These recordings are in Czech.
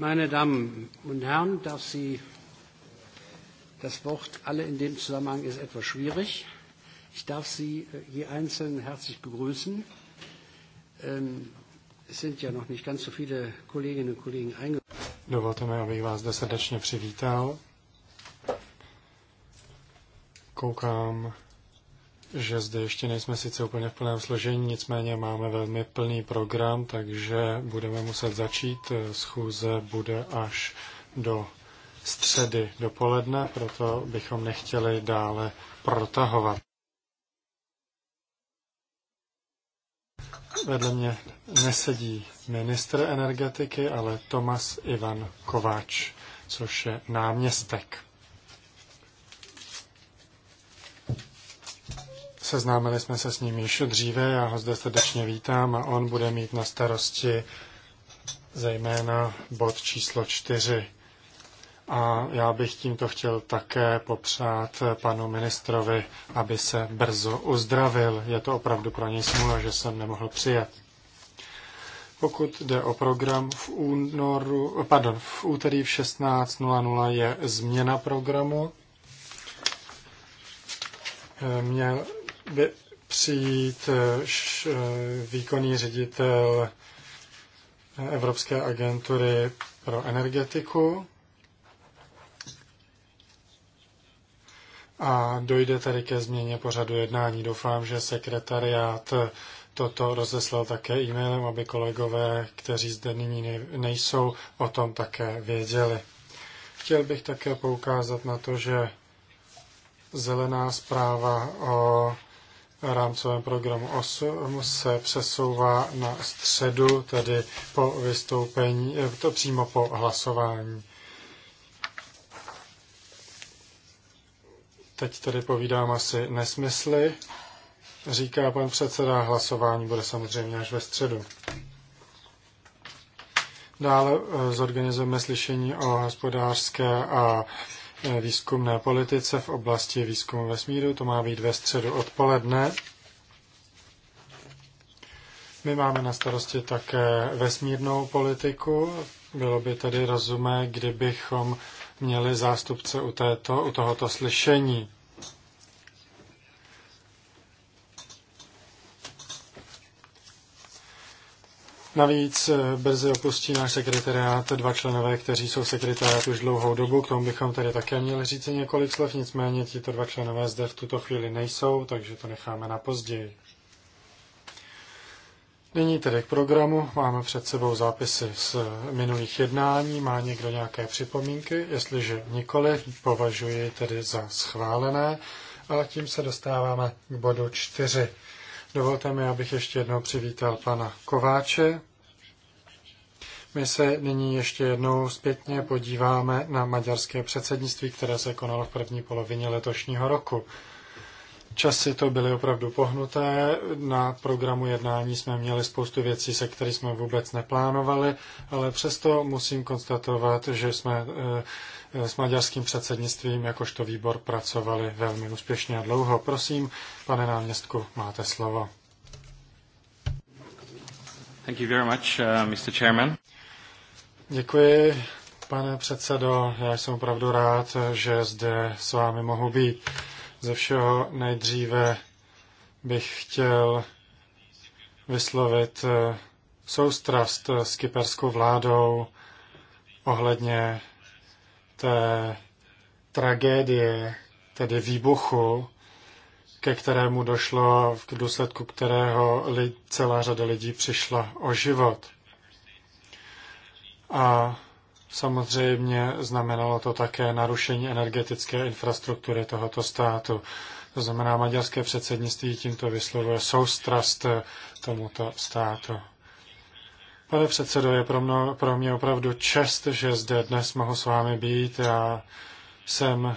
Meine Damen und Herren, darf Sie das Wort alle in dem Zusammenhang ist etwas schwierig. Ich darf Sie je äh, einzeln herzlich begrüßen. Ähm, es sind ja noch nicht ganz so viele Kolleginnen und Kollegen eingeladen. Dovolte mi, abych vás zde srdečně přivítal. Koukám že zde ještě nejsme sice úplně v plném složení, nicméně máme velmi plný program, takže budeme muset začít. Schůze bude až do středy dopoledne, proto bychom nechtěli dále protahovat. Vedle mě nesedí ministr energetiky, ale Tomas Ivan Kováč, což je náměstek. Seznámili jsme se s ním již dříve, já ho zde srdečně vítám a on bude mít na starosti zejména bod číslo čtyři. A já bych tímto chtěl také popřát panu ministrovi, aby se brzo uzdravil. Je to opravdu pro něj smůla, že jsem nemohl přijet. Pokud jde o program v, únoru, pardon, v úterý v 16.00 je změna programu. Měl by přijít eh, eh, výkonný ředitel Evropské agentury pro energetiku a dojde tady ke změně pořadu jednání. Doufám, že sekretariát toto rozeslal také e-mailem, aby kolegové, kteří zde nyní nejsou, o tom také věděli. Chtěl bych také poukázat na to, že zelená zpráva o rámcovém programu 8 se přesouvá na středu, tedy po vystoupení, eh, to přímo po hlasování. Teď tedy povídám asi nesmysly, říká pan předseda, hlasování bude samozřejmě až ve středu. Dále eh, zorganizujeme slyšení o hospodářské a výzkumné politice v oblasti výzkumu vesmíru. To má být ve středu odpoledne. My máme na starosti také vesmírnou politiku. Bylo by tedy rozumé, kdybychom měli zástupce u, této, u tohoto slyšení. Navíc eh, brzy opustí náš sekretariát dva členové, kteří jsou sekretariát už dlouhou dobu. K tomu bychom tady také měli říct několik slov, nicméně tito dva členové zde v tuto chvíli nejsou, takže to necháme na později. Nyní tedy k programu. Máme před sebou zápisy z minulých jednání. Má někdo nějaké připomínky? Jestliže nikoli, považuji tedy za schválené. A tím se dostáváme k bodu čtyři. Dovolte mi, abych ještě jednou přivítal pana Kováče. My se nyní ještě jednou zpětně podíváme na maďarské předsednictví, které se konalo v první polovině letošního roku. Časy to byly opravdu pohnuté. Na programu jednání jsme měli spoustu věcí, se které jsme vůbec neplánovali, ale přesto musím konstatovat, že jsme eh, Eh, s maďarským předsednictvím jakožto výbor pracovali velmi úspěšně a dlouho. Prosím, pane náměstku, máte slovo. Thank you very much, uh, Mr. Chairman. Děkuji, pane předsedo. Já jsem opravdu rád, že zde s vámi mohu být. Ze všeho nejdříve bych chtěl vyslovit eh, soustrast s kyperskou vládou ohledně té tragédie, tedy výbuchu, ke kterému došlo, v důsledku kterého celá řada lidí přišla o život. A samozřejmě znamenalo to také narušení energetické infrastruktury tohoto státu. To znamená, maďarské předsednictví tímto vyslovuje soustrast tomuto státu. Pane předsedo, je pro, mno, pro mě opravdu čest, že zde dnes mohu s vámi být. Já jsem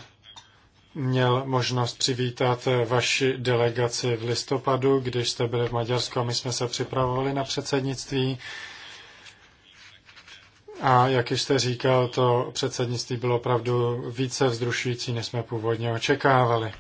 měl možnost přivítat vaši delegaci v listopadu, když jste byli v Maďarsku a my jsme se připravovali na předsednictví. A jak jste říkal, to předsednictví bylo opravdu více vzrušující, než jsme původně očekávali.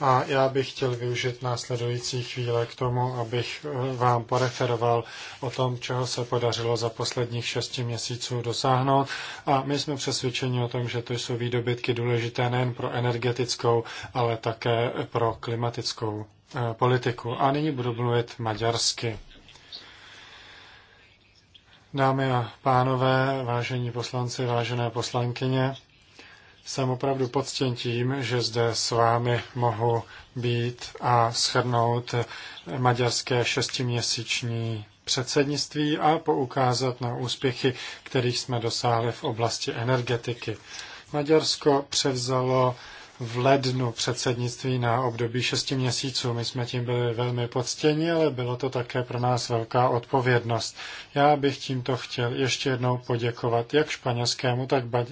A já bych chtěl využít následující chvíle k tomu, abych eh, vám poreferoval o tom, čeho se podařilo za posledních šesti měsíců dosáhnout. A my jsme přesvědčeni o tom, že to jsou výdobytky důležité nejen pro energetickou, ale také pro klimatickou eh, politiku. A nyní budu mluvit maďarsky. Dámy a pánové, vážení poslanci, vážené poslankyně, jsem opravdu poctěn tím, že zde s vámi mohu být a schrnout maďarské šestiměsíční předsednictví a poukázat na úspěchy, kterých jsme dosáhli v oblasti energetiky. Maďarsko převzalo v lednu předsednictví na období šesti měsíců. My jsme tím byli velmi poctěni, ale bylo to také pro nás velká odpovědnost. Já bych tímto chtěl ještě jednou poděkovat jak španělskému, tak, ba-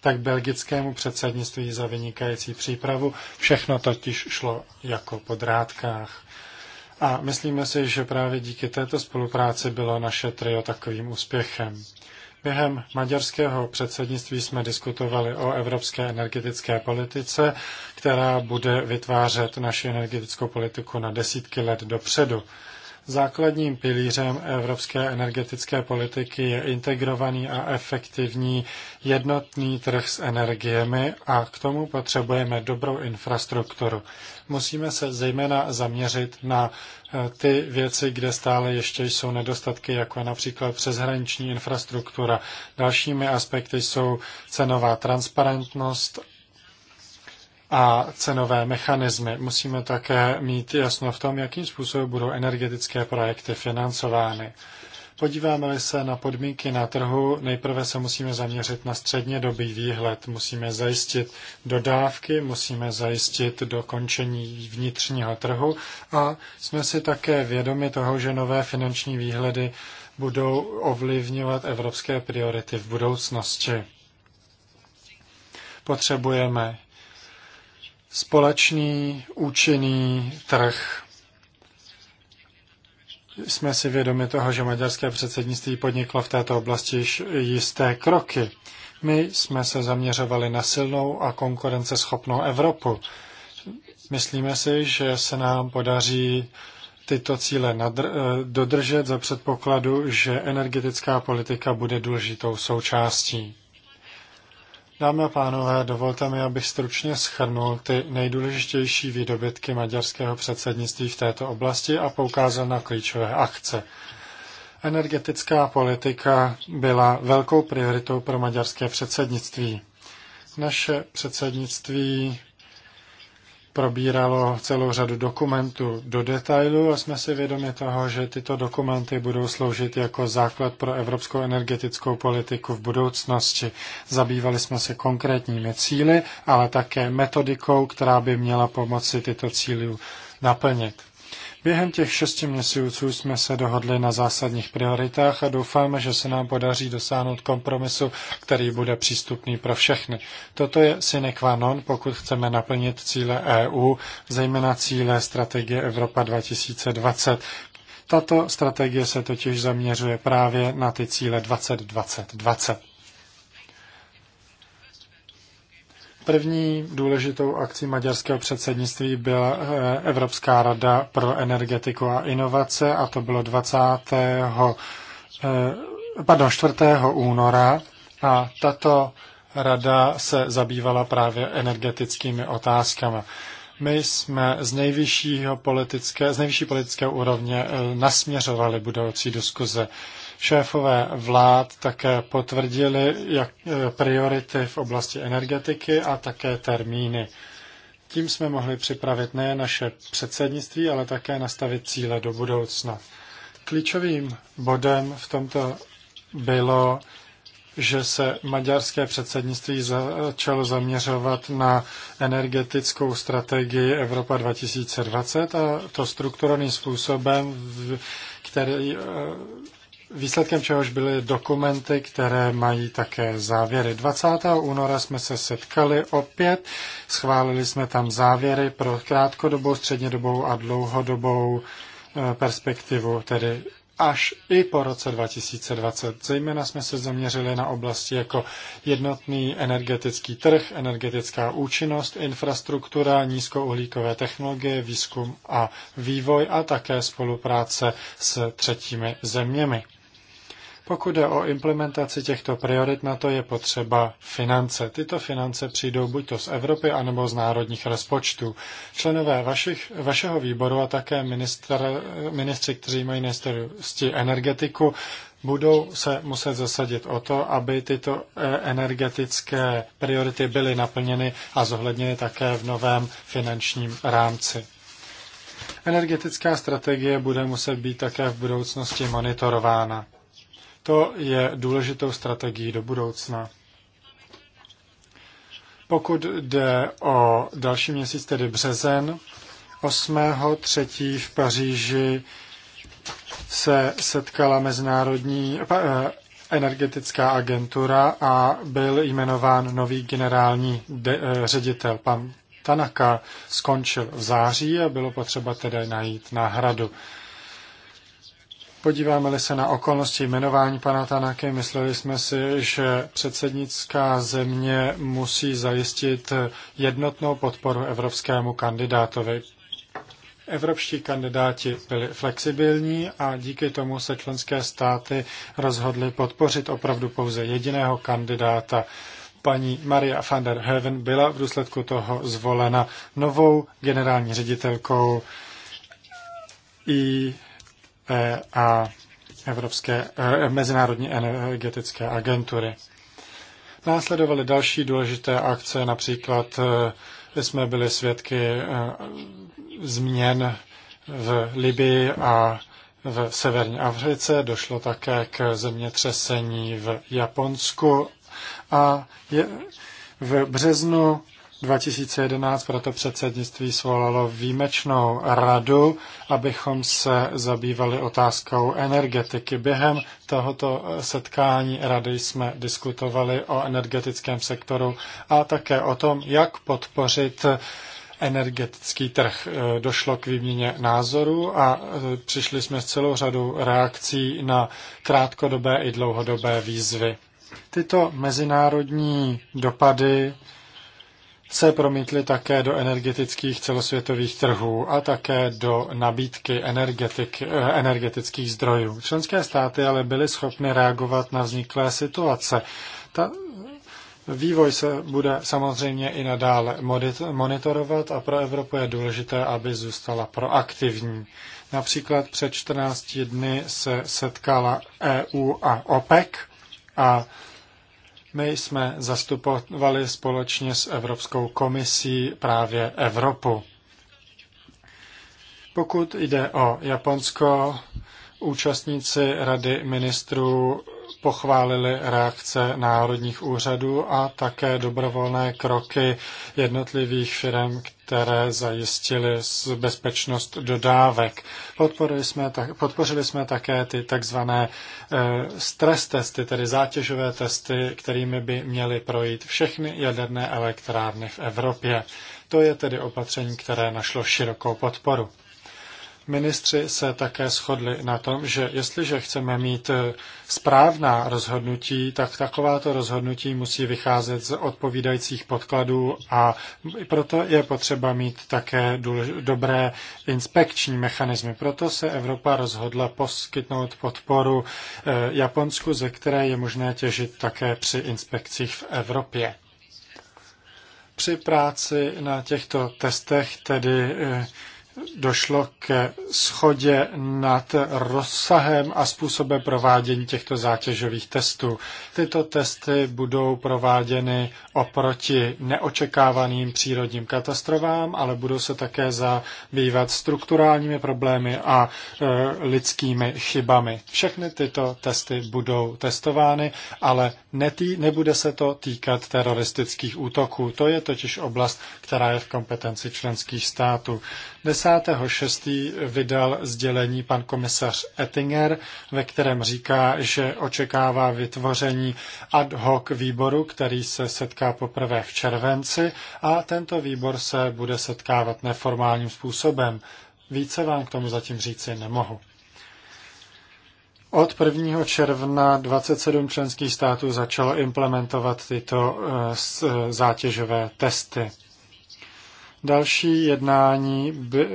tak belgickému předsednictví za vynikající přípravu. Všechno totiž šlo jako po drátkách. A myslíme si, že právě díky této spolupráci bylo naše trio takovým úspěchem. Během maďarského předsednictví jsme diskutovali o evropské energetické politice, která bude vytvářet naši energetickou politiku na desítky let dopředu. Základním pilířem evropské energetické politiky je integrovaný a efektivní jednotný trh s energiemi a k tomu potřebujeme dobrou infrastrukturu. Musíme se zejména zaměřit na eh, ty věci, kde stále ještě jsou nedostatky, jako například přeshraniční infrastruktura. Dalšími aspekty jsou cenová transparentnost a cenové mechanismy. Musíme také mít jasno v tom, jakým způsobem budou energetické projekty financovány. Podíváme-li se na podmínky na trhu, nejprve se musíme zaměřit na střednědobý výhled. Musíme zajistit dodávky, musíme zajistit dokončení vnitřního trhu a jsme si také vědomi toho, že nové finanční výhledy budou ovlivňovat evropské priority v budoucnosti. Potřebujeme společný účinný trh. Jsme si vědomi toho, že maďarské předsednictví podniklo v této oblasti již jisté kroky. My jsme se zaměřovali na silnou a konkurenceschopnou Evropu. Myslíme si, že se nám podaří tyto cíle nadr- eh, dodržet za předpokladu, že energetická politika bude důležitou součástí. Dámy a pánové, dovolte mi, abych stručně schrnul ty nejdůležitější výdobytky maďarského předsednictví v této oblasti a poukázal na klíčové akce. Energetická politika byla velkou prioritou pro maďarské předsednictví. Naše předsednictví probíralo celou řadu dokumentů do detailu a jsme si vědomi toho, že tyto dokumenty budou sloužit jako základ pro evropskou energetickou politiku v budoucnosti. Zabývali jsme se konkrétními cíly, ale také metodikou, která by měla pomoci tyto cíly naplnit. Během těch šesti měsíců jsme se dohodli na zásadních prioritách a doufáme, že se nám podaří dosáhnout kompromisu, který bude přístupný pro všechny. Toto je sine qua non, pokud chceme naplnit cíle EU, zejména cíle strategie Evropa 2020. Tato strategie se totiž zaměřuje právě na ty cíle 2020-2020. První důležitou akcí maďarského předsednictví byla eh, Evropská rada pro energetiku a inovace a to bylo 20. Eh, pardon, 4. února a tato rada se zabývala právě energetickými otázkami. My jsme z, nejvyššího politické, z nejvyšší politické úrovně eh, nasměřovali budoucí diskuze Šéfové vlád také potvrdili jak, eh, priority v oblasti energetiky a také termíny. Tím jsme mohli připravit nejen naše předsednictví, ale také nastavit cíle do budoucna. Klíčovým bodem v tomto bylo, že se maďarské předsednictví začalo zaměřovat na energetickou strategii Evropa 2020 a to strukturovaným způsobem, který eh, výsledkem čehož byly dokumenty, které mají také závěry. 20. února jsme se setkali opět, schválili jsme tam závěry pro krátkodobou, střednědobou a dlouhodobou eh, perspektivu, tedy až i po roce 2020. Zejména jsme se zaměřili na oblasti jako jednotný energetický trh, energetická účinnost, infrastruktura, nízkouhlíkové technologie, výzkum a vývoj a také spolupráce s třetími zeměmi. Pokud jde o implementaci těchto priorit, na to je potřeba finance. Tyto finance přijdou buď to z Evropy, anebo z národních rozpočtů. Členové vašich, vašeho výboru a také minister, ministři, kteří mají ministerství energetiku, budou se muset zasadit o to, aby tyto eh, energetické priority byly naplněny a zohledněny také v novém finančním rámci. Energetická strategie bude muset být také v budoucnosti monitorována. To je důležitou strategií do budoucna. Pokud jde o další měsíc, tedy březen, 8.3. v Paříži se setkala Mezinárodní eh, energetická agentura a byl jmenován nový generální eh, ředitel. Pan Tanaka skončil v září a bylo potřeba tedy najít náhradu. Na Podíváme-li se na okolnosti jmenování pana Tanaky, mysleli jsme si, že předsednická země musí zajistit jednotnou podporu evropskému kandidátovi. Evropští kandidáti byli flexibilní a díky tomu se členské státy rozhodly podpořit opravdu pouze jediného kandidáta. Paní Maria van der Heven byla v důsledku toho zvolena novou generální ředitelkou i E, a Evropské e, mezinárodní energetické agentury. Následovaly další důležité akce, například e, jsme byli svědky změn v Libii a v severní Africe, došlo také k zemětřesení v Japonsku a je, v březnu 2011 proto předsednictví svolalo výjimečnou radu, abychom se zabývali otázkou energetiky. Během tohoto setkání rady jsme diskutovali o energetickém sektoru a také o tom, jak podpořit energetický trh. Došlo k výměně názorů a přišli jsme s celou řadou reakcí na krátkodobé i dlouhodobé výzvy. Tyto mezinárodní dopady se promítly také do energetických celosvětových trhů a také do nabídky energetik, eh, energetických zdrojů. Členské státy ale byly schopny reagovat na vzniklé situace. Ta, vývoj se bude samozřejmě i nadále monitorovat a pro Evropu je důležité, aby zůstala proaktivní. Například před 14 dny se setkala EU a OPEC a my jsme zastupovali společně s Evropskou komisí právě Evropu. Pokud jde o Japonsko, účastníci Rady ministrů pochválili reakce národních úřadů a také dobrovolné kroky jednotlivých firm, které zajistily bezpečnost dodávek. Podporili jsme, tak, podpořili jsme také ty takzvané eh, stres testy, tedy zátěžové testy, kterými by měly projít všechny jaderné elektrárny v Evropě. To je tedy opatření, které našlo širokou podporu. Ministři se také shodli na tom, že jestliže chceme mít eh, správná rozhodnutí, tak takováto rozhodnutí musí vycházet z odpovídajících podkladů a proto je potřeba mít také dobré inspekční mechanismy. Proto se Evropa rozhodla poskytnout podporu eh, Japonsku, ze které je možné těžit také při inspekcích v Evropě. Při práci na těchto testech tedy eh, došlo ke schodě nad rozsahem a způsobem provádění těchto zátěžových testů. Tyto testy budou prováděny oproti neočekávaným přírodním katastrofám, ale budou se také zabývat strukturálními problémy a e, lidskými chybami. Všechny tyto testy budou testovány, ale netý, nebude se to týkat teroristických útoků. To je totiž oblast, která je v kompetenci členských států. 10 26. vydal sdělení pan komisař Ettinger, ve kterém říká, že očekává vytvoření ad hoc výboru, který se setká poprvé v červenci a tento výbor se bude setkávat neformálním způsobem. Více vám k tomu zatím říci nemohu. Od 1. června 27 členských států začalo implementovat tyto eh, eh, zátěžové testy. Další jednání eh,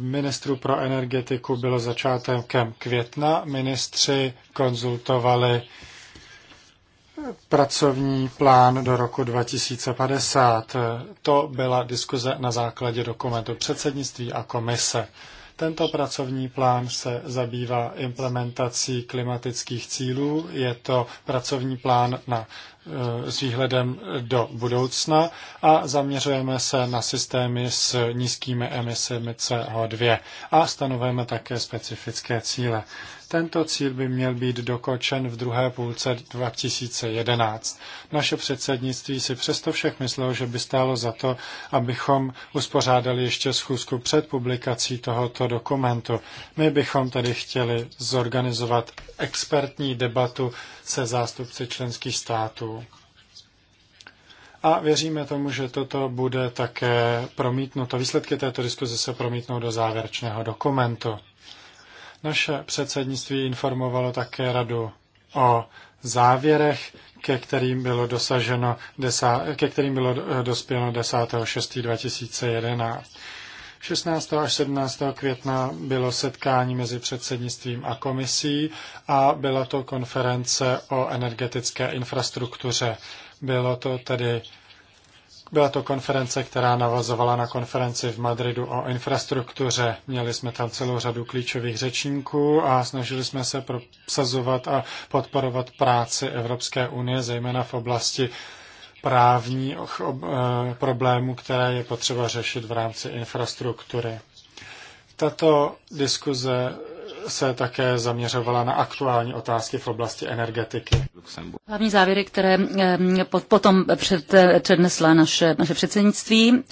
ministru pro energetiku bylo začátkem května. Ministři konzultovali pracovní plán do roku 2050. To byla diskuze na základě dokumentu předsednictví a komise. Tento pracovní plán se zabývá implementací klimatických cílů. Je to pracovní plán na, eh, s výhledem do budoucna a zaměřujeme se na systémy s nízkými emisemi CO2 a stanovujeme také specifické cíle. Tento cíl by měl být dokočen v druhé půlce 2011. Naše předsednictví si přesto všech myslelo, že by stálo za to, abychom uspořádali ještě schůzku před publikací tohoto dokumentu. My bychom tedy chtěli zorganizovat expertní debatu se zástupci členských států a věříme tomu, že toto bude také promítnuto. Výsledky této diskuze se promítnou do závěrečného dokumentu. Naše předsednictví informovalo také radu o závěrech, ke kterým bylo dosaženo desa, ke kterým bylo eh, dospěno 10.6.2011. 16. až 17. května bylo setkání mezi předsednictvím a komisí a byla to konference o energetické infrastruktuře. Bylo to tedy byla to konference, která navazovala na konferenci v Madridu o infrastruktuře. Měli jsme tam celou řadu klíčových řečníků a snažili jsme se prosazovat a podporovat práci Evropské unie, zejména v oblasti právních eh, problémů, které je potřeba řešit v rámci infrastruktury. Tato diskuze se také zaměřovala na aktuální otázky v oblasti energetiky. Hlavní závěry, které potom před, přednesla naše, naše předsednictví.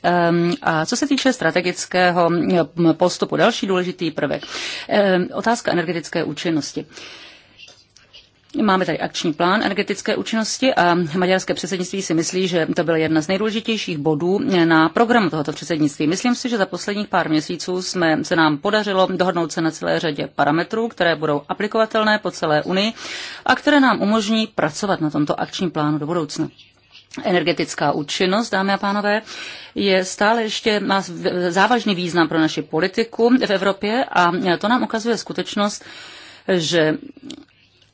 A co se týče strategického postupu, další důležitý prvek. Otázka energetické účinnosti. Máme tady akční plán energetické účinnosti a maďarské předsednictví si myslí, že to byla jedna z nejdůležitějších bodů na programu tohoto předsednictví. Myslím si, že za posledních pár měsíců jsme, se nám podařilo dohodnout se na celé řadě parametrů, které budou aplikovatelné po celé Unii a které nám umožní pracovat na tomto akčním plánu do budoucna. Energetická účinnost, dámy a pánové, je stále ještě má závažný význam pro naši politiku v Evropě a to nám ukazuje skutečnost, že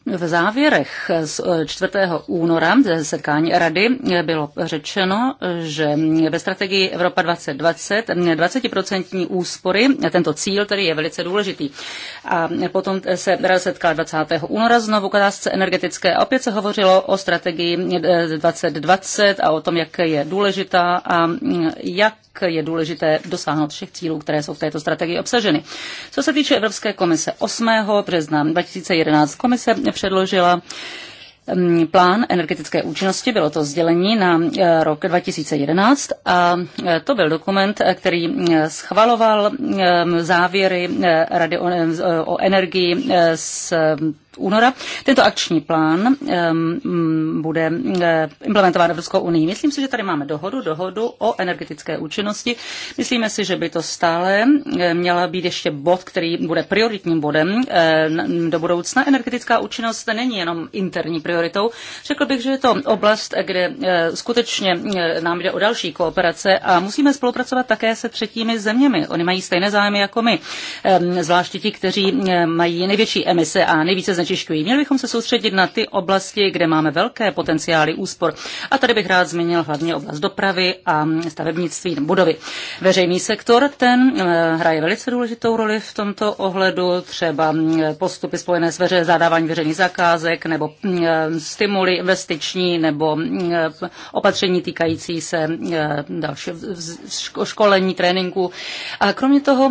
v závěrech z 4. Eh, února ze setkání Rady bylo řečeno, že ve strategii Evropa 2020 20% eh, úspory, eh, tento cíl tedy je velice důležitý. A potom se Rada setkala 20. února znovu k otázce energetické a opět se hovořilo o strategii 2020 a o tom, jak je důležitá a mm, jak je důležité dosáhnout všech cílů, které jsou v této strategii obsaženy. Co se týče Evropské komise, 8. března 2011 komise předložila mm, plán energetické účinnosti, bylo to sdělení na e, rok 2011 a e, to byl dokument, e, který schvaloval závěry Rady o energii z února. Tento akční plán bude eh, implementován Evropskou unii. Myslím si, že tady máme dohodu, dohodu o energetické účinnosti. Myslíme si, že by to stále eh, měla být ještě bod, který bude prioritním bodem eh, do budoucna. Energetická účinnost není jenom interní prioritou. Řekl bych, že je to oblast, kde skutečně nám jde o další kooperace a musíme spolupracovat také se třetími zeměmi. Oni mají stejné zájmy jako my, zvláště ti, kteří mají největší emise a nejvíce znečišťují. Měli bychom se soustředit na ty oblasti, kde máme velké potenciály úspor. A tady bych rád zmínil hlavně oblast dopravy a stavebnictví budovy. Veřejný sektor, ten eh, hraje velice důležitou roli v tomto ohledu, třeba eh, postupy spojené s veře, zadávání veřejných zakázek nebo eh, stimuly investiční nebo opatření týkající se další školení, tréninku. A kromě toho,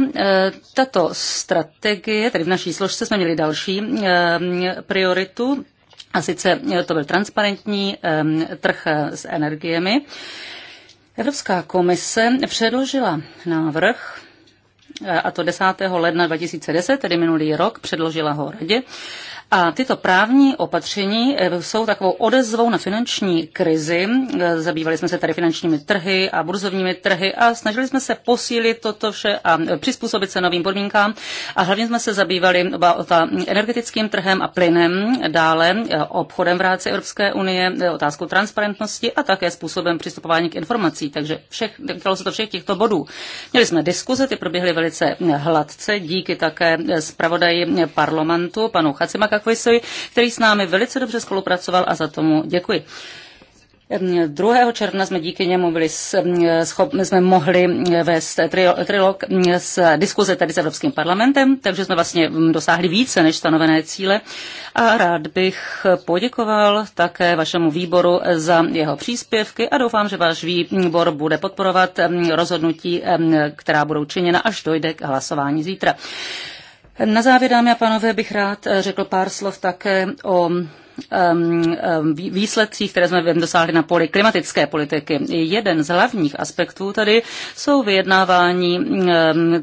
tato strategie, tedy v naší složce jsme měli další Mm, prioritu, a sice to byl transparentní trh eh, s energiemi. Evropská komise předložila návrh, eh, a to 10. ledna 2010, tedy minulý rok, předložila ho radě. A tyto právní opatření eh, jsou takovou odezvou na finanční krizi. Eh, zabývali jsme se tady finančními trhy a burzovními trhy a snažili jsme se posílit toto vše a eh, přizpůsobit se novým podmínkám. A hlavně jsme se zabývali ta energetickým trhem a plynem, dále obchodem v rámci Evropské unie, otázkou transparentnosti a také způsobem přistupování k informací. Takže všech, se to všech těchto bodů. Měli jsme diskuze, ty proběhly velice hladce díky také zpravodaji parlamentu, panu Chacimaka Kakvisuj, který s námi velice dobře spolupracoval a za tomu děkuji. 2. června jsme díky němu byli schop, jsme mohli vést trilog s diskuze tady s Evropským parlamentem, takže jsme vlastně dosáhli více než stanovené cíle. A rád bych poděkoval také vašemu výboru za jeho příspěvky a doufám, že váš výbor bude podporovat rozhodnutí, která budou činěna, až dojde k hlasování zítra. Na závěr, dámy a pánové, bych rád eh, řekl pár slov také o Um, um, výsledcích, které jsme dosáhli na poli klimatické politiky. Jeden z hlavních aspektů tady jsou vyjednávání um,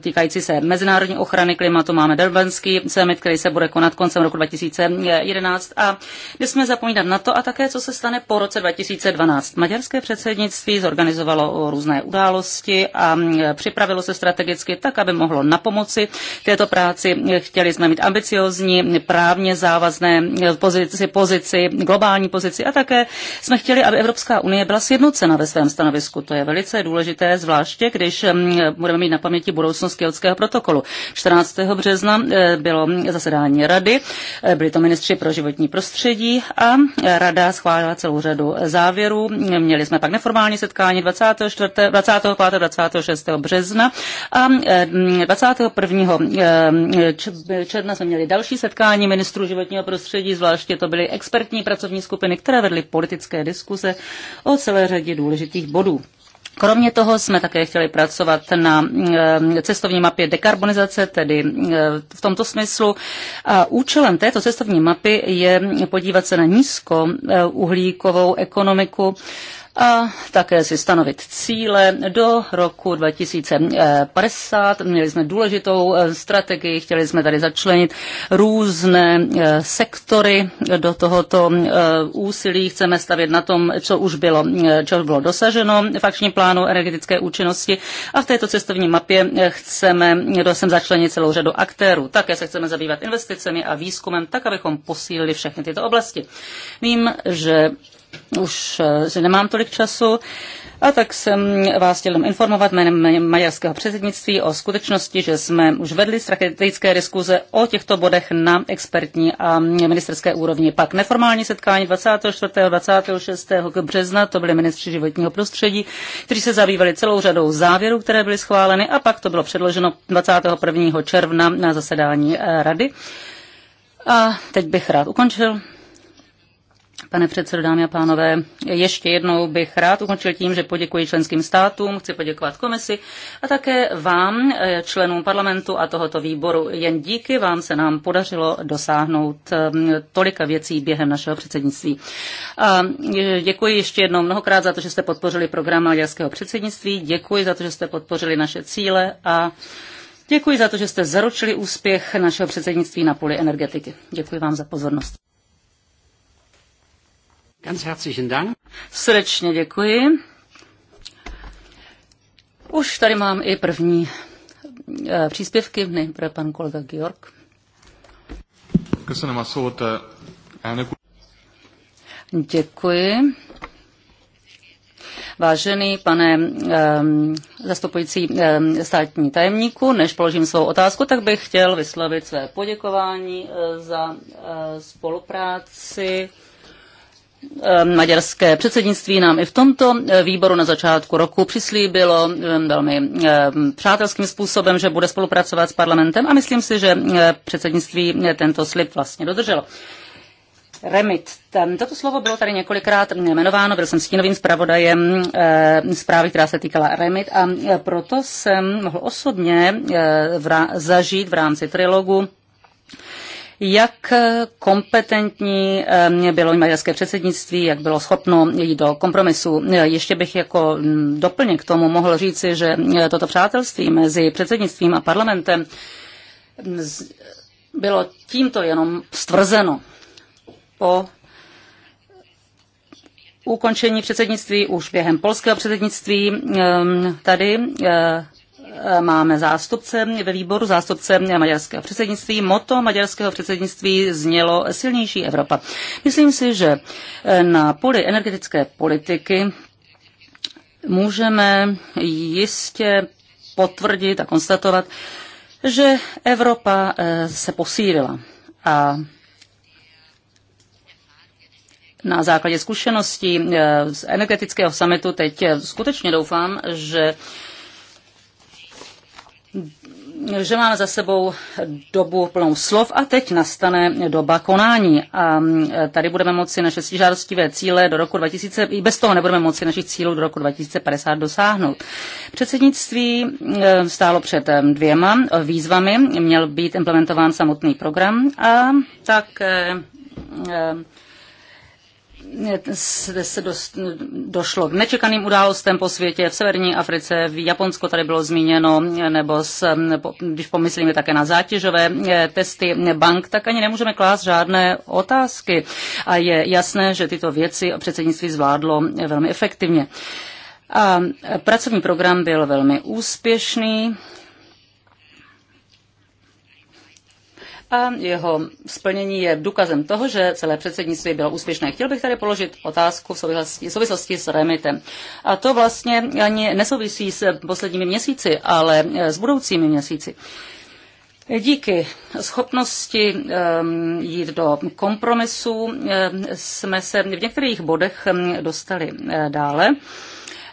týkající se mezinárodní ochrany klimatu. Máme Durbanský summit, který se bude konat koncem roku 2011 a jsme zapomínat na to a také, co se stane po roce 2012. Maďarské předsednictví zorganizovalo různé události a připravilo se strategicky tak, aby mohlo na pomoci této práci. Chtěli jsme mít ambiciozní, právně závazné pozici, pozici, globální pozici a také jsme chtěli, aby Evropská unie byla sjednocena ve svém stanovisku. To je velice důležité, zvláště když mm, budeme mít na paměti budoucnost Kyotského protokolu. 14. března eh, bylo zasedání rady, eh, byli to ministři pro životní prostředí a eh, rada schválila celou řadu závěrů. Měli jsme pak neformální setkání 24, 25. 26. března a 21. Mm, června jsme měli další setkání ministrů životního prostředí, zvláště to byly expertní pracovní skupiny, které vedly politické diskuze o celé řadě důležitých bodů. Kromě toho jsme také chtěli pracovat na eh, cestovní mapě dekarbonizace, tedy eh, v tomto smyslu. A účelem této cestovní mapy je podívat se na nízkouhlíkovou ekonomiku a také si stanovit cíle do roku 2050. Měli jsme důležitou eh, strategii, chtěli jsme tady začlenit různé eh, sektory do tohoto eh, úsilí. Chceme stavět na tom, co už bylo, co bylo dosaženo v akčním plánu energetické účinnosti a v této cestovní mapě chceme do sem začlenit celou řadu aktérů. Také se chceme zabývat investicemi a výzkumem, tak abychom posílili všechny tyto oblasti. Vím, že už eh, že nemám tolik času. A tak jsem vás chtěl informovat jménem maďarského předsednictví o skutečnosti, že jsme už vedli strategické diskuze o těchto bodech na expertní a ministerské úrovni. Pak neformální setkání 24. a 26. března, to byly ministři životního prostředí, kteří se zabývali celou řadou závěrů, které byly schváleny a pak to bylo předloženo 21. června na zasedání eh, rady. A teď bych rád ukončil Pane předsedo, dámy a pánové, ještě jednou bych rád ukončil tím, že poděkuji členským státům, chci poděkovat komisi a také vám, eh, členům parlamentu a tohoto výboru. Jen díky vám se nám podařilo dosáhnout ehm, tolika věcí během našeho předsednictví. A eh, děkuji ještě jednou mnohokrát za to, že jste podpořili program maďarského předsednictví, děkuji za to, že jste podpořili naše cíle a Děkuji za to, že jste zaručili úspěch našeho předsednictví na poli energetiky. Děkuji vám za pozornost. Ganz herzlichen Dank. Srdečně děkuji. Už tady mám i první eh, příspěvky, nejprve pan kolega Georg. Eh, děkuji. Vážený pane um, zastupující um, státní tajemníku, než položím svou otázku, tak bych chtěl vyslovit své poděkování eh, za uh, spolupráci maďarské předsednictví nám i v tomto eh, výboru na začátku roku přislíbilo velmi přátelským způsobem, že bude spolupracovat s parlamentem a myslím si, že eh, předsednictví eh, tento slib vlastně dodrželo. Remit. Toto slovo bylo tady několikrát jmenováno, byl jsem stínovým zpravodajem zprávy, která se týkala Remit a proto jsem mohl osobně zažít v rámci trilogu jak kompetentní eh, bylo maďarské předsednictví, jak bylo schopno jít do kompromisu. Eh, ještě bych jako mm, doplněk k tomu mohl říci, že eh, toto přátelství mezi předsednictvím a parlamentem mm, bylo tímto jenom stvrzeno po ukončení předsednictví už během polského předsednictví mm, tady máme zástupce ve výboru, zástupce maďarského předsednictví. Moto maďarského předsednictví znělo silnější Evropa. Myslím si, že eh, na poli energetické politiky můžeme jistě potvrdit a konstatovat, že Evropa eh, se posílila a na základě zkušeností eh, z energetického samitu teď skutečně doufám, že že máme za sebou dobu plnou slov a teď nastane doba konání. A tady budeme moci naše žádostivé cíle do roku 2000, i bez toho nebudeme moci našich cílů do roku 2050 dosáhnout. Předsednictví e, stálo před dvěma e, výzvami, měl být implementován samotný program a tak e, se dost, došlo k nečekaným událostem po světě, v severní Africe, v Japonsko tady bylo zmíněno, nebo s, když pomyslíme také na zátěžové eh, testy bank, tak ani nemůžeme klást žádné otázky. A je jasné, že tyto věci předsednictví zvládlo velmi efektivně. A pracovní program byl velmi úspěšný. a jeho splnění je důkazem toho, že celé předsednictví bylo úspěšné. Chtěl bych tady položit otázku v souvislosti, v souvislosti s remitem. A to vlastně ani nesouvisí s posledními měsíci, ale eh, s budoucími měsíci. Díky schopnosti ehm, jít do kompromisu ehm, jsme se v některých bodech ehm, dostali eh, dále.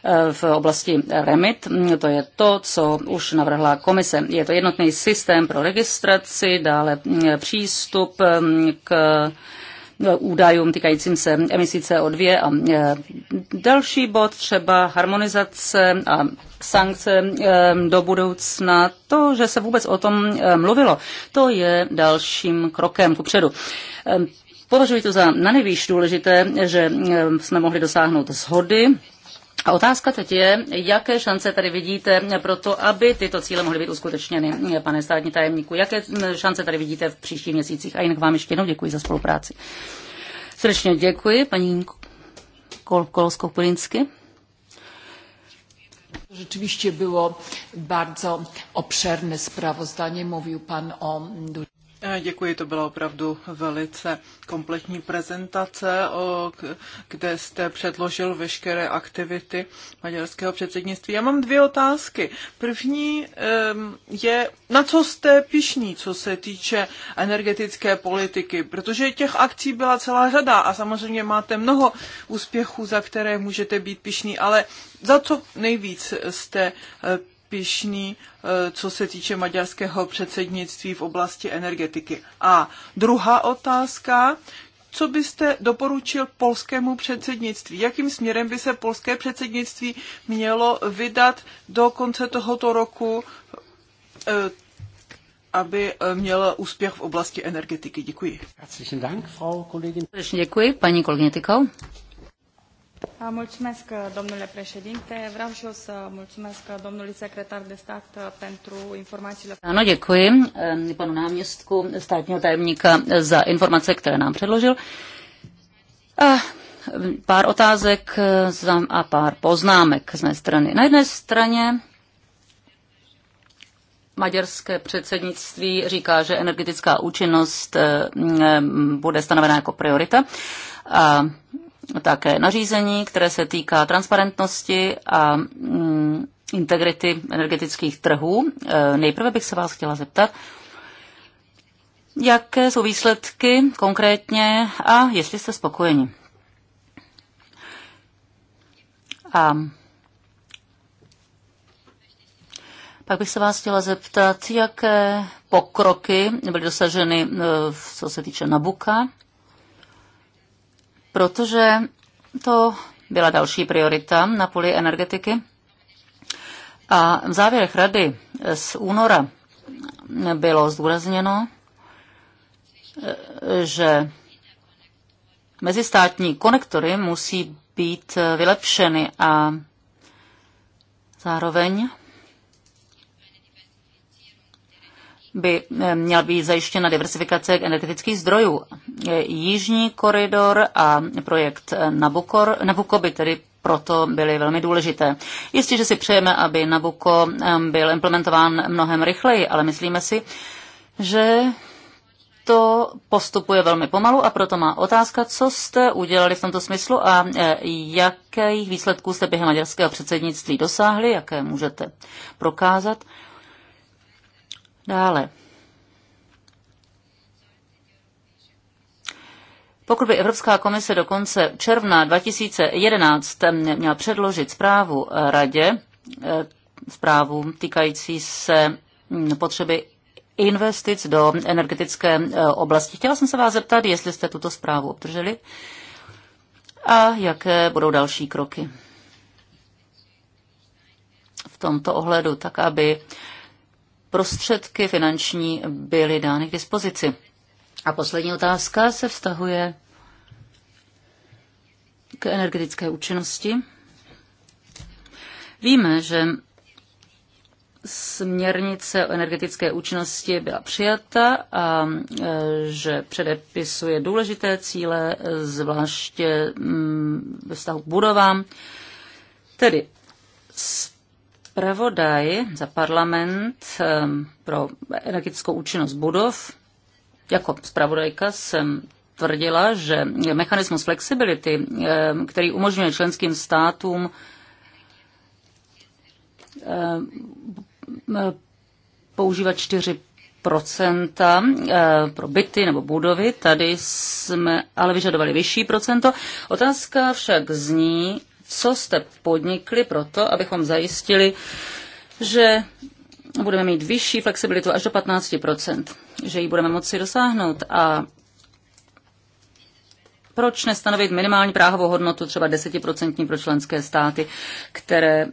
Eh, v oblasti REMIT. Mm, to je to, co už navrhla komise. Je to jednotný systém pro registraci, dále mm, přístup mm, k eh, údajům týkajícím se emisí CO2 a eh, další bod třeba harmonizace a sankce do budoucna. To, že se vůbec o tom mluvilo, to je dalším krokem kupředu. Považuji to za na důležité, že jsme mohli dosáhnout shody a otázka teď je, jaké šance tady vidíte pro to, aby tyto cíle mohly být uskutečněny, pane státní tajemníku. Jaké šance tady vidíte v příštích měsících? A jinak vám ještě jednou děkuji za spolupráci. Srdečně děkuji, paní Kol- Kolsko-Pulinsky. Rzeczywiście było bardzo obszerne sprawozdanie. Mówił Pan o... Eh, děkuji, to byla opravdu velice kompletní prezentace, kde jste předložil veškeré aktivity maďarského předsednictví. Já mám dvě otázky. První je, na co jste pišní, co se týče energetické politiky, protože těch akcí byla celá řada a samozřejmě máte mnoho úspěchů, za které můžete být pišní, ale za co nejvíc jste eh, úspěšný, eh, co se týče maďarského předsednictví v oblasti energetiky. A druhá otázka, co byste doporučil polskému předsednictví? Jakým směrem by se polské předsednictví mělo vydat do konce tohoto roku, eh, aby eh, mělo úspěch v oblasti energetiky? Děkuji. Děkuji, paní kolegyně Mulțumesc, domnule președinte. Vreau și eu să mulțumesc domnului secretar de stat uh, pentru informațiile. Ano, děkuji um, panu náměstku státního tajemníka za informace, které nám předložil. A pár otázek uh, a pár poznámek z mé strany. Na jedné straně maďarské předsednictví říká, že energetická účinnost uh, bude stanovena jako priorita. A také nařízení, které se týká transparentnosti a mm, integrity energetických trhů. E, nejprve bych se vás chtěla zeptat, jaké jsou výsledky konkrétně a jestli jste spokojeni. A Pak bych se vás chtěla zeptat, jaké pokroky byly dosaženy, e, co se týče Nabuka protože to byla další priorita na poli energetiky. A v závěrech rady z února bylo zdůrazněno, že mezistátní konektory musí být vylepšeny a zároveň by eh, měla být zajištěna diversifikace energetických zdrojů. Eh, Jižní koridor a projekt eh, Nabukor, Nabuko by tedy proto byly velmi důležité. Jistě, že si přejeme, aby Nabuko byl implementován mnohem rychleji, ale myslíme si, že to postupuje velmi pomalu a proto má otázka, co jste udělali v tomto smyslu a jakých výsledků jste během maďarského předsednictví dosáhli, jaké můžete prokázat. Dále. Pokud by Evropská komise do konce června 2011 měla předložit zprávu radě, eh, zprávu týkající se mm, potřeby investic do energetické eh, oblasti. Chtěla jsem se vás zeptat, jestli jste tuto zprávu obdrželi a jaké budou další kroky v tomto ohledu, tak aby prostředky finanční byly dány k dispozici. A poslední otázka se vztahuje k energetické účinnosti. Víme, že směrnice o energetické účinnosti byla přijata a e, že předepisuje důležité cíle, zvláště mm, ve vztahu k budovám. Tedy zpravodaj za parlament ehm, pro energetickou účinnost budov. Jako zpravodajka jsem tvrdila, že mechanismus flexibility, ehm, který umožňuje členským státům ehm, používat 4 procenta pro byty nebo budovy. Tady jsme ale vyžadovali vyšší procento. Otázka však zní, co jste podnikli pro to, abychom zajistili, že budeme mít vyšší flexibilitu až do 15%, že ji budeme moci dosáhnout a proč nestanovit minimální práhovou hodnotu třeba 10% pro členské státy, které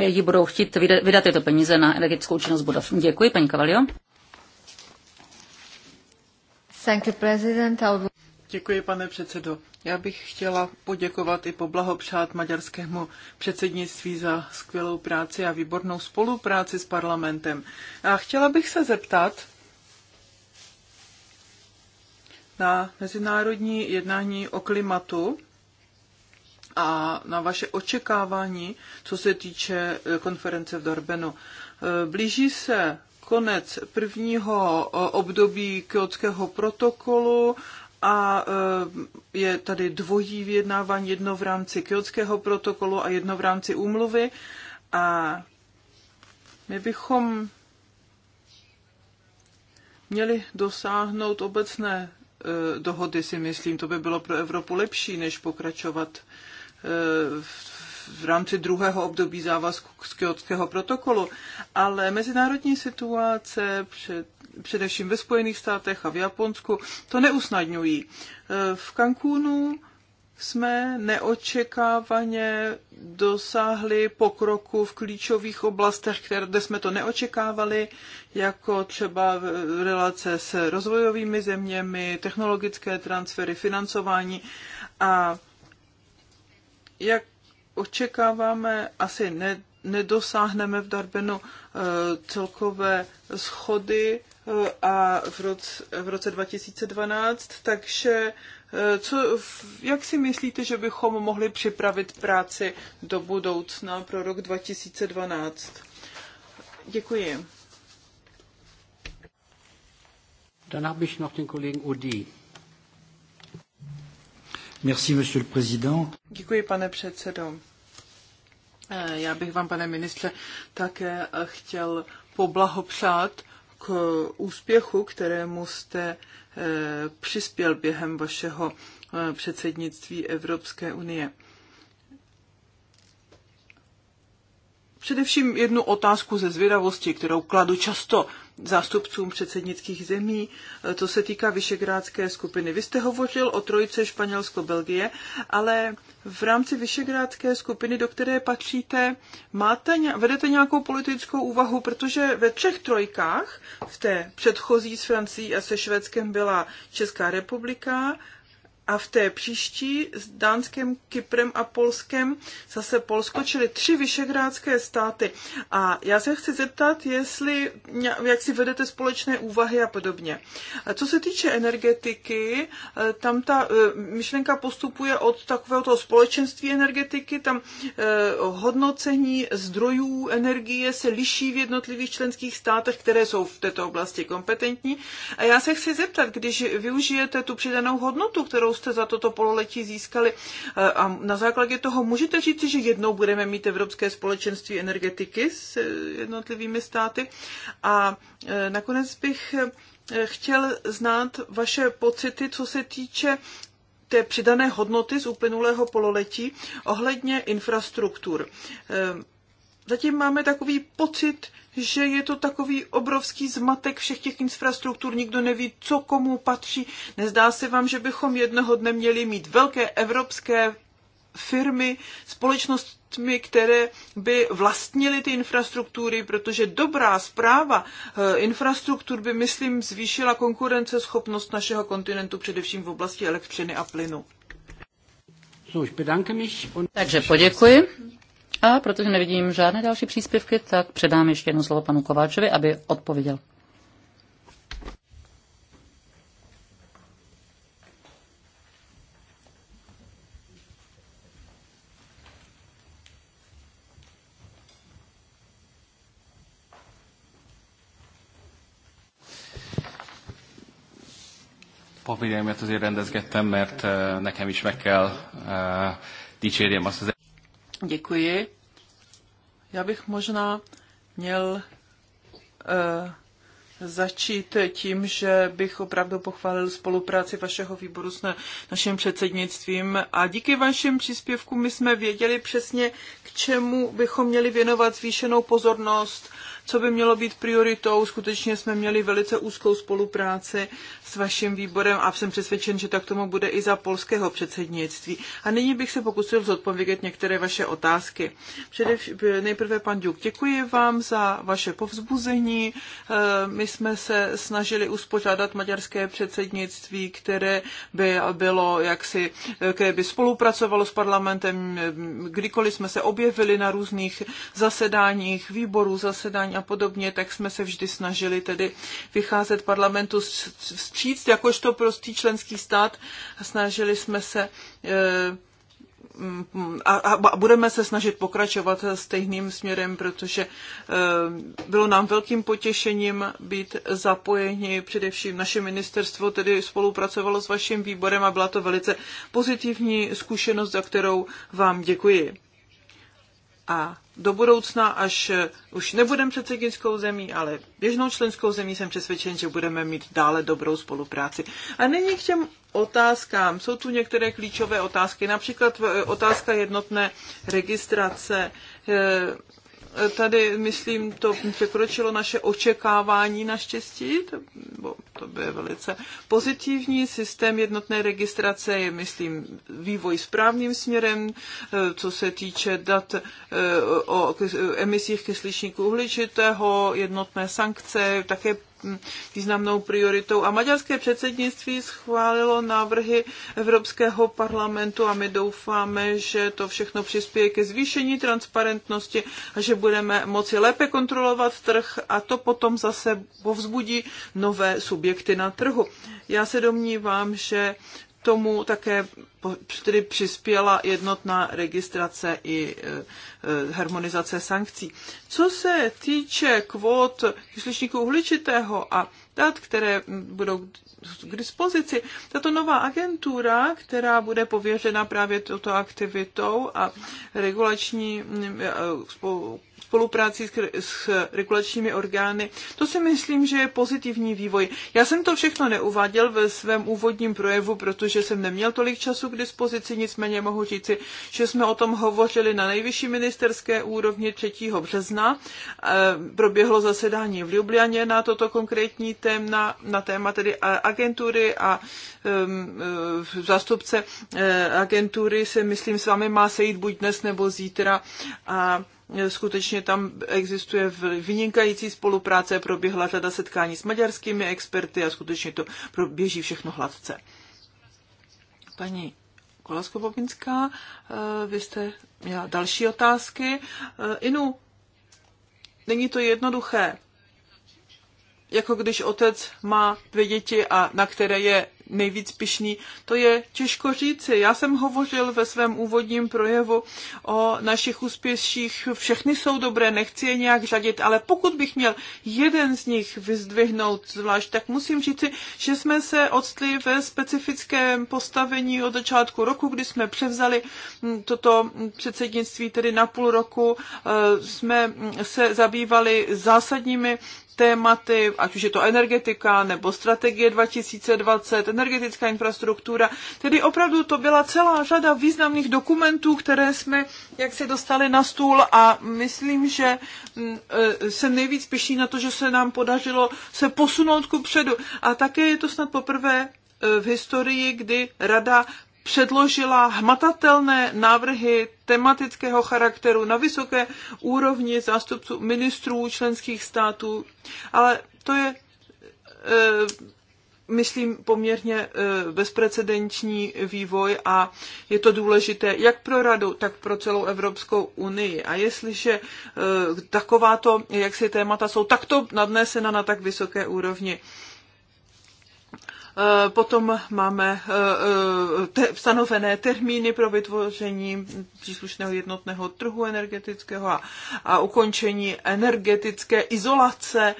ji budou chtít vydat, vydat tyto peníze na energetickou činnost budov. Děkuji, paní Kavalio. Thank you, President. Děkuji, pane předsedo. Já bych chtěla poděkovat i poblahopřát maďarskému předsednictví za skvělou práci a výbornou spolupráci s parlamentem. A chtěla bych se zeptat na mezinárodní jednání o klimatu a na vaše očekávání, co se týče e, konference v Dorbenu. E, blíží se konec prvního období kyotského protokolu a eh, je tady dvojí vyjednávání, jedno v rámci Kyotského protokolu a jedno v rámci úmluvy. A my bychom měli dosáhnout obecné eh, dohody, si myslím, to by bylo pro Evropu lepší, než pokračovat eh, v v rámci druhého období závazku z Kyotského protokolu, ale mezinárodní situace před, především ve Spojených státech a v Japonsku to neusnadňují. E, v Cancúnu jsme neočekávaně dosáhli pokroku v klíčových oblastech, kde jsme to neočekávali, jako třeba relace s rozvojovými zeměmi, technologické transfery, financování. A jak očekáváme, asi ne, nedosáhneme v Darbenu eh, celkové schody eh, a v roce, v roce 2012, takže eh, co, jak si myslíte, že bychom mohli připravit práci do budoucna pro rok 2012? Děkuji. habe ich noch den Kollegen Udi. Merci, monsieur le président. Děkuji, pane předsedo. Eh, já bych vám, pane ministře, také eh, chtěl poblahopřát k úspěchu, kterému jste eh, přispěl během vašeho předsednictví Evropské unie. Především jednu otázku ze zvědavosti, kterou kladu často zástupcům předsednických zemí. E, to se týká Vyšegrádské skupiny. Vy jste hovořil o trojce Španělsko-Belgie, ale v rámci Vyšegrádské skupiny, do které patříte, máte, vedete nějakou politickou úvahu, protože ve třech trojkách, v té předchozí s Francií a se Švédskem byla Česká republika, a v té příští s Dánskem, Kyprem a Polskem zase Polsko, čili tři vyšegrádské státy. A já se chci zeptat, jestli, jak si vedete společné úvahy a podobně. A co se týče energetiky, e, tam ta e, myšlenka postupuje od takového toho společenství energetiky, tam e, hodnocení zdrojů energie se liší v jednotlivých členských státech, které jsou v této oblasti kompetentní. A já se chci zeptat, když využijete tu přidanou hodnotu, kterou jste za toto pololetí získali. E, a na základě toho můžete říct, že jednou budeme mít Evropské společenství energetiky s e, jednotlivými státy. A e, nakonec bych chtěl znát vaše pocity, co se týče té přidané hodnoty z uplynulého pololetí ohledně infrastruktur zatím máme takový pocit, že je to takový obrovský zmatek všech těch infrastruktur, nikdo neví, co komu patří. Nezdá se vám, že bychom jednoho dne měli mít velké evropské firmy, společnostmi, které by vlastnily ty infrastruktury, protože dobrá zpráva eh, infrastruktur by, myslím, zvýšila konkurenceschopnost našeho kontinentu, především v oblasti elektřiny a plynu. Takže poděkuji a protože nevidím žádné další příspěvky, tak předám ještě jedno slovo panu Kováčovi, aby odpověděl. papírjaimat azért rendezgettem, mert eh, nekem is meg kell eh, dicsérjem azt az Děkuji. Já bych možná měl uh, začít tím, že bych opravdu pochválil spolupráci vašeho výboru s na, naším předsednictvím a díky vašim příspěvkům my jsme věděli přesně, k čemu bychom měli věnovat zvýšenou pozornost co by mělo být prioritou. Skutečně jsme měli velice úzkou spolupráci s vaším výborem a jsem přesvědčen, že tak tomu bude i za polského předsednictví. A nyní bych se pokusil zodpovědět některé vaše otázky. Předev, nejprve pan Duk, děkuji vám za vaše povzbuzení. Eh, my jsme se snažili uspořádat maďarské předsednictví, které by bylo jaksi, eh, které by spolupracovalo s parlamentem, kdykoliv jsme se objevili na různých zasedáních výborů, zasedání a podobně, tak jsme se vždy snažili tedy vycházet parlamentu vstříc, jakožto prostý členský stát a snažili jsme se eh, mm, a, a budeme se snažit pokračovat stejným směrem, protože eh, bylo nám velkým potěšením být zapojeni, především naše ministerstvo tedy spolupracovalo s vaším výborem a byla to velice pozitivní zkušenost, za kterou vám děkuji a do budoucna, až už nebudeme předsednickou zemí, ale běžnou členskou zemí, jsem přesvědčen, že budeme mít dále dobrou spolupráci. A nyní k těm otázkám. Jsou tu některé klíčové otázky, například eh, otázka jednotné registrace eh, tady, myslím, to překročilo naše očekávání naštěstí, to, bo to je velice pozitivní. Systém jednotné registrace je, myslím, vývoj správným směrem, e, co se týče dat e, o emisích kysličníku uhličitého, jednotné sankce, také Mm, významnou prioritou. A maďarské předsednictví schválilo návrhy Evropského parlamentu a my doufáme, že to všechno přispěje ke zvýšení transparentnosti a že budeme moci lépe kontrolovat trh a to potom zase povzbudí nové subjekty na trhu. Já se domnívám, že tomu také tedy přispěla jednotná registrace i e, e, harmonizace sankcí. Co se týče kvót kysličníku uhličitého a dat, které budou k dispozici, tato nová agentura, která bude pověřena právě touto aktivitou a regulační e, spolupráci s, regulačními orgány. To si myslím, že je pozitivní vývoj. Já jsem to všechno neuváděl ve svém úvodním projevu, protože jsem neměl tolik času k dispozici, nicméně mohu říci, že jsme o tom hovořili na nejvyšší ministerské úrovni 3. března. E, proběhlo zasedání v Ljubljaně na toto konkrétní téma, na téma tedy agentury a e, zástupce e, agentury se, myslím, s vámi má sejít buď dnes nebo zítra a Skutečně tam existuje vynikající spolupráce, proběhla řada setkání s maďarskými experty a skutečně to běží všechno hladce. Paní Kolasko-Popinská, eh, vy jste měla další otázky. Eh, Inu, není to jednoduché jako když otec má dvě děti a na které je nejvíc pišný, to je těžko říci. Já jsem hovořil ve svém úvodním projevu o našich úspěších. Všechny jsou dobré, nechci je nějak řadit, ale pokud bych měl jeden z nich vyzdvihnout zvlášť, tak musím říci, že jsme se odstli ve specifickém postavení od začátku roku, kdy jsme převzali mm, toto mm, předsednictví, tedy na půl roku eh, jsme mm, se zabývali zásadními tématy, ať už je to energetika nebo strategie 2020, energetická infrastruktura. Tedy opravdu to byla celá řada významných dokumentů, které jsme jak se dostali na stůl a myslím, že mm, e, se nejvíc pěší na to, že se nám podařilo se posunout ku předu. A také je to snad poprvé e, v historii, kdy rada předložila hmatatelné návrhy tematického charakteru na vysoké úrovni zástupců ministrů členských států, ale to je e, myslím, poměrně eh, bezprecedenční vývoj a je to důležité jak pro Radu, tak pro celou Evropskou unii. A jestliže eh, takováto, jak si témata jsou takto nadnesena na tak vysoké úrovni, Eh, potom máme eh, eh, stanovené termíny pro vytvoření příslušného jednotného trhu energetického a, a ukončení energetické izolace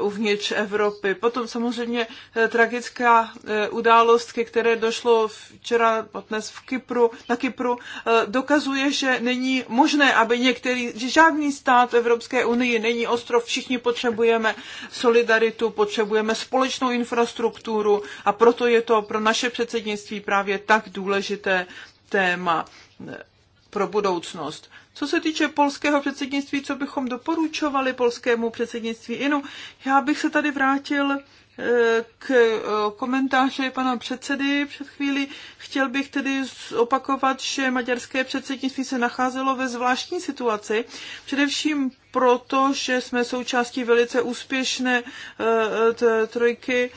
uvnitř Evropy. Potom samozřejmě tragická událost, ke které došlo včera, dnes v Kypru, na Kypru, dokazuje, že není možné, aby některý, že žádný stát Evropské unii není ostrov. Všichni potřebujeme solidaritu, potřebujeme společnou infrastrukturu, a proto je to pro naše předsednictví právě tak důležité téma eh, pro budoucnost. Co se týče polského předsednictví, co bychom doporučovali polskému předsednictví INU, já bych se tady vrátil Eh, k eh, komentáři pana předsedy před chvíli. Chtěl bych tedy opakovat, že maďarské předsednictví se nacházelo ve zvláštní situaci, především proto, že jsme součástí velice úspěšné eh, trojky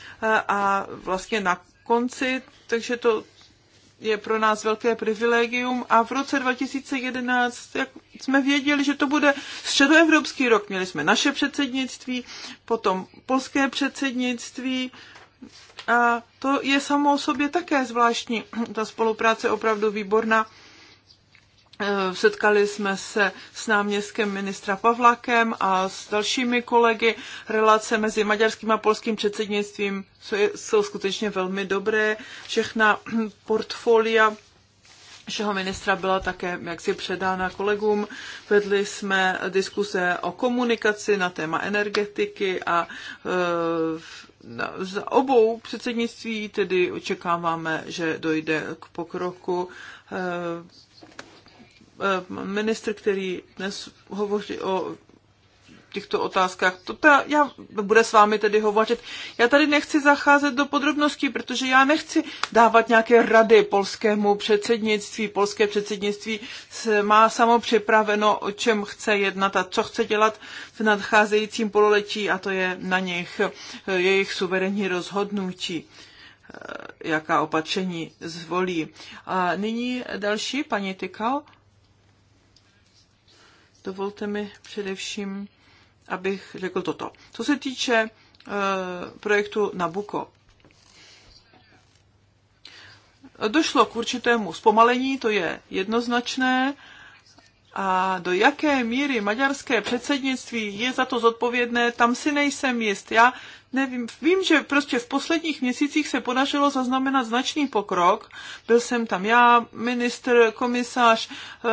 a vlastně na konci, takže to je pro nás velké privilegium a v roce 2011 jak jsme věděli, že to bude středoevropský rok. Měli jsme naše předsednictví, potom polské předsednictví a to je samo o sobě také zvláštní. Ta spolupráce je opravdu výborná Eh, setkali jsme se s náměstkem ministra Pavlakem a s dalšími kolegy. Relace mezi maďarským a polským předsednictvím jsou skutečně velmi dobré. Všechna portfolia našeho ministra byla také jaksi předána kolegům. Vedli jsme diskuse o komunikaci na téma energetiky a eh, za obou předsednictví tedy očekáváme, že dojde k pokroku. Eh, Eh, ministr, který dnes hovoří o těchto otázkách. To ta, já bude s vámi tedy hovořit. Já tady nechci zacházet do podrobností, protože já nechci dávat nějaké rady polskému předsednictví. Polské předsednictví se má samo připraveno, o čem chce jednat a co chce dělat v nadcházejícím pololetí a to je na nich eh, jejich suverénní rozhodnutí eh, jaká opatření zvolí. A nyní další, paní Tykal. Dovolte mi především, abych řekl toto. Co se týče eh, projektu Nabuko, došlo k určitému zpomalení, to je jednoznačné. A do jaké míry maďarské předsednictví je za to zodpovědné, tam si nejsem jist. Já nevím, vím, že prostě v posledních měsících se podařilo zaznamenat značný pokrok. Byl jsem tam já, minister, komisař, eh,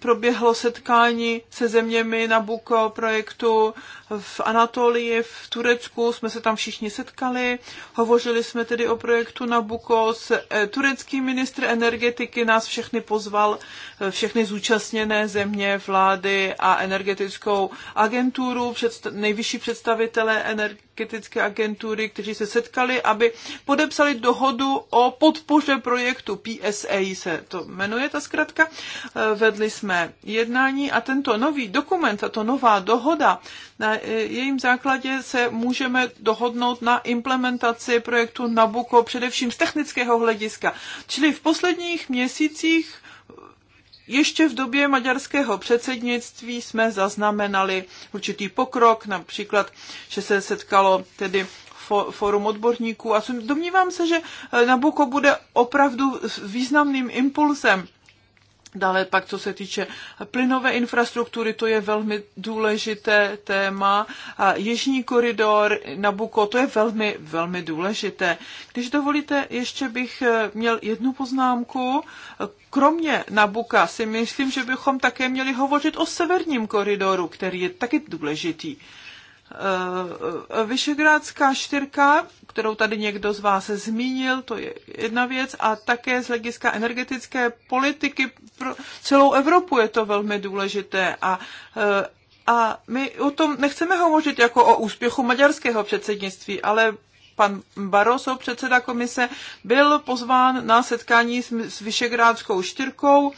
proběhlo setkání se zeměmi na Buko projektu v Anatolii, v Turecku, jsme se tam všichni setkali, hovořili jsme tedy o projektu na Buko, s, eh, turecký ministr energetiky nás všechny pozval, eh, všechny zúčastněné země, vlády a energetickou agenturu, předst- nejvyšší představitelé energetiky energetické agentury, kteří se setkali, aby podepsali dohodu o podpoře projektu. PSA se to jmenuje, ta zkratka. Eh, vedli jsme jednání a tento nový dokument, tato nová dohoda, na eh, jejím základě se můžeme dohodnout na implementaci projektu Nabuko, především z technického hlediska. Čili v posledních měsících ještě v době maďarského předsednictví jsme zaznamenali určitý pokrok, například, že se setkalo tedy forum odborníků a domnívám se, že Nabuko bude opravdu významným impulzem Dále pak, co se týče plynové infrastruktury, to je velmi důležité téma. A jižní koridor Buko to je velmi, velmi důležité. Když dovolíte, ještě bych eh, měl jednu poznámku. Kromě Nabuka si myslím, že bychom také měli hovořit o severním koridoru, který je taky důležitý. Eh, Vyšegrádská čtyřka, kterou tady někdo z vás zmínil, to je jedna věc, a také z hlediska energetické politiky pro celou Evropu je to velmi důležité. A, eh, a my o tom nechceme hovořit jako o úspěchu maďarského předsednictví, ale pan Barroso, předseda komise, byl pozván na setkání s, Vyšegrádskou čtyřkou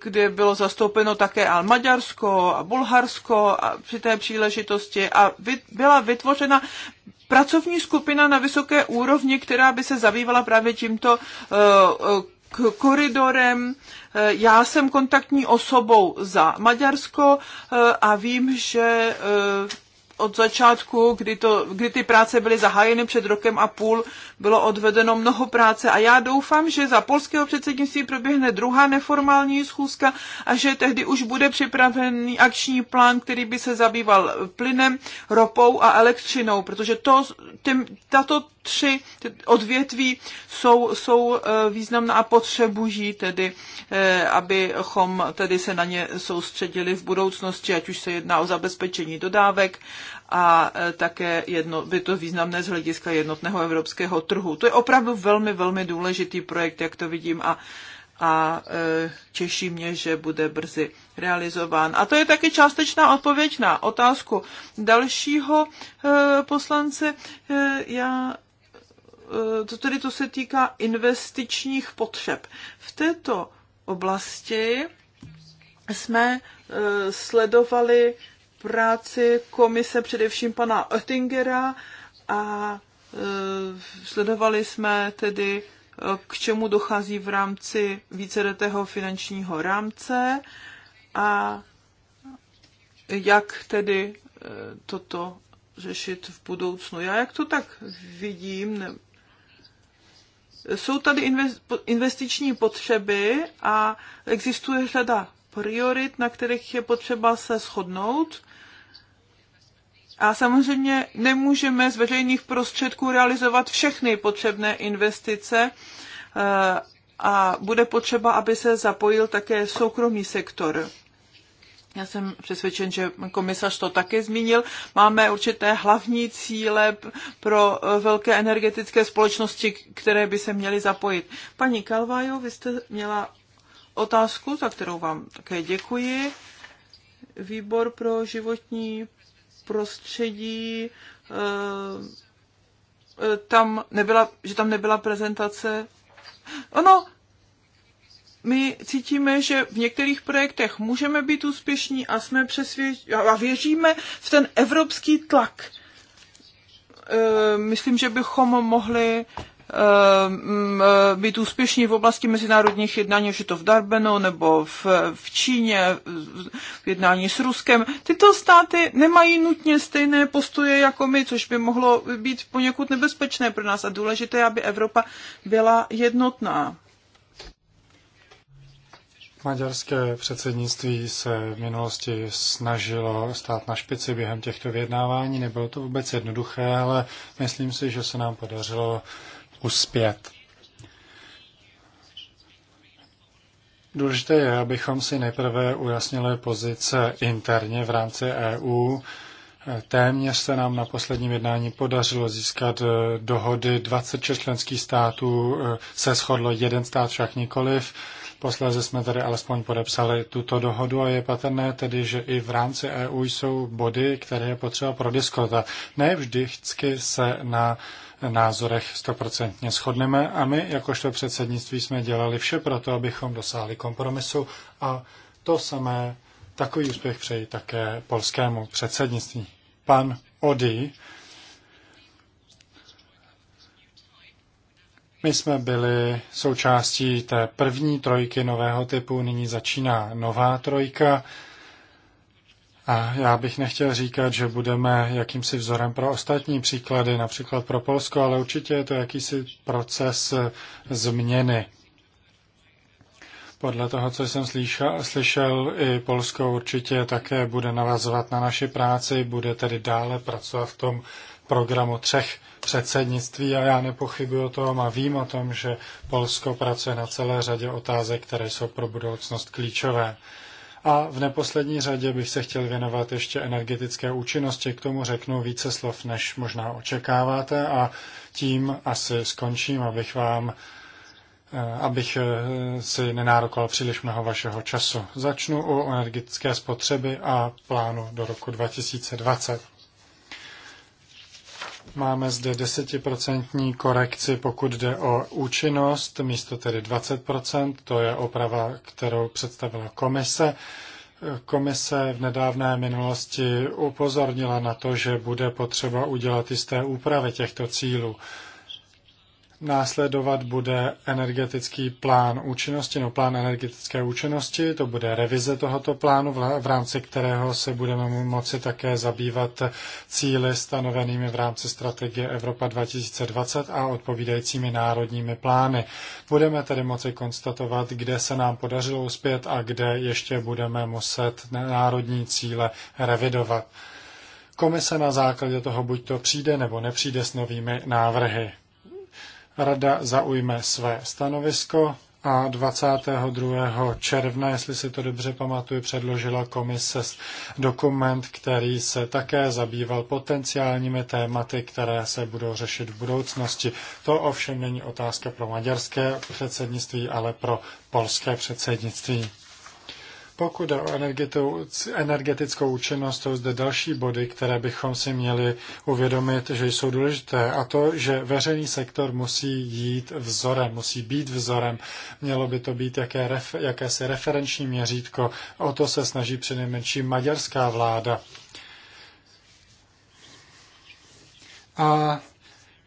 kde bylo zastoupeno také a Maďarsko a Bulharsko a při té příležitosti a byla vytvořena pracovní skupina na vysoké úrovni, která by se zabývala právě tímto eh, koridorem. Eh, já jsem kontaktní osobou za Maďarsko eh, a vím, že od začátku, kdy, to, kdy ty práce byly zahájeny před rokem a půl, bylo odvedeno mnoho práce a já doufám, že za polského předsednictví proběhne druhá neformální schůzka a že tehdy už bude připravený akční plán, který by se zabýval plynem, ropou a elektřinou, protože to, tím, tato tři odvětví jsou, jsou eh, významná a potřebují tedy, eh, abychom tedy se na ně soustředili v budoucnosti, ať už se jedná o zabezpečení dodávek a eh, také jedno, by to významné z hlediska jednotného evropského trhu. To je opravdu velmi, velmi důležitý projekt, jak to vidím a a těší mě, že bude brzy realizován. A to je taky částečná odpověď na otázku dalšího poslance. Já to tedy to se týká investičních potřeb. V této oblasti jsme e, sledovali práci komise především pana Oettingera a e, sledovali jsme tedy, e, k čemu dochází v rámci víceletého finančního rámce a jak tedy toto řešit v budoucnu. Já jak to tak vidím, jsou tady investiční potřeby a existuje řada priorit, na kterých je potřeba se shodnout. A samozřejmě nemůžeme z veřejných prostředků realizovat všechny potřebné investice eh, a bude potřeba, aby se zapojil také soukromý sektor. Já jsem přesvědčen, že komisař to také zmínil. Máme určité hlavní cíle pro eh, velké energetické společnosti, které by se měly zapojit. Paní Kalvajo, vy jste měla otázku, za kterou vám také děkuji. Výbor pro životní prostředí, eh, eh, tam nebyla, že tam nebyla prezentace. Ono, my cítíme, že v některých projektech můžeme být úspěšní a jsme přesvědčeni a věříme v ten evropský tlak. E, myslím, že bychom mohli e, e, být úspěšní v oblasti mezinárodních jednání, že to v Darbenu nebo v, v Číně, v jednání s Ruskem. Tyto státy nemají nutně stejné postoje jako my, což by mohlo být poněkud nebezpečné pro nás a důležité, aby Evropa byla jednotná. Maďarské předsednictví se v minulosti snažilo stát na špici během těchto vyjednávání. Nebylo to vůbec jednoduché, ale myslím si, že se nám podařilo uspět. Důležité je, abychom si nejprve ujasnili pozice interně v rámci EU. Téměř se nám na posledním jednání podařilo získat eh, dohody 26 členských států, eh, se shodlo jeden stát však nikoliv. Posléze jsme tady alespoň podepsali tuto dohodu a je patrné tedy, že i v rámci EU jsou body, které je potřeba prodiskutovat. Ne vždycky se na názorech stoprocentně shodneme a my, jakožto předsednictví, jsme dělali vše pro to, abychom dosáhli kompromisu a to samé, takový úspěch přeji také polskému předsednictví. Pan Odi. My jsme byli součástí té první trojky nového typu, nyní začíná nová trojka. A já bych nechtěl říkat, že budeme jakýmsi vzorem pro ostatní příklady, například pro Polsko, ale určitě je to jakýsi proces změny. Podle toho, co jsem slyšel, slyšel, i Polsko určitě také bude navazovat na naši práci, bude tedy dále pracovat v tom programu třech předsednictví a já nepochybuji o tom a vím o tom, že Polsko pracuje na celé řadě otázek, které jsou pro budoucnost klíčové. A v neposlední řadě bych se chtěl věnovat ještě energetické účinnosti. K tomu řeknu více slov, než možná očekáváte a tím asi skončím, abych vám eh, abych eh, si nenárokoval příliš mnoho vašeho času. Začnu u energetické spotřeby a plánu do roku 2020. Máme zde desetiprocentní korekci, pokud jde o účinnost, místo tedy 20%, to je oprava, kterou představila komise. Komise v nedávné minulosti upozornila na to, že bude potřeba udělat jisté úpravy těchto cílů. Následovat bude energetický plán účinnosti, no plán energetické účinnosti, to bude revize tohoto plánu, v rámci kterého se budeme moci také zabývat cíly stanovenými v rámci strategie Evropa 2020 a odpovídajícími národními plány. Budeme tedy moci konstatovat, kde se nám podařilo uspět a kde ještě budeme muset národní cíle revidovat. Komise na základě toho buď to přijde nebo nepřijde s novými návrhy. Rada zaujme své stanovisko a 22. června, jestli si to dobře pamatuju, předložila komise dokument, který se také zabýval potenciálními tématy, které se budou řešit v budoucnosti. To ovšem není otázka pro maďarské předsednictví, ale pro polské předsednictví. Pokud jde o energetickou účinnost, jsou zde další body, které bychom si měli uvědomit, že jsou důležité. A to, že veřejný sektor musí jít vzorem, musí být vzorem. Mělo by to být jaké, ref, jakési referenční měřítko. O to se snaží přinejmenší maďarská vláda. A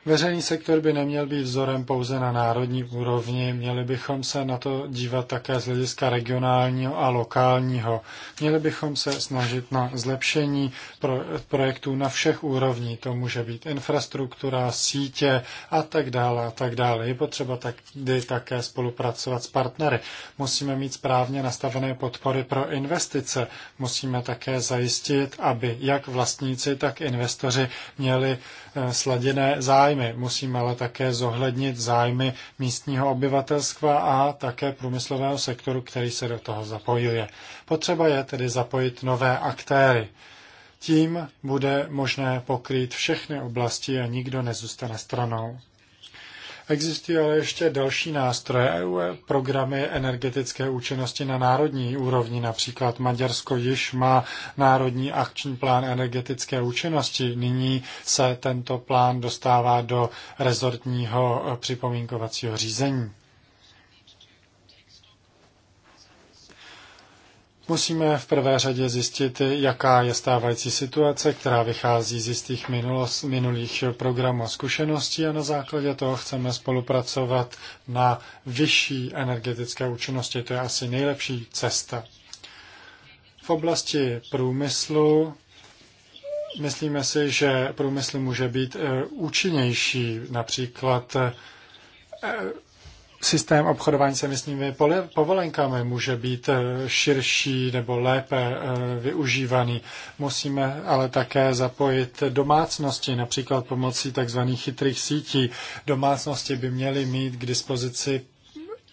Veřejný sektor by neměl být vzorem pouze na národní úrovni, měli bychom se na to dívat také z hlediska regionálního a lokálního. Měli bychom se snažit na zlepšení pro, projektů na všech úrovní. To může být infrastruktura, sítě a tak dále a tak dále. Je potřeba tady také spolupracovat s partnery. Musíme mít správně nastavené podpory pro investice. Musíme také zajistit, aby jak vlastníci, tak investoři měli Eh, sladěné zájmy. Musíme ale také zohlednit zájmy místního obyvatelstva a také průmyslového sektoru, který se do toho zapojuje. Potřeba je tedy zapojit nové aktéry. Tím bude možné pokrýt všechny oblasti a nikdo nezůstane stranou. Existují ale ještě další nástroje, e programy energetické účinnosti na národní úrovni. Například Maďarsko již má národní akční plán energetické účinnosti. Nyní se tento plán dostává do rezortního připomínkovacího řízení. Musíme v prvé řadě zjistit, jaká je stávající situace, která vychází z jistých minulost, minulých programů a zkušeností a na základě toho chceme spolupracovat na vyšší energetické účinnosti. To je asi nejlepší cesta. V oblasti průmyslu myslíme si, že průmysl může být eh, účinnější, například eh, systém obchodování se myslím, povolenkami může být eh, širší nebo lépe eh, využívaný. Musíme ale také zapojit domácnosti, například pomocí tzv. chytrých sítí. Domácnosti by měly mít k dispozici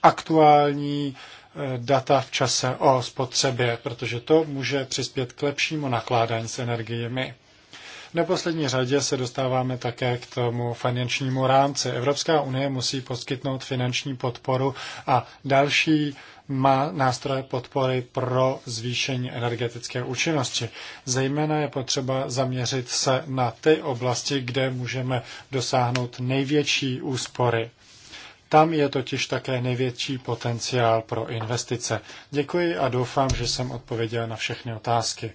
aktuální eh, data v čase o spotřebě, protože to může přispět k lepšímu nakládání s energiemi neposlední řadě se dostáváme také k tomu finančnímu rámci. Evropská unie musí poskytnout finanční podporu a další má nástroje podpory pro zvýšení energetické účinnosti. Zejména je potřeba zaměřit se na ty oblasti, kde můžeme dosáhnout největší úspory. Tam je totiž také největší potenciál pro investice. Děkuji a doufám, že jsem odpověděl na všechny otázky.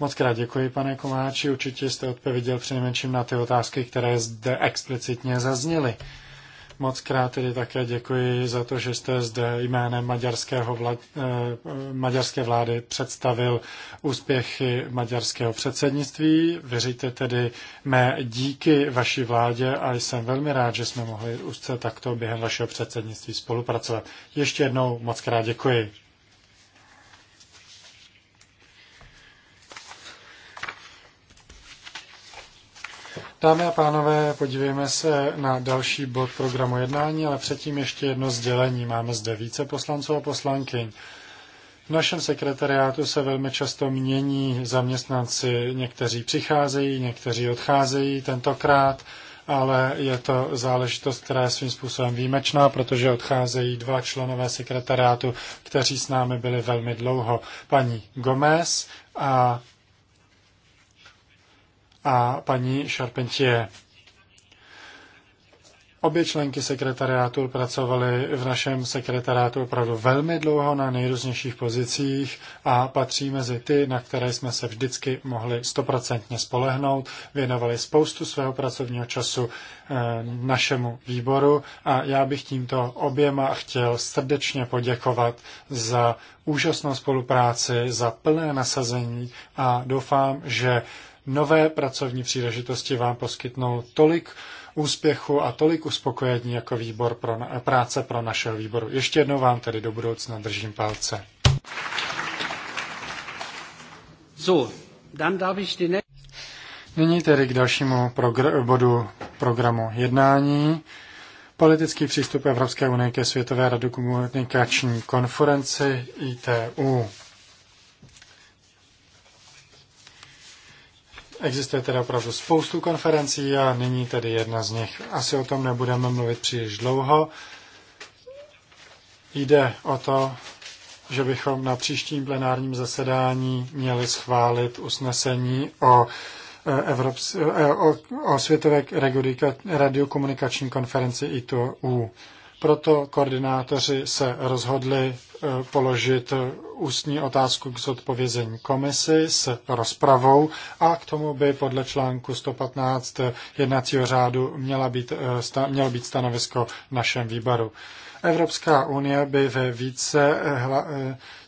Moc krát děkuji, pane Kováči. Určitě jste odpověděl přinejmenším na ty otázky, které zde explicitně zazněly. Moc krát tedy také děkuji za to, že jste zde jménem maďarského eh, maďarské vlády představil úspěchy maďarského předsednictví. Věříte tedy mé díky vaší vládě a jsem velmi rád, že jsme mohli úzce takto během vašeho předsednictví spolupracovat. Ještě jednou moc krát děkuji. Dámy a pánové, podívejme se na další bod programu jednání, ale předtím ještě jedno sdělení. Máme zde více poslanců a poslankyň. V našem sekretariátu se velmi často mění zaměstnanci. Někteří přicházejí, někteří odcházejí tentokrát, ale je to záležitost, která je svým způsobem výjimečná, protože odcházejí dva členové sekretariátu, kteří s námi byli velmi dlouho. Paní Gomez a a paní Charpentier. Obě členky sekretariátu pracovaly v našem sekretariátu opravdu velmi dlouho na nejrůznějších pozicích a patří mezi ty, na které jsme se vždycky mohli stoprocentně spolehnout. Věnovali spoustu svého pracovního času eh, našemu výboru a já bych tímto oběma chtěl srdečně poděkovat za úžasnou spolupráci, za plné nasazení a doufám, že nové pracovní příležitosti vám poskytnou tolik úspěchu a tolik uspokojení jako výbor pro, práce pro našeho výboru. Ještě jednou vám tedy do budoucna držím palce. So, dann darf ich die Nyní tedy k dalšímu progr- bodu programu jednání. Politický přístup Evropské unie ke Světové radu komunikační konferenci ITU. Existuje teda opravdu spoustu konferencí a nyní tedy jedna z nich. Asi o tom nebudeme mluvit příliš dlouho. Jde o to, že bychom na příštím plenárním zasedání měli schválit usnesení o, e, Evrops- e, o, o Světové radiokomunikační konferenci ITU. Proto koordinátoři se rozhodli eh, položit eh, ústní otázku k zodpovězení komisi s rozpravou a k tomu by podle článku 115 eh, jednacího řádu měla být, mělo být stanovisko v našem výboru. Evropská unie by ve více hla,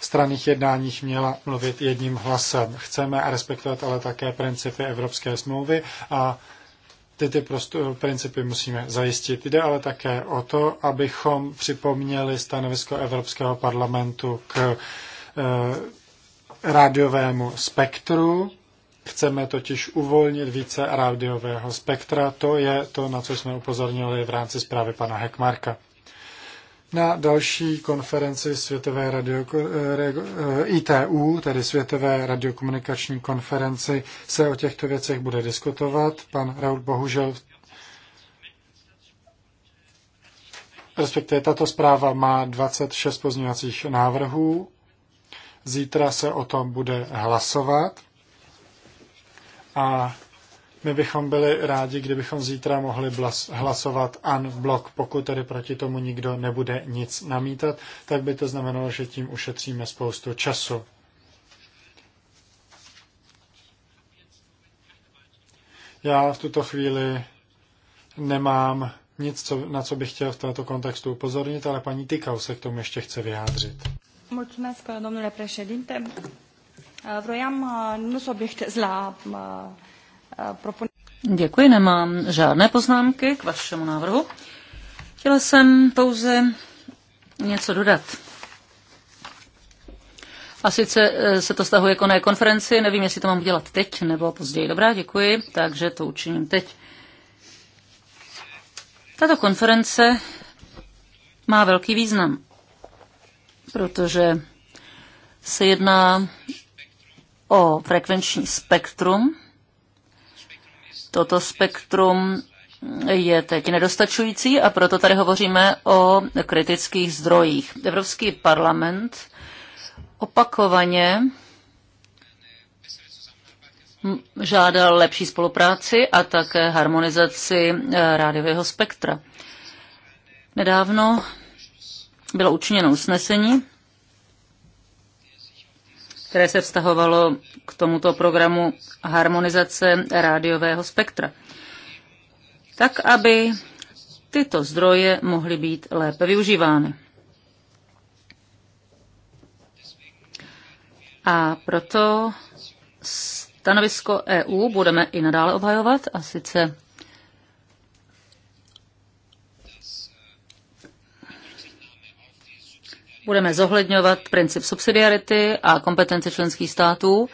straných jednáních měla mluvit jedním hlasem. Chceme respektovat ale také principy Evropské smlouvy a tyto prostor, principy musíme zajistit. Jde ale také o to, abychom připomněli stanovisko Evropského parlamentu k e, rádiovému spektru. Chceme totiž uvolnit více rádiového spektra. To je to, na co jsme upozornili v rámci zprávy pana Hekmarka na další konferenci Světové radio, eh, eh, ITU, tedy Světové radiokomunikační konferenci, se o těchto věcech bude diskutovat. Pan Raul bohužel respektive tato zpráva má 26 pozměňovacích návrhů. Zítra se o tom bude hlasovat. A my bychom byli rádi, kdybychom zítra mohli hlasovat an blok, pokud tedy proti tomu nikdo nebude nic namítat, tak by to znamenalo, že tím ušetříme spoustu času. Já v tuto chvíli nemám nic, co, na co bych chtěl v tomto kontextu upozornit, ale paní Tykau se k tomu ještě chce vyjádřit. Mulțumesc, domnule președinte. Vroiam, uh, nu s obiectez la uh, Děkuji, nemám žádné poznámky k vašemu návrhu. Chtěla jsem pouze něco dodat. A sice eh, se to stahuje jako na konferenci, nevím, jestli to mám udělat teď nebo později. Dobrá, děkuji, takže to učiním teď. Tato konference má velký význam, protože se jedná o frekvenční spektrum Toto spektrum je teď nedostačující a proto tady hovoříme o kritických zdrojích. Evropský parlament opakovaně žádal lepší spolupráci a také harmonizaci eh, rádiového spektra. Nedávno bylo učiněno usnesení, které se vztahovalo k tomuto programu harmonizace rádiového spektra, tak aby tyto zdroje mohly být lépe využívány. A proto stanovisko EU budeme i nadále obhajovat, a sice budeme zohledňovat princip subsidiarity a kompetence členských států.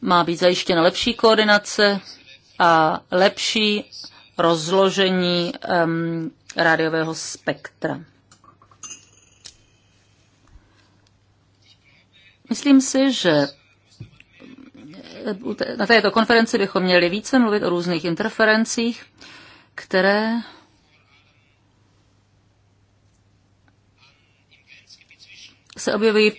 Má být zajištěna lepší koordinace a lepší rozložení um, rádiového spektra. Myslím si, že eh, na této konferenci bychom měli více mluvit o různých interferencích, které se objevují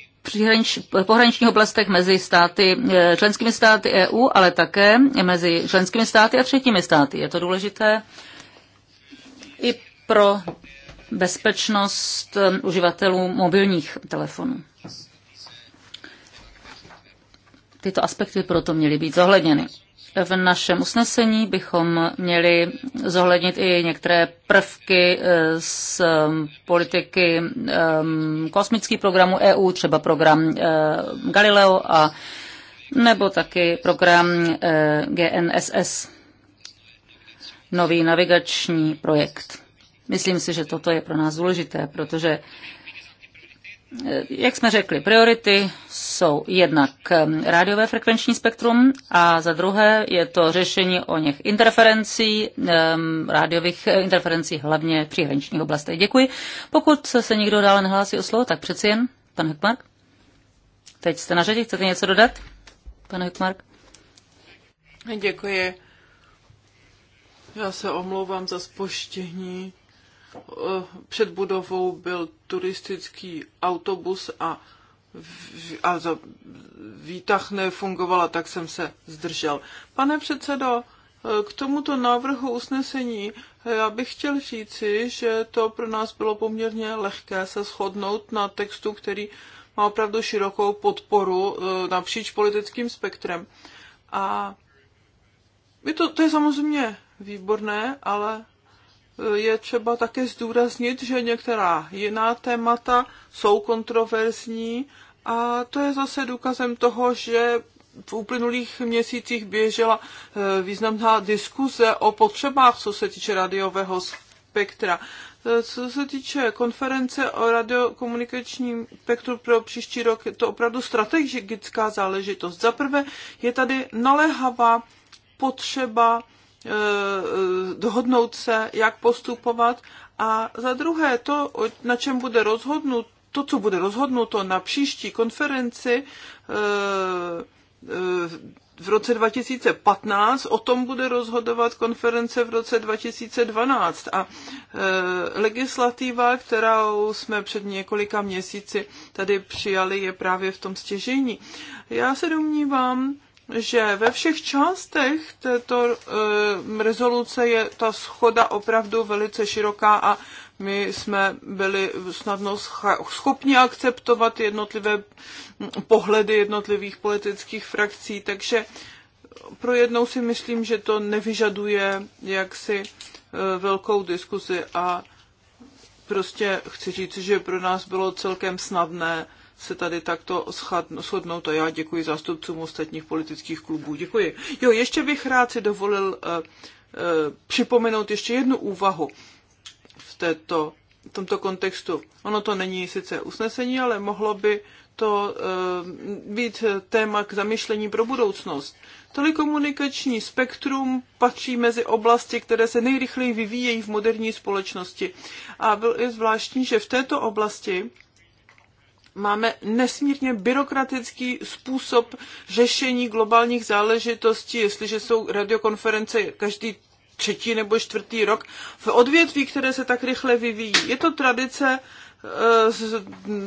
pohraničních oblastech mezi státy, e, členskými státy EU, ale také mezi členskými státy a třetími státy. Je to důležité i pro bezpečnost e, uživatelů mobilních telefonů. Tyto aspekty proto měly být zohledněny. V našem usnesení bychom měli zohlednit i některé prvky eh, z mm, politiky mm, kosmických programů EU, třeba program eh, Galileo a nebo taky program eh, GNSS, nový navigační projekt. Myslím si, že toto je pro nás důležité, protože jak jsme řekli, priority jsou jednak ehm, rádiové frekvenční spektrum a za druhé je to řešení o něch interferencí, ehm, rádiových eh, interferencí hlavně v příhraničních oblastech. Děkuji. Pokud se někdo dále nehlásí o slovo, tak přeci jen, pan Hekmark. Teď jste na řadě, chcete něco dodat, pane Hekmark? Děkuji. Já se omlouvám za spoštění. Eh, před budovou byl turistický autobus a, a výtah nefungovala, tak jsem se zdržel. Pane předsedo, eh, k tomuto návrhu usnesení eh, já bych chtěl říci, že to pro nás bylo poměrně lehké se shodnout na textu, který má opravdu širokou podporu napříč politickým spektrem. A je to, to je samozřejmě výborné, ale je třeba také zdůraznit, že některá jiná témata jsou kontroverzní a to je zase důkazem toho, že v uplynulých měsících běžela eh, významná diskuze o potřebách, co se týče radiového spektra. Eh, co se týče konference o radiokomunikačním spektru pro příští rok, je to opravdu strategická záležitost. Za prvé je tady naléhavá potřeba Eh, dohodnout se, jak postupovat. A za druhé, to, na čem bude rozhodnuto, to, co bude rozhodnuto na příští konferenci eh, eh, v roce 2015, o tom bude rozhodovat konference v roce 2012. A legislativa, kterou jsme před několika měsíci tady přijali, je právě v tom stěžení. Já se domnívám, že ve všech částech této e, rezoluce je ta schoda opravdu velice široká a my jsme byli snadno schopni akceptovat jednotlivé pohledy jednotlivých politických frakcí, takže pro jednou si myslím, že to nevyžaduje jaksi e, velkou diskuzi a prostě chci říct, že pro nás bylo celkem snadné se tady takto shodnou, a já děkuji zástupcům ostatních politických klubů. Děkuji. Jo, ještě bych rád si dovolil uh, uh, připomenout ještě jednu úvahu v této v tomto kontextu. Ono to není sice usnesení, ale mohlo by to uh, být téma k zamyšlení pro budoucnost. Telekomunikační spektrum patří mezi oblasti, které se nejrychleji vyvíjejí v moderní společnosti. A byl je zvláštní, že v této oblasti máme nesmírně byrokratický způsob řešení globálních záležitostí, jestliže jsou radiokonference každý třetí nebo čtvrtý rok v odvětví, které se tak rychle vyvíjí. Je to tradice eh, z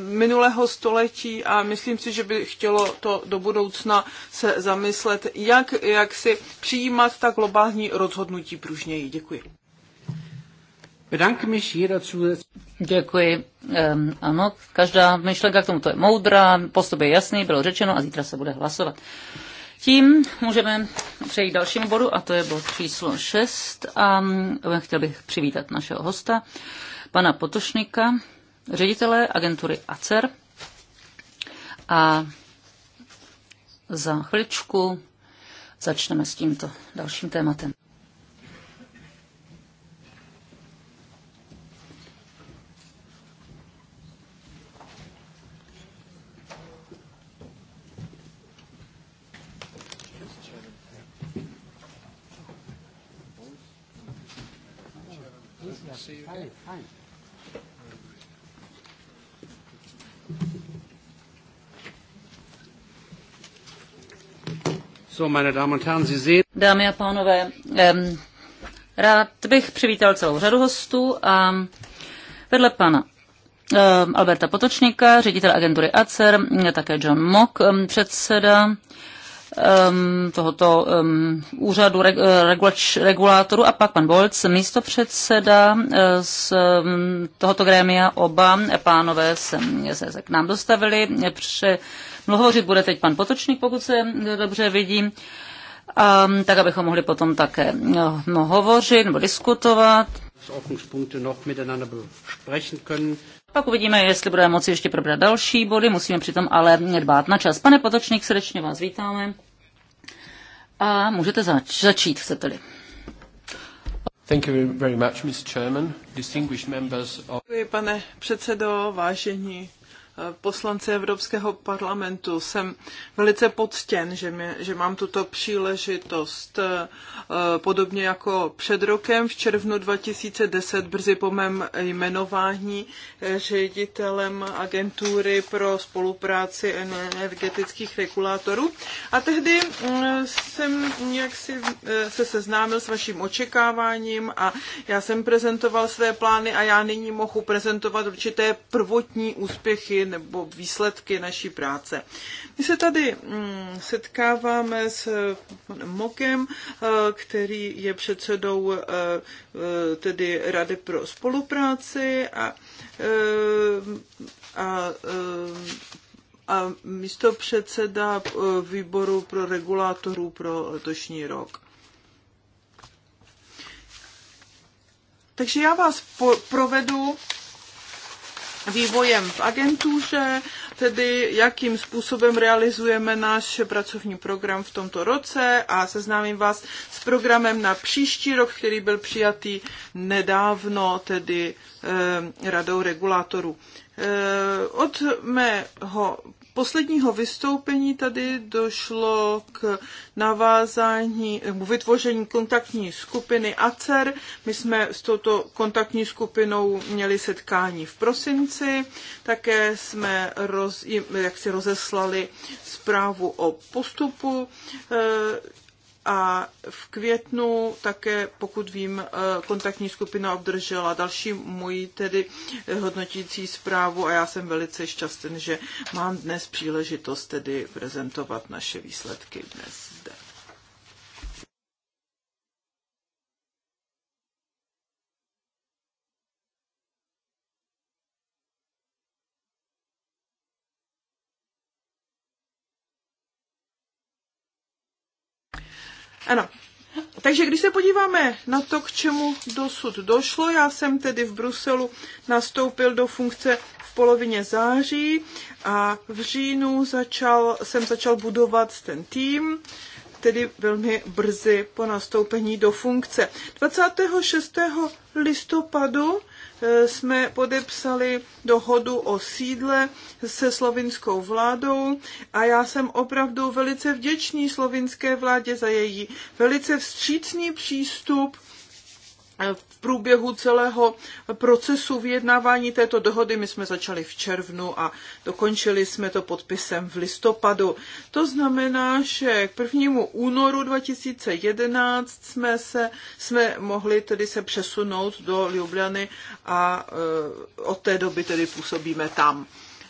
minulého století a myslím si, že by chtělo to do budoucna se zamyslet, jak, jak si přijímat ta globální rozhodnutí pružněji. Děkuji. Děkuji. ano, každá myšlenka k tomuto je moudrá, postup je jasný, bylo řečeno a zítra se bude hlasovat. Tím můžeme přejít dalšímu bodu a to je bod číslo 6 a chtěl bych přivítat našeho hosta, pana Potošníka, ředitele agentury ACER a za chviličku začneme s tímto dalším tématem. Dámy a pánové, rád bych přivítal celou řadu hostů a vedle pana Alberta Potočníka, ředitel agentury ACER, také John Mock, předseda Um, tohoto um, úřadu eh, regulátoru a pak pan Bolc, místo předseda eh, z um, tohoto grémia, oba pánové se, se, se k nám dostavili. Pře, mlhořit bude teď pan Potočník, pokud se dobře vidím. A, tak abychom mohli potom také eh, no, hovořit nebo diskutovat. Pak uvidíme, jestli budeme moci ještě probrat další body, musíme přitom ale dbát na čas. Pane Potočník, srdečně vás vítáme. A můžete zač- začít, chcete-li. Thank you very much, Mr. Chairman. Distinguished members of... Děkuji, pane předsedo, vážení poslanci Evropského parlamentu. Jsem velice poctěn, že, mě, že mám tuto příležitost. Eh, podobně jako před rokem v červnu 2010, brzy po mém jmenování eh, ředitelem agentury pro spolupráci energetických regulátorů. A tehdy mm, jsem jaksi eh, se seznámil s vaším očekáváním a já jsem prezentoval své plány a já nyní mohu prezentovat určité prvotní úspěchy nebo výsledky naší práce. My se tady mm, setkáváme s eh, panem Mokem, eh, který je předsedou eh, tedy Rady pro spolupráci a, a a místo předseda výboru pro regulátorů pro letošní rok. Takže já vás po- provedu vývojem v agentuře, tedy jakým způsobem realizujeme náš pracovní program v tomto roce a seznámím vás s programem na příští rok, který byl přijatý nedávno, tedy eh, radou regulátorů. Eh, od mého posledního vystoupení tady došlo k navázání, k vytvoření kontaktní skupiny ACER. My jsme s touto kontaktní skupinou měli setkání v prosinci, také jsme roz, jak si rozeslali zprávu o postupu eh, a v květnu také, pokud vím, eh, kontaktní skupina obdržela další moji tedy hodnotící zprávu a já jsem velice šťastný, že mám dnes příležitost tedy prezentovat naše výsledky dnes. Ano. Takže když se podíváme na to, k čemu dosud došlo, já jsem tedy v Bruselu nastoupil do funkce v polovině září a v říjnu začal, jsem začal budovat ten tým tedy velmi brzy po nastoupení do funkce. 26. listopadu E, jsme podepsali dohodu o sídle se slovinskou vládou a já jsem opravdu velice vděčný slovinské vládě za její velice vstřícný přístup Eh, v průběhu celého procesu vyjednávání této dohody. My jsme začali v červnu a dokončili jsme to podpisem v listopadu. To znamená, že k 1. únoru 2011 jsme, se, jsme mohli tedy se přesunout do Ljubljany a eh, od té doby tedy působíme tam.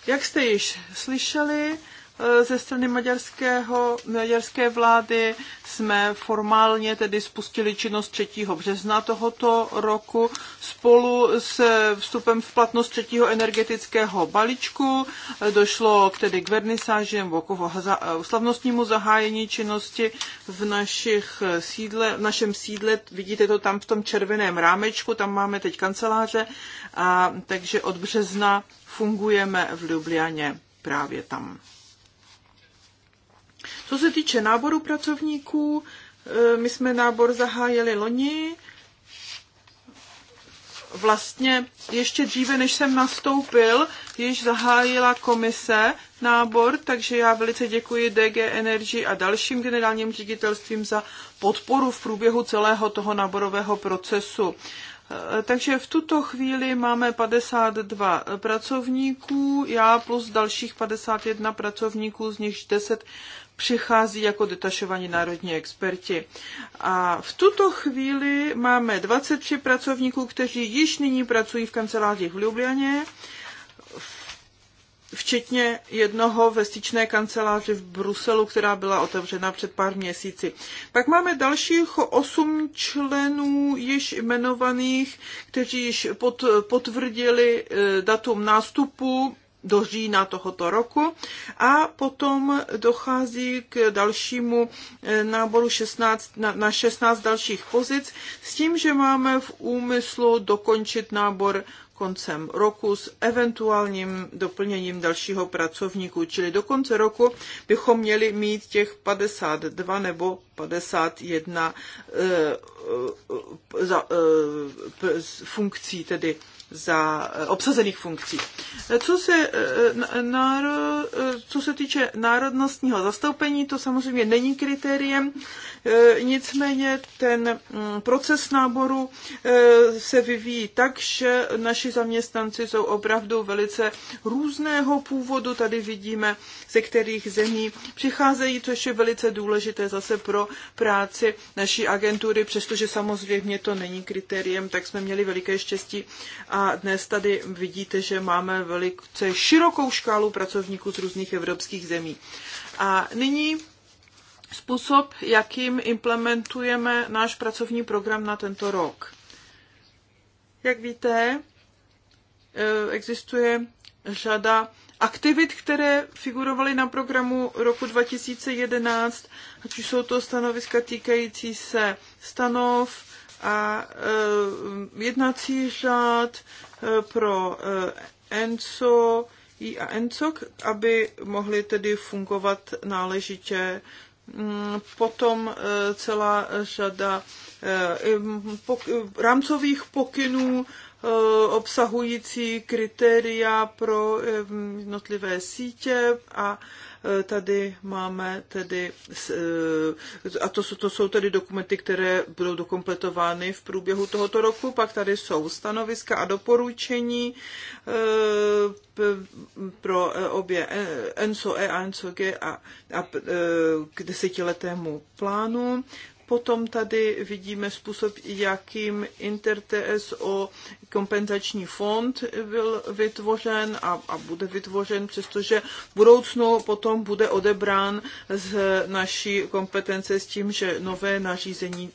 Jak jste již slyšeli, Eh, ze strany maďarského, maďarské vlády jsme formálně tedy spustili činnost 3. března tohoto roku spolu s vstupem v platnost 3. energetického balíčku. Eh, došlo k tedy k vernisáži nebo eh, k slavnostnímu zahájení činnosti v, našich sídle, v našem sídle. Vidíte to tam v tom červeném rámečku, tam máme teď kanceláře, a, takže od března fungujeme v Ljubljaně právě tam. Co se týče náboru pracovníků, e, my jsme nábor zahájili loni, vlastně ještě dříve, než jsem nastoupil, již zahájila komise nábor, takže já velice děkuji DG Energy a dalším generálním ředitelstvím za podporu v průběhu celého toho náborového procesu. E, takže v tuto chvíli máme 52 pracovníků, já plus dalších 51 pracovníků, z nichž 10 přichází jako detašovaní národní experti. A v tuto chvíli máme 23 pracovníků, kteří již nyní pracují v kanceláři v Ljubljaně, včetně jednoho ve styčné kanceláři v Bruselu, která byla otevřena před pár měsíci. Pak máme dalších osm členů již jmenovaných, kteří již pot, potvrdili eh, datum nástupu do října tohoto roku a potom dochází k dalšímu eh, náboru 16, na, na 16 dalších pozic s tím, že máme v úmyslu dokončit nábor koncem roku s eventuálním doplněním dalšího pracovníku, čili do konce roku bychom měli mít těch 52 nebo 51 e, e, e, funkcí, tedy za eh, obsazených funkcí. Eh, co se, eh, náro, co se týče národnostního zastoupení, to samozřejmě není kritériem, nicméně ten mm, proces náboru se vyvíjí tak, že naši zaměstnanci jsou opravdu velice různého původu. Tady vidíme, ze kterých zemí přicházejí, což je velice důležité zase pro práci naší agentury, přestože samozřejmě to není kritériem, tak jsme měli veliké štěstí a a dnes tady vidíte, že máme velice širokou škálu pracovníků z různých evropských zemí. A nyní způsob, jakým implementujeme náš pracovní program na tento rok. Jak víte, eh, existuje řada aktivit, které figurovaly na programu roku 2011, ať už jsou to stanoviska týkající se stanov, a eh, jednací řád eh, pro eh, ENCO a ENCOK, aby mohly tedy fungovat náležitě. Mm, potom celá řada rámcových pokynů Eh, obsahující kritéria pro eh, jednotlivé sítě a eh, tady máme tedy, a to, jsou to jsou tedy dokumenty, které budou dokompletovány v průběhu tohoto roku, pak tady jsou stanoviska a doporučení pro obě ENSO E a ENSO G a, a k desetiletému plánu. Potom tady vidíme způsob, jakým InterTSO kompenzační fond byl vytvořen a, a bude vytvořen, přestože v budoucnu potom bude odebrán z naší kompetence s tím, že nové nařízení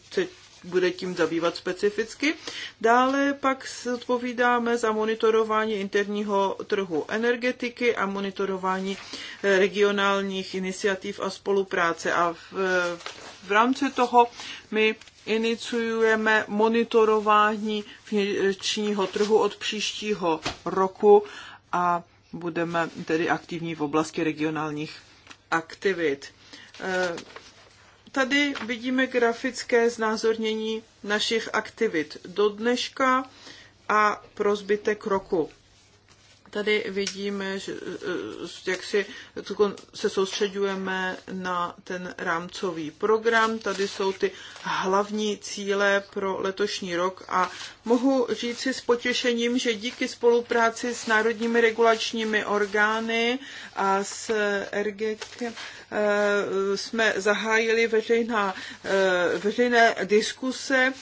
bude tím zabývat specificky. Dále pak odpovídáme za monitorování interního trhu energetiky a monitorování eh, regionálních iniciativ a spolupráce. A v, eh, v rámci toho my iniciujeme monitorování vnitřního trhu od příštího roku a budeme tedy aktivní v oblasti regionálních aktivit. Eh, tady vidíme grafické znázornění našich aktivit do dneška a pro zbytek roku tady vidíme, že eh, jak si se soustředujeme na ten rámcový program. Tady jsou ty hlavní cíle pro letošní rok a mohu říci s potěšením, že díky spolupráci s národními regulačními orgány a s RGK eh, jsme zahájili veřejná, eh, veřejné diskuse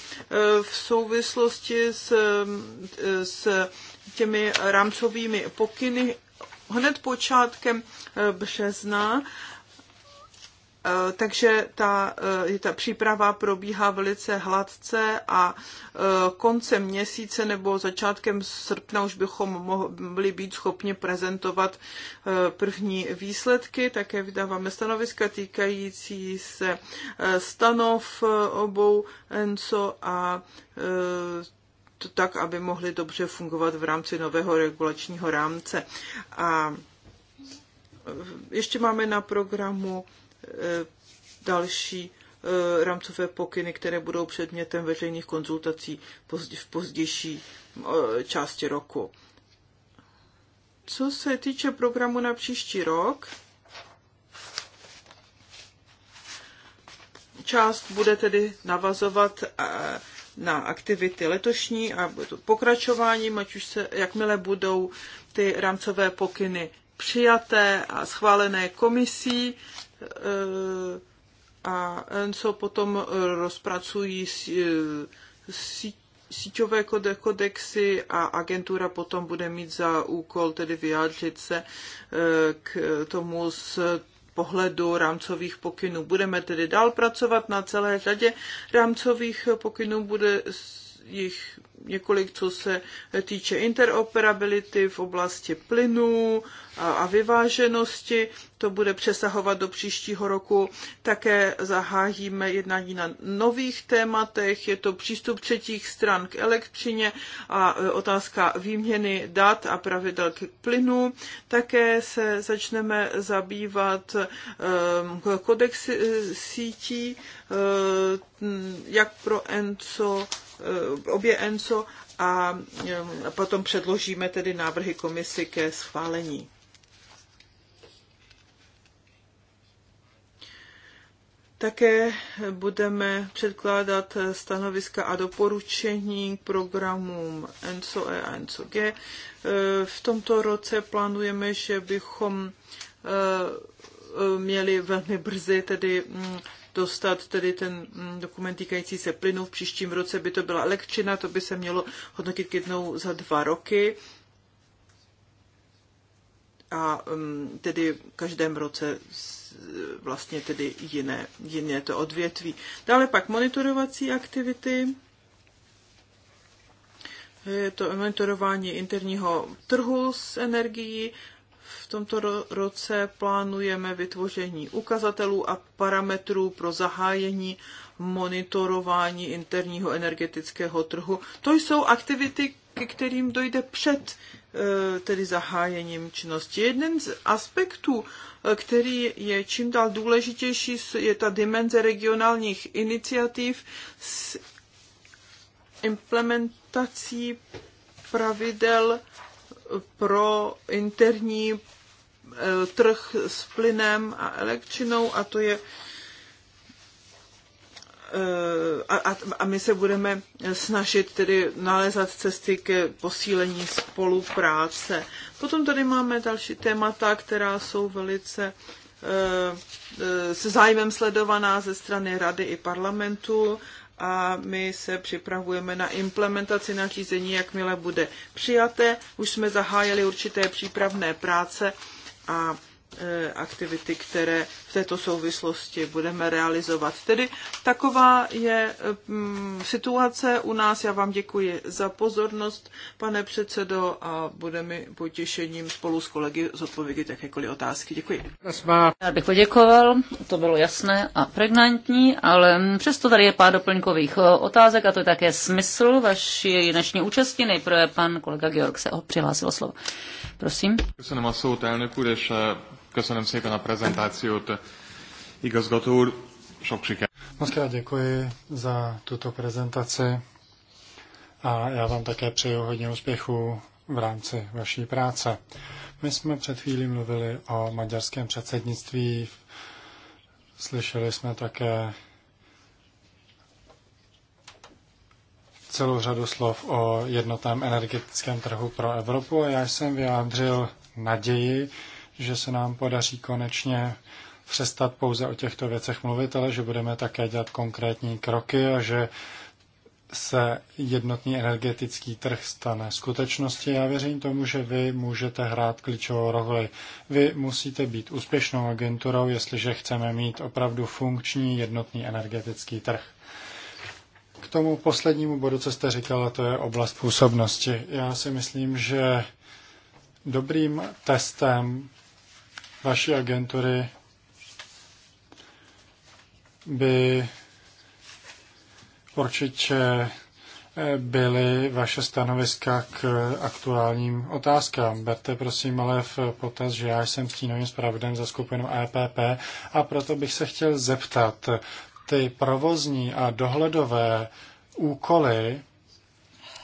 v souvislosti s, s těmi rámcovými pokyny hned počátkem eh, března. Eh, takže ta, eh, ta příprava probíhá velice hladce a koncem měsíce nebo začátkem srpna už bychom mohli být schopni prezentovat první výsledky. Také vydáváme stanoviska týkající se stanov obou ENCO a to tak, aby mohly dobře fungovat v rámci nového regulačního rámce. A eh, ještě máme na programu eh, další eh, rámcové pokyny, které budou předmětem veřejných konzultací v pozdější části roku. Co se týče programu na příští rok, část bude tedy navazovat na aktivity letošní a pokračováním, ať už se, jakmile budou ty rámcové pokyny přijaté a schválené komisí eh, a ENSO potom rozpracují eh, síťové kodexy a agentura potom bude mít za úkol tedy vyjádřit se eh, k tomu s pohledu rámcových pokynů. Budeme tedy dál pracovat na celé řadě rámcových pokynů, bude jich několik, co se týče interoperability v oblasti plynů a, vyváženosti. To bude přesahovat do příštího roku. Také zahájíme jednání na nových tématech. Je to přístup třetích stran k elektřině a e, otázka výměny dat a pravidel k plynu. Také se začneme zabývat e, kodexy e, sítí, jak pro ENCO, obě ENCO, něco a eh, potom předložíme tedy návrhy komisi ke schválení. Také budeme předkládat stanoviska a doporučení k programům ENCOE a ENCOG. Eh, v tomto roce plánujeme, že bychom eh, měli velmi brzy tedy mm, dostat tedy ten mm, dokument týkající se plynu. V příštím roce by to byla elektřina, to by se mělo hodnotit jednou za dva roky a um, tedy v každém roce vlastně tedy jiné, jiné to odvětví. Dále pak monitorovací aktivity. Je to monitorování interního trhu s energií tomto roce plánujeme vytvoření ukazatelů a parametrů pro zahájení monitorování interního energetického trhu. To jsou aktivity, ke kterým dojde před eh, tedy zahájením činnosti. Jeden z aspektů, eh, který je čím dál důležitější, je ta dimenze regionálních iniciativ s implementací pravidel pro interní Eh, trh s plynem a elektřinou a to je eh, a, a, a my se budeme snažit tedy nalézat cesty k posílení spolupráce. Potom tady máme další témata, která jsou velice eh, se zájmem sledovaná ze strany Rady i parlamentu a my se připravujeme na implementaci nařízení, jakmile bude přijaté. Už jsme zahájili určité přípravné práce a Eh, aktivity, které v této souvislosti budeme realizovat. Tedy taková je mm, situace u nás. Já vám děkuji za pozornost, pane předsedo, a bude mi potěšením spolu s kolegy zodpovědět jakékoliv otázky. Děkuji. Já bych poděkoval, to bylo jasné a pregnantní, ale přesto tady je pár doplňkových eh, otázek a to je také smysl vaší dnešní účasti. Nejprve pan kolega Georg se přihlásil slovo. Prosím. Se a szót, elnök úr, Köszönöm szépen a prezentációt, igazgató úr. Sok sikert. Most krát děkuji za tuto prezentaci a já vám také přeju hodně úspěchů v rámci vaší práce. My jsme před chvílí mluvili o maďarském předsednictví, slyšeli jsme také celou řadu slov o jednotném energetickém trhu pro Evropu a já jsem vyjádřil naději, že se nám podaří konečně přestat pouze o těchto věcech mluvit, ale že budeme také dělat konkrétní kroky a že se jednotný energetický trh stane skutečností. Já věřím tomu, že vy můžete hrát klíčovou roli. Vy musíte být úspěšnou agenturou, jestliže chceme mít opravdu funkční jednotný energetický trh. K tomu poslednímu bodu, co jste říkala, to je oblast působnosti. Já si myslím, že dobrým testem vaší agentury by určitě eh, byly vaše stanoviska k aktuálním otázkám. Berte prosím ale v potaz, že já jsem stínovým zpravodem za skupinu EPP a proto bych se chtěl zeptat, ty provozní a dohledové úkoly,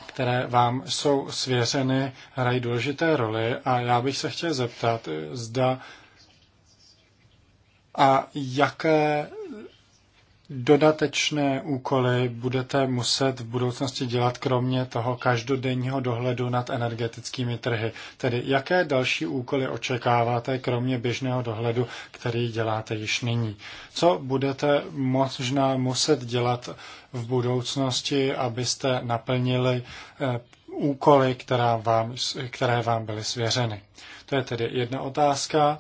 které vám jsou svěřeny, hrají důležité roli a já bych se chtěl zeptat, zda a jaké dodatečné úkoly budete muset v budoucnosti dělat kromě toho každodenního dohledu nad energetickými trhy? Tedy jaké další úkoly očekáváte kromě běžného dohledu, který děláte již nyní? Co budete možná muset dělat v budoucnosti, abyste naplnili eh, úkoly, která vám, které vám byly svěřeny? To je tedy jedna otázka.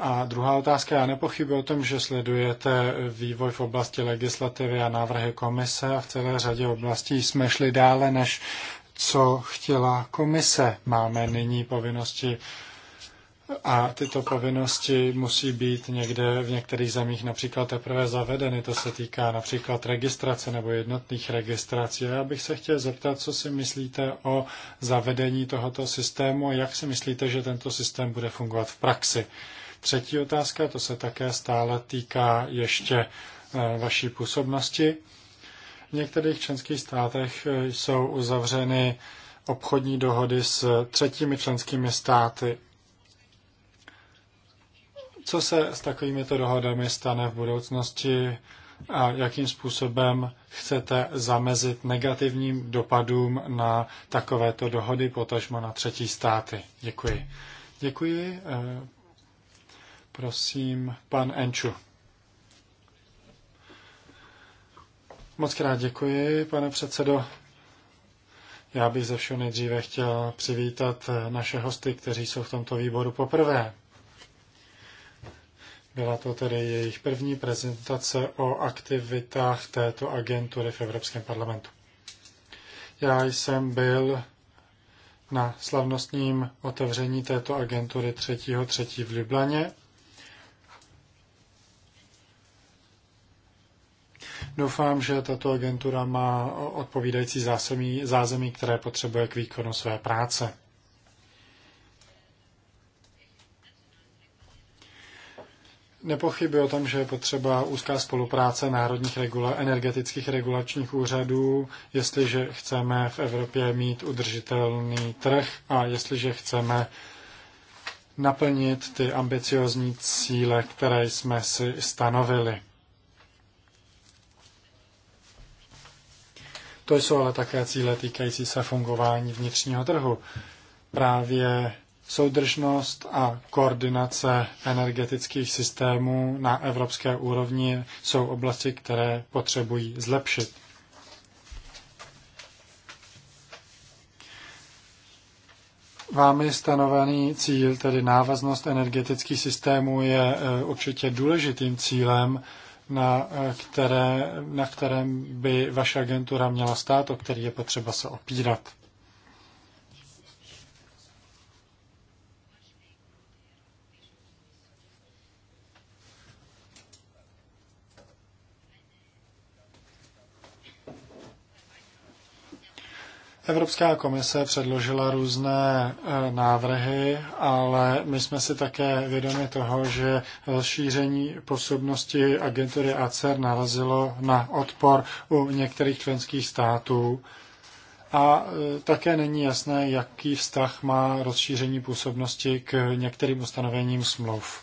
A druhá otázka, já nepochybuji o tom, že sledujete vývoj v oblasti legislativy a návrhy komise a v celé řadě oblastí jsme šli dále, než co chtěla komise. Máme nyní povinnosti a tyto povinnosti musí být někde v některých zemích například teprve zavedeny. To se týká například registrace nebo jednotných registrací. Já bych se chtěl zeptat, co si myslíte o zavedení tohoto systému a jak si myslíte, že tento systém bude fungovat v praxi. Třetí otázka, to se také stále týká ještě eh, vaší působnosti. V některých členských státech eh, jsou uzavřeny obchodní dohody s třetími členskými státy. Co se s takovýmito dohodami stane v budoucnosti a jakým způsobem chcete zamezit negativním dopadům na takovéto dohody, potažmo na třetí státy? Děkuji. Děkuji. Prosím, pan Enču. Moc krát děkuji, pane předsedo. Já bych ze všeho nejdříve chtěl přivítat eh, naše hosty, kteří jsou v tomto výboru poprvé. Byla to tedy jejich první prezentace o aktivitách této agentury v Evropském parlamentu. Já jsem byl na slavnostním otevření této agentury 3.3. v Ljublaně Doufám, že tato agentura má odpovídající zásemí, zázemí které potřebuje k výkonu své práce. Nepochybuji o tom, že je potřeba úzká spolupráce národních regula- energetických regulačních úřadů, jestliže chceme v Evropě mít udržitelný trh a jestliže chceme naplnit ty ambiciozní cíle, které jsme si stanovili. To jsou ale také cíle týkající se fungování vnitřního trhu. Právě soudržnost a koordinace energetických systémů na evropské úrovni jsou oblasti, které potřebují zlepšit. Vámi stanovený cíl, tedy návaznost energetických systémů, je e, určitě důležitým cílem, na, eh, které, na kterém by vaše agentura měla stát, o který je potřeba se opírat. Evropská komise předložila různé eh, návrhy, ale my jsme si také vědomi toho, že rozšíření působnosti agentury ACER narazilo na odpor u některých členských států. A eh, také není jasné, jaký vztah má rozšíření působnosti k některým ustanovením smluv.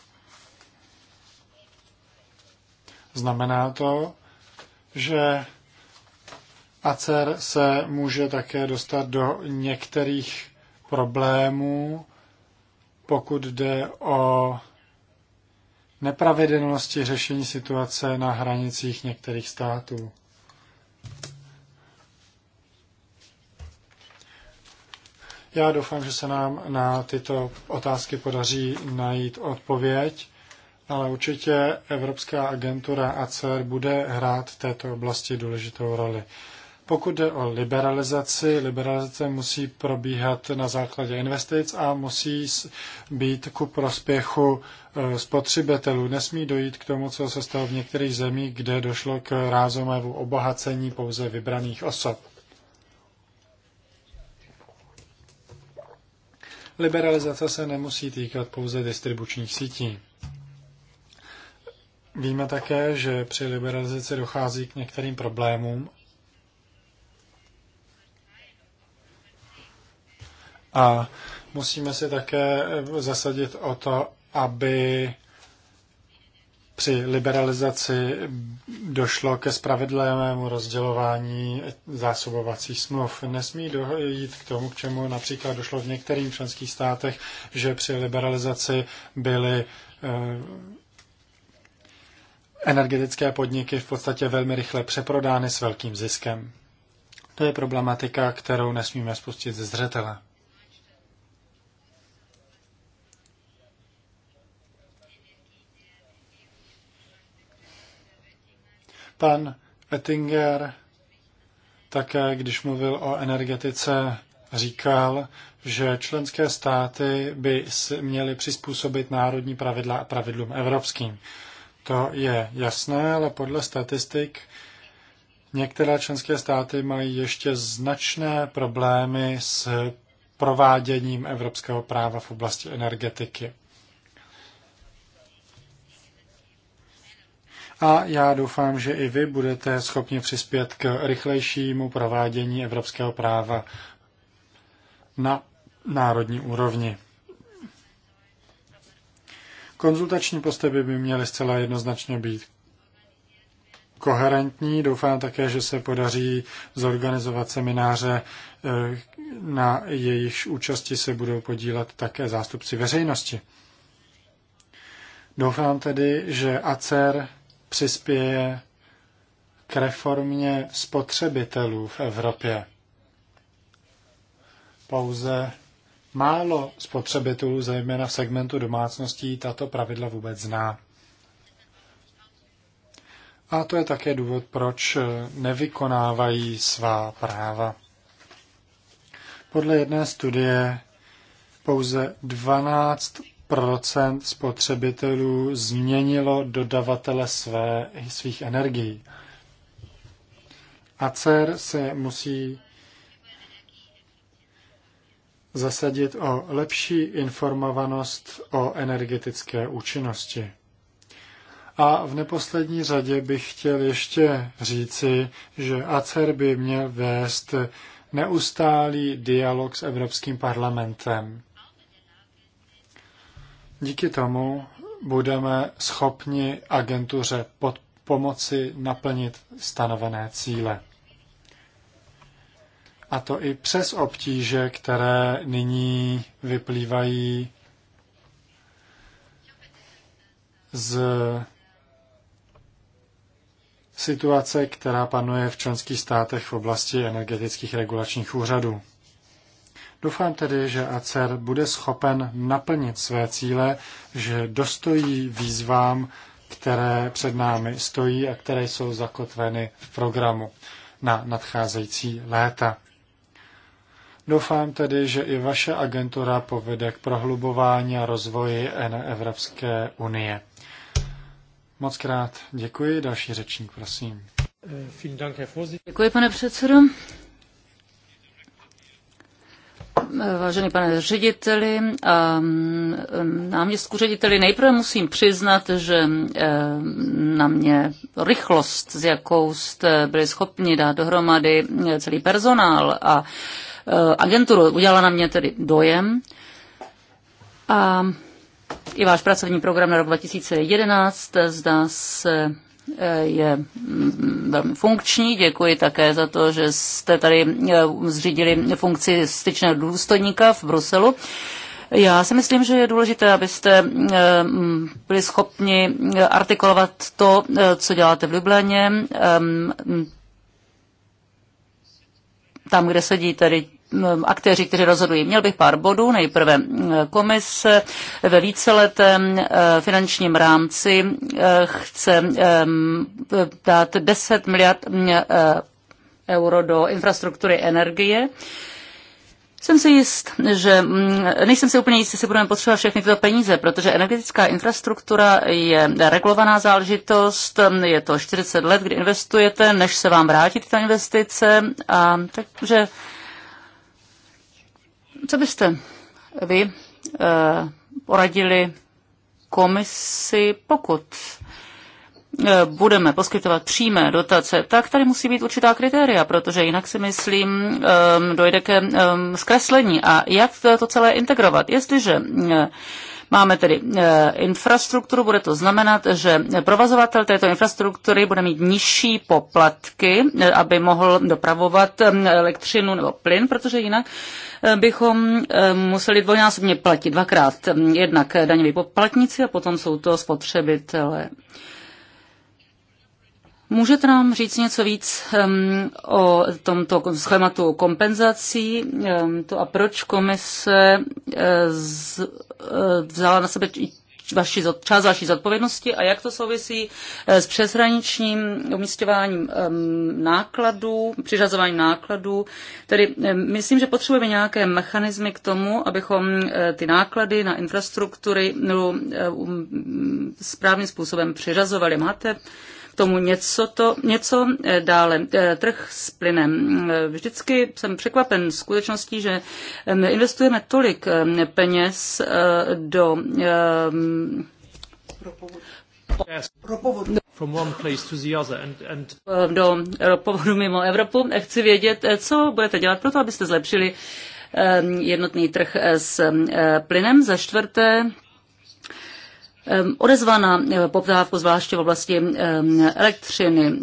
Znamená to, že ACER se může také dostat do některých problémů, pokud jde o nepravidelnosti řešení situace na hranicích některých států. Já doufám, že se nám na tyto otázky podaří najít odpověď, ale určitě Evropská agentura ACER bude hrát v této oblasti důležitou roli. Pokud jde o liberalizaci, liberalizace musí probíhat na základě investic a musí být ku prospěchu eh, spotřebitelů. Nesmí dojít k tomu, co se stalo v některých zemích, kde došlo k rázomému obohacení pouze vybraných osob. Liberalizace se nemusí týkat pouze distribučních sítí. Víme také, že při liberalizaci dochází k některým problémům A musíme se také eh, zasadit o to, aby při liberalizaci došlo ke spravedlivému rozdělování zásobovacích smluv. Nesmí dojít k tomu, k čemu například došlo v některých členských státech, že při liberalizaci byly eh, energetické podniky v podstatě velmi rychle přeprodány s velkým ziskem. To je problematika, kterou nesmíme spustit ze zřetele. Pan Ettinger také, když mluvil o energetice, říkal, že členské státy by měly přizpůsobit národní pravidla a pravidlům evropským. To je jasné, ale podle statistik některé členské státy mají ještě značné problémy s prováděním evropského práva v oblasti energetiky. a já doufám, že i vy budete schopni přispět k rychlejšímu provádění evropského práva na národní úrovni. Konzultační postupy by měly zcela jednoznačně být koherentní. Doufám také, že se podaří zorganizovat semináře, eh, na jejichž účasti se budou podílet také zástupci veřejnosti. Doufám tedy, že ACER přispěje k reformě spotřebitelů v Evropě. Pouze málo spotřebitelů, zejména v segmentu domácností, tato pravidla vůbec zná. A to je také důvod, proč nevykonávají svá práva. Podle jedné studie pouze 12 procent spotřebitelů změnilo dodavatele své, svých energií. ACER se musí zasadit o lepší informovanost o energetické účinnosti. A v neposlední řadě bych chtěl ještě říci, že ACER by měl vést neustálý dialog s Evropským parlamentem. Díky tomu budeme schopni agentuře pod pomoci naplnit stanovené cíle. A to i přes obtíže, které nyní vyplývají z situace, která panuje v členských státech v oblasti energetických regulačních úřadů. Doufám tedy, že ACER bude schopen naplnit své cíle, že dostojí výzvám, které před námi stojí a které jsou zakotveny v programu na nadcházející léta. Doufám tedy, že i vaše agentura povede k prohlubování a rozvoji Evropské unie. Moc krát děkuji. Další řečník, prosím. Děkuji, pane předsedo vážený pane řediteli a mm, náměstku řediteli. Nejprve musím přiznat, že mm, eh, na mě rychlost, s jakou jste byli schopni dát dohromady mm, celý personál a eh, agenturu, udělala na mě tedy dojem. A i váš pracovní program na rok 2011 zdá se je mm, velmi funkční. Děkuji také za to, že jste tady eh, zřídili funkci styčného důstojníka v Bruselu. Já si myslím, že je důležité, abyste eh, mm, byli schopni eh, artikulovat to, co děláte v Lublaně, mm, tam, kde sedí tady aktéři, kteří rozhodují. Měl bych pár bodů. Nejprve komise ve víceletém e, finančním rámci e, chce e, dát 10 miliard euro do infrastruktury energie. Jsem si jist, že nejsem si úplně jist, jestli budeme potřebovat všechny tyto peníze, protože energetická infrastruktura je regulovaná záležitost, je to 40 let, kdy investujete, než se vám vrátí tyto investice, a takže co byste vy eh, poradili komisi, pokud eh, budeme poskytovat přímé dotace, tak tady musí být určitá kritéria, protože jinak si myslím, ehm, dojde ke ehm, zkreslení. A jak to celé integrovat? Jestliže eh, Máme tedy infrastrukturu, bude to znamenat, že provozovatel této infrastruktury bude mít nižší poplatky, aby mohl dopravovat ehm, elektřinu nebo plyn, protože jinak bychom eh, museli dvojnásobně platit dvakrát. Eh, jednak daňový poplatníci a potom jsou to spotřebitelé. Můžete nám říct něco víc um, o tomto schématu kompenzací um, to a proč komise uh, z, uh, vzala na sebe vaši, část vaší zodpovědnosti a jak to souvisí eh, s přeshraničním umístěváním nákladů, přiřazováním nákladů. Tedy myslím, že potřebujeme nějaké mechanismy k tomu, abychom eh, ty náklady na infrastruktury eh, správným způsobem přiřazovali. Máte tomu něco, to, něco eh, dále. Eh, trh s plynem. Eh, vždycky jsem překvapen skutečností, že investujeme tolik peněz do do ropovodu mimo Evropu. Chci vědět, co budete dělat pro to, abyste zlepšili jednotný trh s plynem. Za čtvrté, odezvaná eh, poptávku, zvláště v oblasti elektřiny.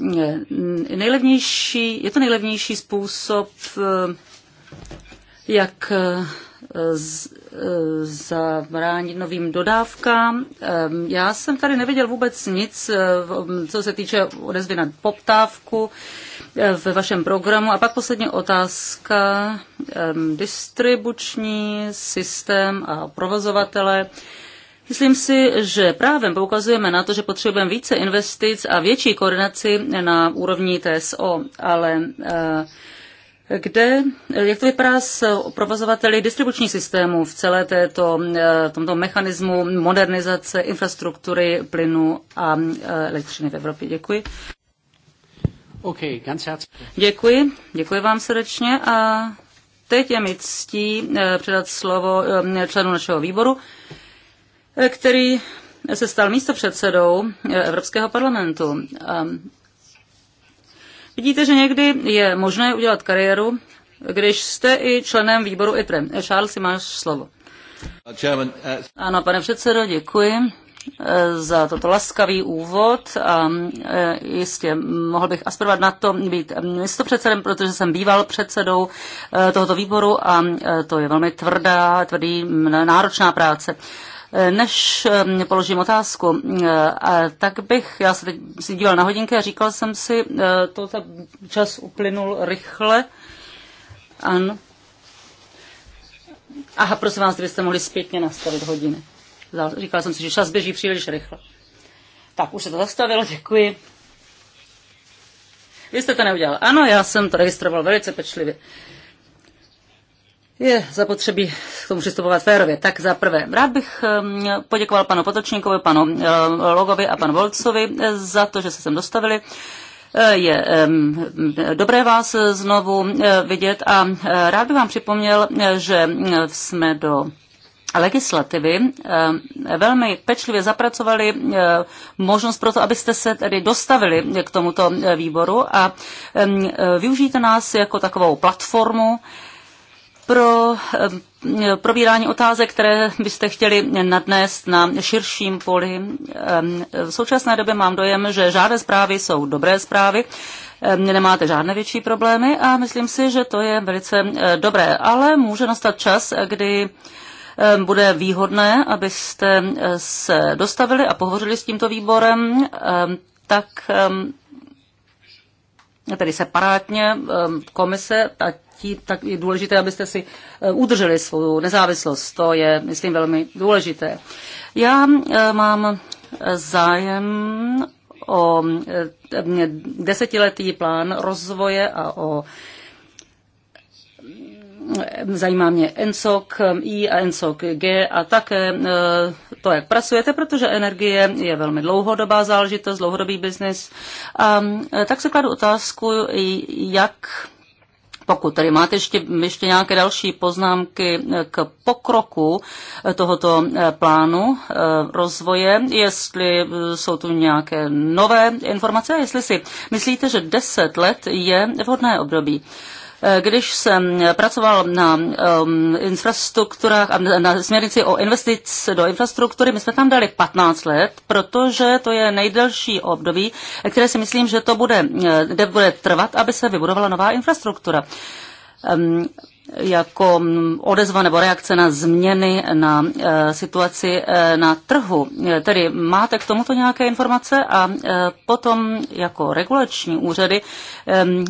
Eh, nejlevnější, je to nejlevnější způsob, eh, jak zabránit novým dodávkám. Já jsem tady neviděl vůbec nic, co se týče odezvy na poptávku ve vašem programu. A pak poslední otázka. Distribuční systém a provozovatele. Myslím si, že právem poukazujeme na to, že potřebujeme více investic a větší koordinaci na úrovni TSO, ale eh, kde, jak to vypadá s provozovateli distribučních systémů v celé této, eh, tomto mechanismu modernizace infrastruktury plynu a eh, elektřiny v Evropě? Děkuji. Okay, ganz děkuji, děkuji vám srdečně a teď je mi ctí předat slovo členu našeho výboru. Eh, který se stal místopředsedou eh, Evropského parlamentu. Ehm, vidíte, že někdy je možné udělat kariéru, když jste i členem výboru ITRE. Eh, Charles, si máš slovo. Uh, uh, ano, pane předsedo, děkuji za toto laskavý úvod a jistě mohl bych aspirovat na to být místopředsedem, protože jsem býval předsedou tohoto výboru a to je velmi tvrdá, tvrdý, náročná práce. Než eh, položím otázku, eh, tak bych, já se teď si díval na hodinky a říkal jsem si, eh, to ta čas uplynul rychle. Ano. Aha, prosím vás, kdybyste mohli zpětně nastavit hodiny. Říkal jsem si, že čas běží příliš rychle. Tak, už se to zastavilo, děkuji. Vy jste to neudělal. Ano, já jsem to registroval velice pečlivě. Uh, je zapotřebí k tomu přistupovat férově. Tak za prvé, rád bych poděkoval panu Potočníkovi, panu Logovi a panu Volcovi za to, že se sem dostavili e, je dobré vás znovu e, vidět a e, rád bych vám připomněl, že jsme do legislativy velmi pečlivě zapracovali možnost pro to, abyste se tedy dostavili k tomuto výboru a využijte nás jako takovou platformu, pro eh, probírání otázek, které byste chtěli nadnést na širším poli. Eh, v současné době mám dojem, že žádné zprávy jsou dobré zprávy, eh, nemáte žádné větší problémy a myslím si, že to je velice dobré, ale může nastat čas, kdy bude výhodné, abyste se dostavili a pohovořili s tímto výborem, tak tedy separátně komise, ať chtít, tak je důležité, abyste si eh, udrželi svou nezávislost. To je, myslím, velmi důležité. Já eh, mám eh, zájem o desetiletý plán rozvoje a o zajímá mě NSOC I a NSOC G a také to, jak pracujete, protože energie je velmi dlouhodobá záležitost, dlouhodobý biznis. A tak se kladu otázku, jak pokud tady máte ještě, ještě nějaké další poznámky eh, k pokroku eh, tohoto eh, plánu rozvoje, jestli jsou tu nějaké nové informace a jestli si myslíte, že 10 let je vhodné období. Když jsem pracoval na um, infrastrukturách a na směrnici o investic do infrastruktury, my jsme tam dali 15 let, protože to je nejdelší období, které si myslím, že to bude, eh, kde bude trvat, aby se vybudovala nová infrastruktura. Um, jako mm, odezva nebo reakce na změny na eh, situaci eh, na trhu. Eh, tedy máte k tomuto nějaké informace a potom jako regulační úřady, ehm,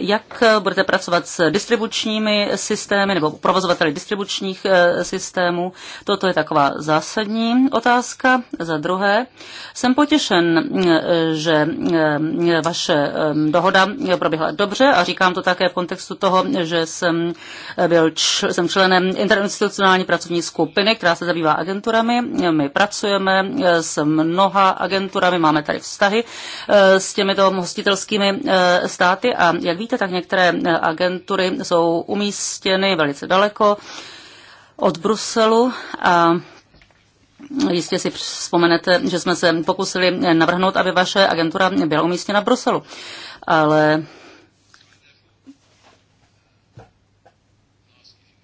jak budete pracovat s distribučními systémy nebo provozovateli distribučních systémů? Toto je taková zásadní otázka. Za druhé, jsem potěšen, že vaše ehm, dohoda proběhla dobře a říkám to také v kontextu toho, že jsem Eh, byl čl, jsem členem interinstitucionální pracovní skupiny, která se zabývá agenturami. My pracujeme eh, s mnoha agenturami, máme tady vztahy eh, s těmito hostitelskými státy a jak víte, tak některé agentury jsou umístěny velice daleko od Bruselu a Jistě si vzpomenete, že jsme se pokusili navrhnout, aby vaše agentura byla umístěna v Bruselu. Ale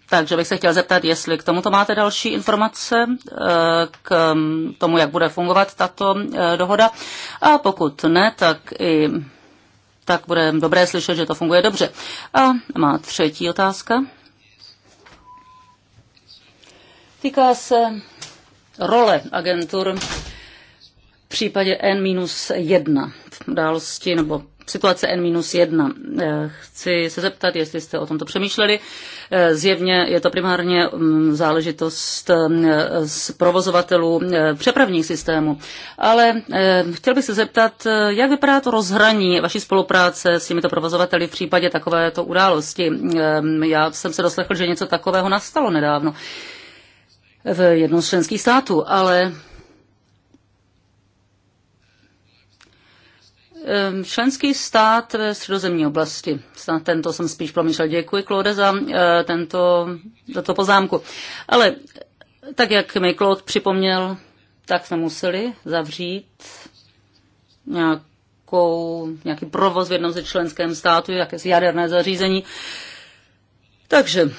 Takže bych se chtěl zeptat, jestli k tomuto máte další informace, eh, k mm, tomu, jak bude fungovat tato eh, dohoda. A pokud ne, tak i tak bude dobré slyšet, že to funguje dobře. A má třetí otázka. Týká se role agentur v případě N-1 události nebo situace N-1. Eh, chci se zeptat, jestli jste o tomto přemýšleli Eh, zjevně je to primárně mm, záležitost eh, z provozovatelů eh, přepravních systémů. Ale chtěl bych se zeptat, jak vypadá to rozhraní vaší spolupráce s těmito provozovateli v případě takovéto události? Já jsem se doslechl, že něco takového nastalo nedávno v jednom z členských států, ale Ehm, členský stát ve středozemní oblasti. Snad tento jsem spíš promýšlel. Děkuji, Claude, za eh, tento, za to poznámku. Ale tak, jak mi Claude připomněl, tak jsme museli zavřít nějakou, nějaký provoz v jednom ze členském státu, jakési jaderné zařízení. Takže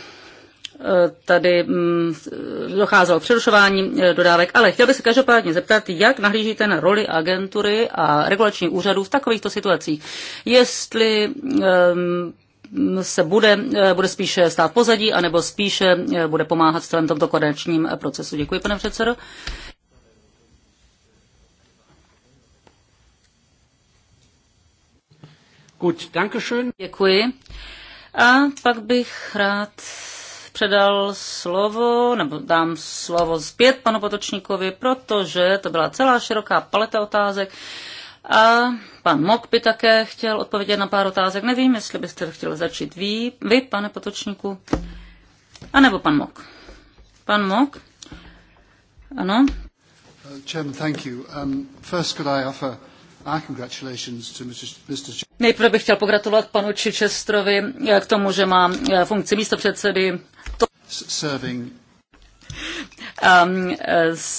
tady mm, docházelo k přerušování eh, dodávek, ale chtěl bych se každopádně zeptat, jak nahlížíte na roli agentury a regulačních úřadů v takovýchto situacích. Jestli ehm, se bude, eh, bude spíše stát pozadí, anebo spíše eh, bude pomáhat v celém tomto konečním procesu. Děkuji, pane předsedo. Gut, danke schön. Děkuji. A pak bych rád předal slovo, nebo dám slovo zpět panu Potočníkovi, protože to byla celá široká paleta otázek. A pan Mok by také chtěl odpovědět na pár otázek. Nevím, jestli byste chtěl začít vy, vy pane Potočníku, nebo pan Mok. Pan Mok? Ano? Uh, Chairman, thank you. Um, first could I offer Nejprve bych chtěl pogratulovat panu Čičestrovi k tomu, že má eh, funkci místopředsedy. To... Serving a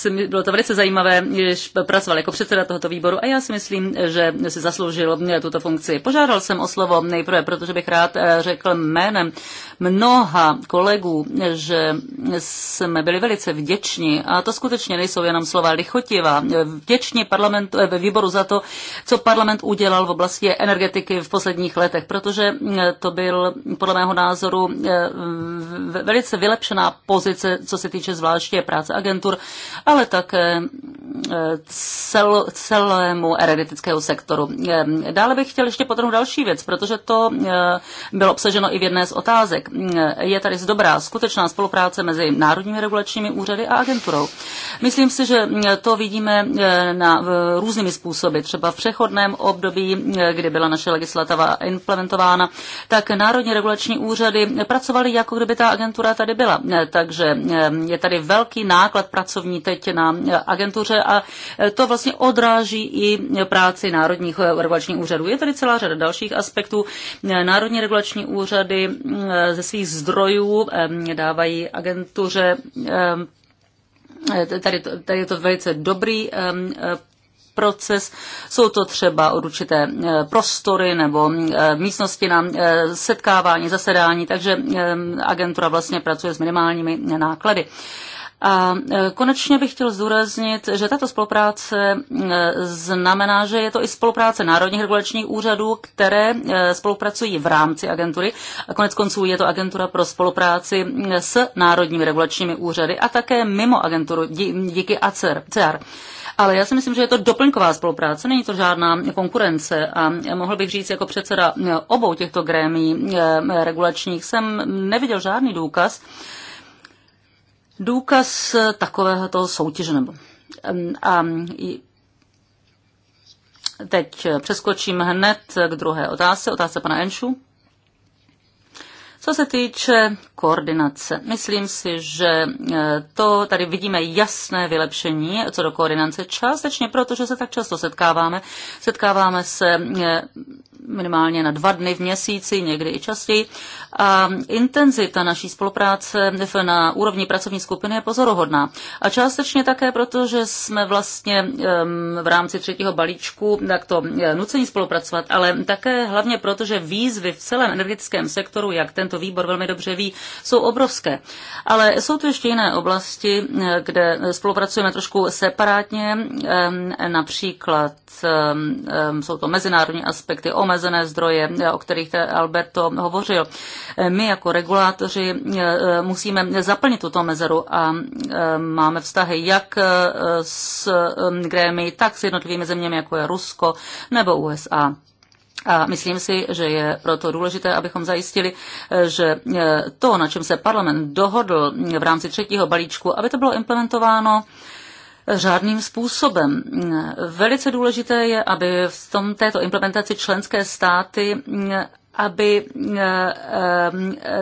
ehm, bylo to velice zajímavé, když pracoval jako předseda tohoto výboru a já si myslím, že si zasloužil tuto funkci. Požádal jsem o slovo nejprve, protože bych rád eh, řekl jménem mnoha kolegů, že jsme byli velice vděční a to skutečně nejsou jenom slova lichotivá. Vděční parlament, eh, výboru za to, co parlament udělal v oblasti energetiky v posledních letech, protože eh, to byl podle mého názoru velice vylepšená pozice, co se týče zvláště práce agentur, ale také eh, cel, celému energetickému sektoru. Eh, dále bych chtěl ještě potrhnout další věc, protože to eh, bylo obsaženo i v jedné z otázek. Je tady dobrá skutečná spolupráce mezi národními regulačními úřady a agenturou. Myslím si, že to vidíme na různými způsoby. Třeba v přechodném období, kdy byla naše legislativa implementována, tak národní regulační úřady pracovaly jako kdyby ta agentura tady byla. Takže je tady velký velký náklad pracovní teď na agentuře a to vlastně odráží i práci národních regulačních úřadů. Je tady celá řada dalších aspektů. Národní regulační úřady eh, ze svých zdrojů eh, dávají agentuře eh, Tady, tady je to velice dobrý proces. Jsou to třeba určité prostory nebo místnosti na setkávání, zasedání, takže agentura vlastně pracuje s minimálními náklady. A e, konečně bych chtěl zdůraznit, že tato spolupráce e, znamená, že je to i spolupráce národních regulačních úřadů, které e, spolupracují v rámci agentury. A konec konců je to agentura pro spolupráci s národními regulačními úřady a také mimo agenturu díky ACER. Ale já si myslím, že je to doplňková spolupráce, není to žádná konkurence. A mohl bych říct jako předseda obou těchto grémí regulačních, jsem neviděl žádný důkaz, důkaz takového toho soutěže. Nebo, a teď přeskočím hned k druhé otázce, otázce pana Enšu. Co se týče koordinace, myslím si, že e, to tady vidíme jasné vylepšení co do koordinace částečně, protože se tak často setkáváme. Setkáváme se e, minimálně na dva dny v měsíci, někdy i častěji. A intenzita naší spolupráce na úrovni pracovní skupiny je pozoruhodná. A částečně také proto, že jsme vlastně v rámci třetího balíčku takto nuceni spolupracovat, ale také hlavně proto, že výzvy v celém energetickém sektoru, jak tento výbor velmi dobře ví, jsou obrovské. Ale jsou tu ještě jiné oblasti, kde spolupracujeme trošku separátně, například jsou to mezinárodní aspekty, omezené zdroje, o kterých Alberto hovořil. My jako regulátoři e, musíme zaplnit tuto mezeru a e, máme vztahy jak e, s grémy, tak s jednotlivými zeměmi, jako je Rusko nebo USA. A myslím si, že je proto důležité, abychom zajistili, že to, na čem se parlament dohodl v rámci třetího balíčku, aby to bylo implementováno řádným způsobem. Velice důležité je, aby v tom této implementaci členské státy aby eh, eh,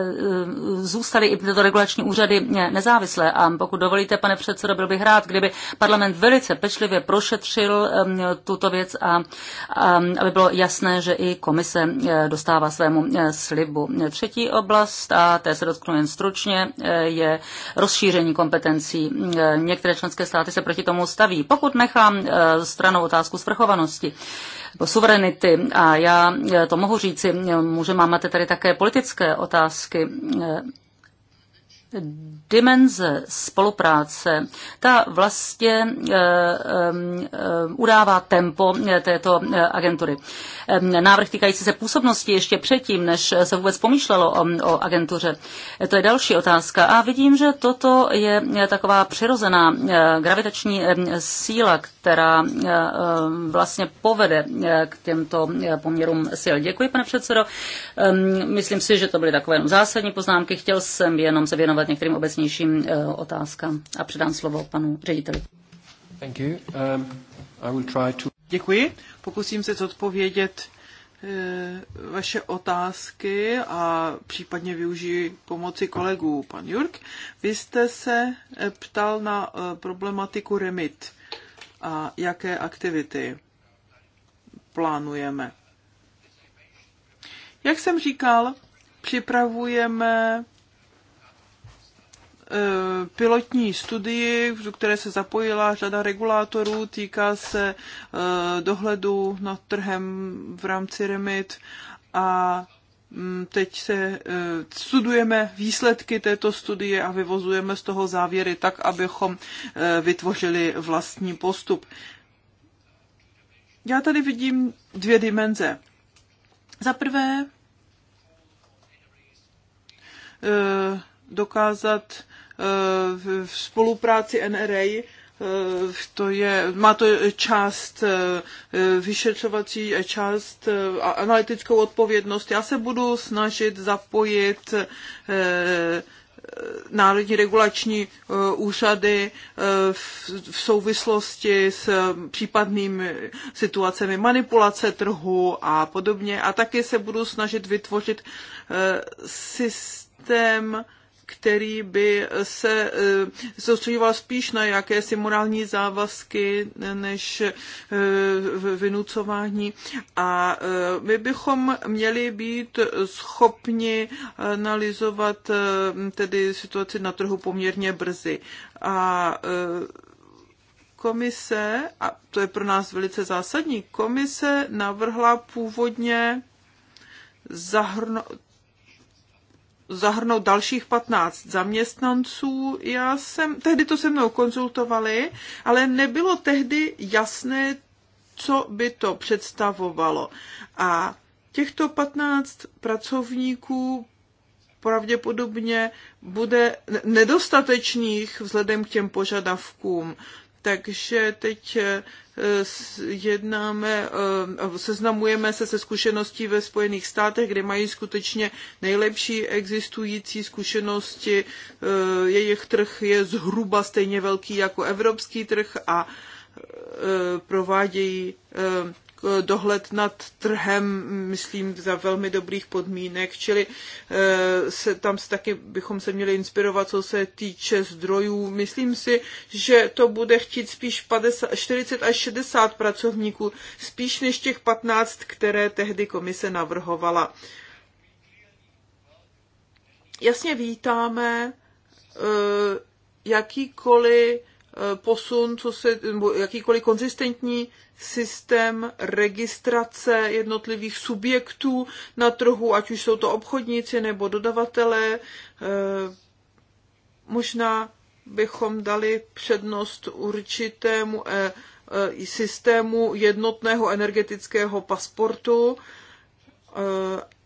zůstaly i tyto regulační úřady eh, nezávislé. A pokud dovolíte, pane předsedo, byl bych rád, kdyby parlament velice pečlivě prošetřil ehm, tuto věc a, ehm, aby bylo jasné, že i komise dostává svému slibu. Třetí oblast, a té se dotknu jen stručně, je rozšíření kompetencí. Některé členské státy se proti tomu staví. Pokud nechám stranou otázku svrchovanosti, nebo suverenity. A já to mohu říci, že máte tady také politické otázky dimenze spolupráce, ta vlastně eh, eh, eh, udává tempo této agentury. Návrh týkající se působnosti ještě předtím, než se vůbec pomýšlelo o, o agentuře, to je další otázka. A vidím, že toto je taková přirozená gravitační síla, která vlastně povede k těmto poměrům sil. Děkuji, pane předsedo. Ehm, myslím si, že to byly takové jenom zásadní poznámky. Chtěl jsem jenom se věnovat k některým obecnějším eh, otázkám a předám slovo panu řediteli. Thank you. Um, I will try to... Děkuji. Pokusím se zodpovědět eh, vaše otázky a případně využiji pomoci kolegů. Pan Jurk, vy jste se eh, ptal na problematiku remit a jaké aktivity plánujeme. Jak jsem říkal, připravujeme Eh, pilotní studii, do které se zapojila řada regulátorů, týká se eh, dohledu nad trhem v rámci REMIT a mm, teď se eh, studujeme výsledky této studie a vyvozujeme z toho závěry tak, abychom vytvořili vlastní postup. Já tady vidím dvě dimenze. Za prvé dokázat Eh, v spolupráci NRA, eh, to je, má to část eh, vyšetřovací a část analytickou odpovědnost. Já se budu snažit zapojit národní regulační úřady v souvislosti s případnými situacemi manipulace trhu a podobně. A taky se budu snažit vytvořit systém, který by se eh, soustředoval spíš na jakési morální závazky než eh, vynucování. A eh, my bychom měli být schopni analyzovat tedy situaci na trhu poměrně brzy. A komise, a to je pro nás velice zásadní, komise navrhla původně zahrnout zahrnout dalších 15 zaměstnanců. Já jsem, tehdy to se mnou konzultovali, ale nebylo tehdy jasné, co by to představovalo. A těchto 15 pracovníků pravděpodobně bude nedostatečných vzhledem k těm požadavkům takže teď eh, jednáme, eh, seznamujeme se se zkušeností ve Spojených státech, kde mají skutečně nejlepší existující zkušenosti. Eh, jejich trh je zhruba stejně velký jako evropský trh a provádějí Eh, dohled nad trhem, myslím, za velmi dobrých podmínek, čili eh, se, tam se taky bychom se měli inspirovat, co se týče zdrojů. Myslím si, že to bude chtít spíš 50, 40 až 60 pracovníků, spíš než těch 15, které tehdy komise navrhovala. Jasně vítáme eh, jakýkoliv Eh, posun, co se, nebo jakýkoliv konzistentní systém registrace jednotlivých subjektů na trhu, ať už jsou to obchodníci nebo dodavatelé. Eh, možná bychom dali přednost určitému eh, systému jednotného energetického pasportu.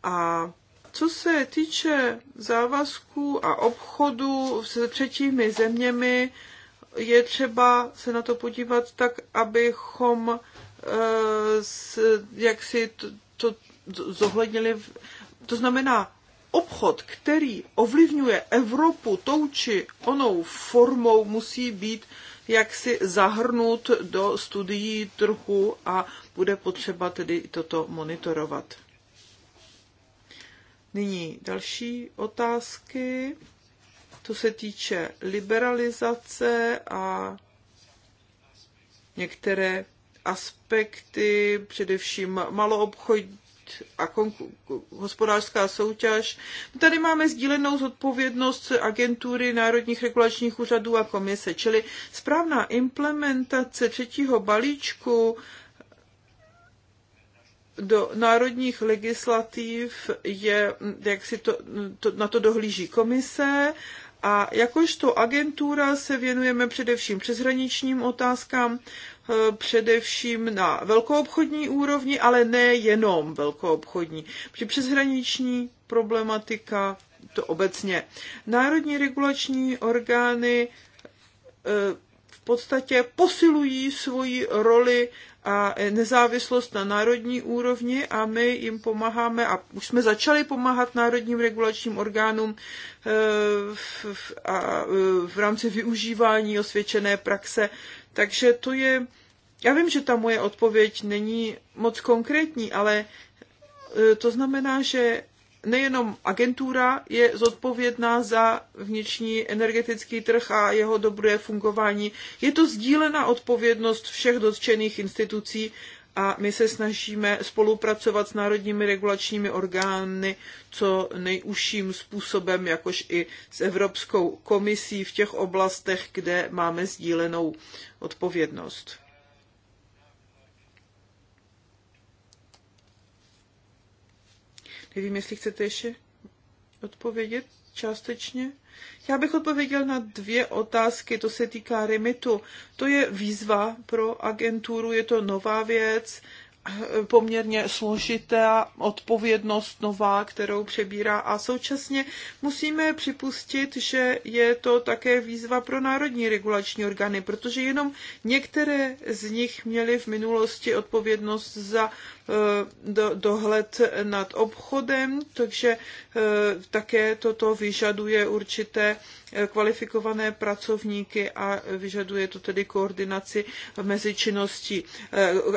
A co se týče závazků a obchodu se třetími zeměmi, je třeba se na to podívat tak, abychom eh, jak si to, to zohlednili. To znamená, obchod, který ovlivňuje Evropu tou či onou formou, musí být jaksi zahrnut do studií trhu a bude potřeba tedy toto monitorovat. Nyní další otázky co se týče liberalizace a některé aspekty, především maloobchod a hospodářská soutěž. Tady máme sdílenou zodpovědnost agentury národních regulačních úřadů a komise, čili správná implementace třetího balíčku do národních legislativ je, jak si to, to, na to dohlíží komise a jakožto agentura se věnujeme především přeshraničním otázkám, eh, především na velkoobchodní úrovni, ale ne jenom velkoobchodní. Protože přeshraniční problematika to obecně. Národní regulační orgány eh, podstatě posilují svoji roli a nezávislost na národní úrovni a my jim pomáháme a už jsme začali pomáhat národním regulačním orgánům eh, v, v, a v rámci využívání osvědčené praxe. Takže to je, já vím, že ta moje odpověď není moc konkrétní, ale eh, to znamená, že nejenom agentura je zodpovědná za vnitřní energetický trh a jeho dobré fungování. Je to sdílená odpovědnost všech dotčených institucí a my se snažíme spolupracovat s národními regulačními orgány co nejužším způsobem, jakož i s Evropskou komisí v těch oblastech, kde máme sdílenou odpovědnost. Nevím, jestli chcete ještě odpovědět částečně. Já bych odpověděl na dvě otázky, to se týká remitu. To je výzva pro agenturu, je to nová věc, poměrně složitá odpovědnost nová, kterou přebírá a současně musíme připustit, že je to také výzva pro národní regulační orgány, protože jenom některé z nich měly v minulosti odpovědnost za Eh, do, dohled nad obchodem, takže eh, také toto vyžaduje určité eh, kvalifikované pracovníky a vyžaduje to tedy koordinaci mezi činností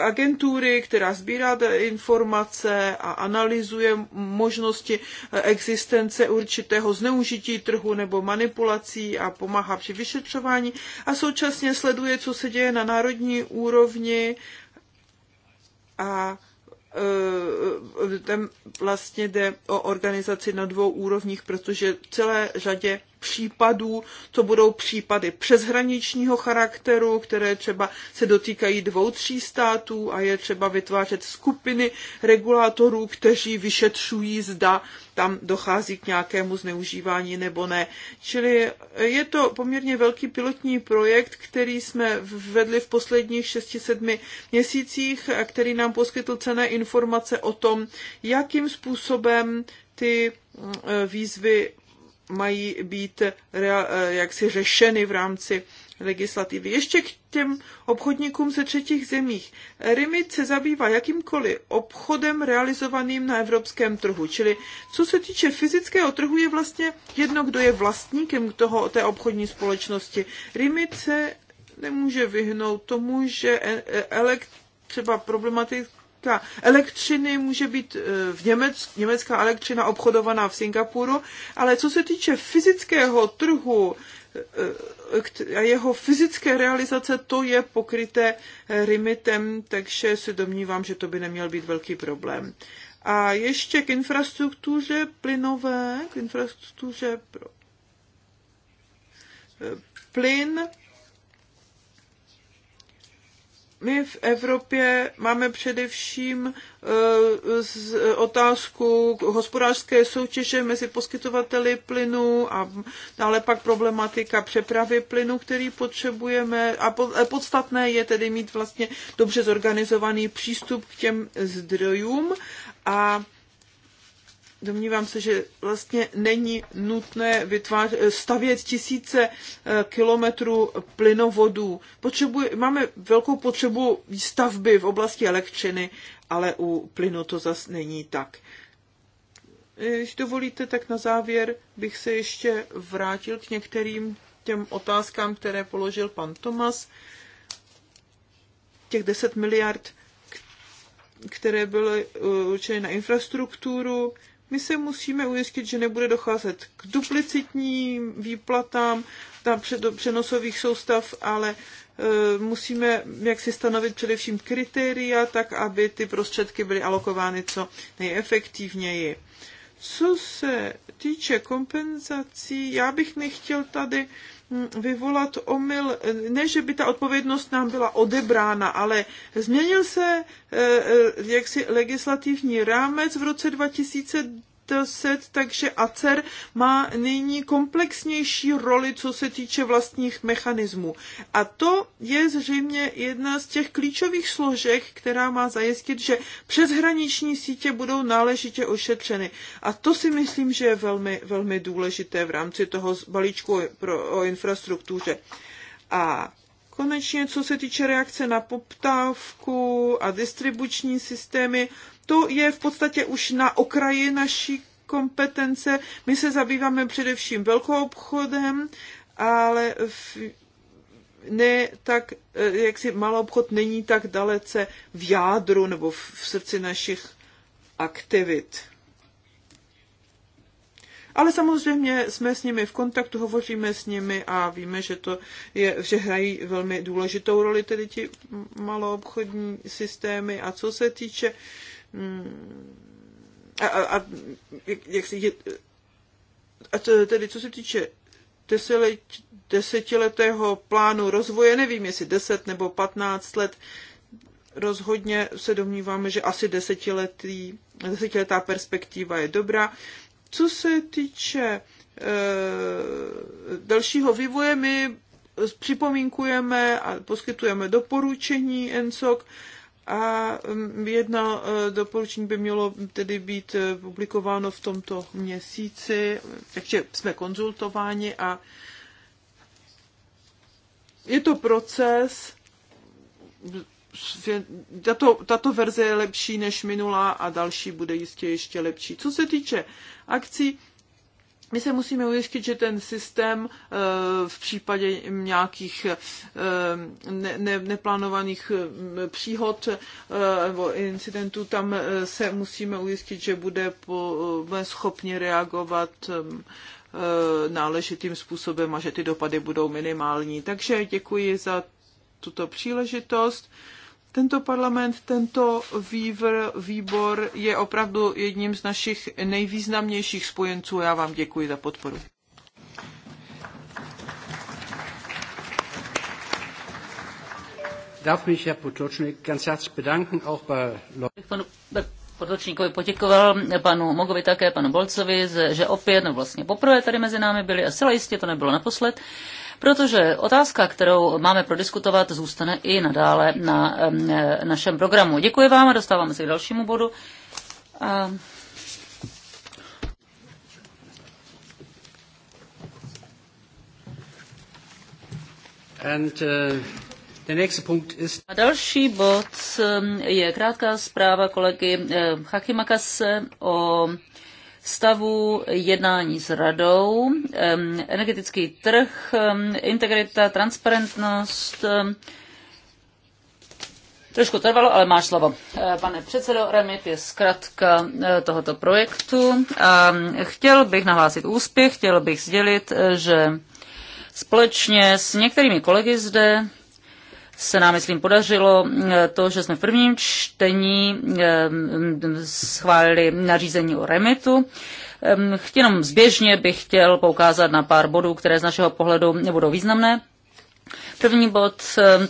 agentury, která sbírá informace a analyzuje možnosti existence určitého zneužití trhu nebo manipulací a pomáhá při vyšetřování a současně sleduje, co se děje na národní úrovni a Eh, tam vlastně jde o organizaci na dvou úrovních, protože celé řadě případů, to budou případy přeshraničního charakteru, které třeba se dotýkají dvou, tří států a je třeba vytvářet skupiny regulátorů, kteří vyšetřují, zda tam dochází k nějakému zneužívání nebo ne. Čili je to poměrně velký pilotní projekt, který jsme vedli v posledních 6-7 měsících, který nám poskytl cené informace o tom, jakým způsobem ty eh, výzvy mají být eh, jaksi řešeny v rámci legislativy. Ještě k těm obchodníkům ze třetích zemích. RIMIT se zabývá jakýmkoliv obchodem realizovaným na evropském trhu. Čili co se týče fyzického trhu, je vlastně jedno, kdo je vlastníkem toho, té obchodní společnosti. RIMIT se nemůže vyhnout tomu, že e, e, elekt, třeba problematika elektřiny může být e, v Němec, německá elektřina obchodovaná v Singapuru, ale co se týče fyzického trhu Eh, a jeho fyzické realizace, to je pokryté eh, rimitem, takže se domnívám, že to by neměl být velký problém. A ještě k infrastruktuře plynové, k infrastruktuře pro eh, plyn my v Evropě máme především eh, otázku hospodářské soutěže mezi poskytovateli plynu a dále pak problematika přepravy plynu, který potřebujeme. A eh, podstatné je tedy mít vlastně dobře zorganizovaný přístup k těm zdrojům a domnívám se, že vlastně není nutné vytvář, stavět tisíce eh, kilometrů plynovodů. Potřebuj, máme velkou potřebu stavby v oblasti elektřiny, ale u plynu to zas není tak. Eh, když dovolíte, tak na závěr bych se ještě vrátil k některým těm otázkám, které položil pan Tomas. Těch 10 miliard, které byly eh, určeny na infrastrukturu, my se musíme ujistit, že nebude docházet k duplicitním výplatám na přenosových soustav, ale e, musíme jak si stanovit především kritéria, tak aby ty prostředky byly alokovány co nejefektivněji. Co se týče kompenzací, já bych nechtěl tady vyvolat omyl, ne, že by ta odpovědnost nám byla odebrána, ale změnil se eh, eh, jaksi legislativní rámec v roce 2000 set, takže ACER má nyní komplexnější roli, co se týče vlastních mechanismů. A to je zřejmě jedna z těch klíčových složek, která má zajistit, že přeshraniční sítě budou náležitě ošetřeny. A to si myslím, že je velmi, velmi důležité v rámci toho balíčku pro, o infrastruktuře. A Konečně, co se týče reakce na poptávku a distribuční systémy, to je v podstatě už na okraji naší kompetence. My se zabýváme především velkou obchodem, ale v, ne tak, eh, jak si malou obchod není tak dalece v jádru nebo v srdci našich aktivit. Ale samozřejmě jsme s nimi v kontaktu, hovoříme s nimi a víme, že to je, že hrají velmi důležitou roli tedy ti maloobchodní systémy. A co se týče uh, a, a, a jak, jak si, a to, tedy co se týče desetiletého plánu rozvoje, nevím jestli deset nebo patnáct let, rozhodně se domníváme, že asi desetiletý, desetiletá perspektiva je dobrá. Co se týče e, dalšího vývoje, my připomínkujeme a poskytujeme doporučení ENSOC a mm, jedno e, doporučení by mělo tedy být e, publikováno v tomto měsíci, takže jsme konzultováni a je to proces, tato, tato verze je lepší než minulá a další bude jistě ještě lepší. Co se týče akcí, my se musíme ujistit, že ten systém eh, v případě nějakých eh, ne, ne, neplánovaných eh, příhod nebo incidentů, tam se musíme ujistit, že bude, bude schopni reagovat náležitým způsobem a že ty dopady budou minimální. Takže děkuji za tuto příležitost. Tento parlament, tento vývr, výbor je opravdu jedním z našich nejvýznamnějších spojenců. Já vám děkuji za podporu. Darf mich, Herr Potočnik, ganz herzlich bedanken, auch bei Potočníkovi poděkoval panu Mogovi také, panu Bolcovi, že opět, no vlastně poprvé tady mezi námi byli a zcela jistě to nebylo naposled protože otázka, kterou máme prodiskutovat, zůstane i nadále na e, našem programu. Děkuji vám a dostáváme se k dalšímu bodu. A... And, uh... A další bod je krátká zpráva kolegy eh, Chachimakase o stavu jednání s radou, energetický trh, integrita, transparentnost. Trošku trvalo, ale máš slovo. Eh, pane předsedo, REMIT je zkrátka eh, tohoto projektu. A chtěl bych nahlásit úspěch, chtěl bych sdělit, eh, že společně s některými kolegy zde se nám, myslím, podařilo mm, to, že jsme v prvním čtení mm, mm, schválili nařízení o remitu. Jenom zběžně bych chtěl poukázat na pár bodů, které z našeho pohledu nebudou významné. První bod,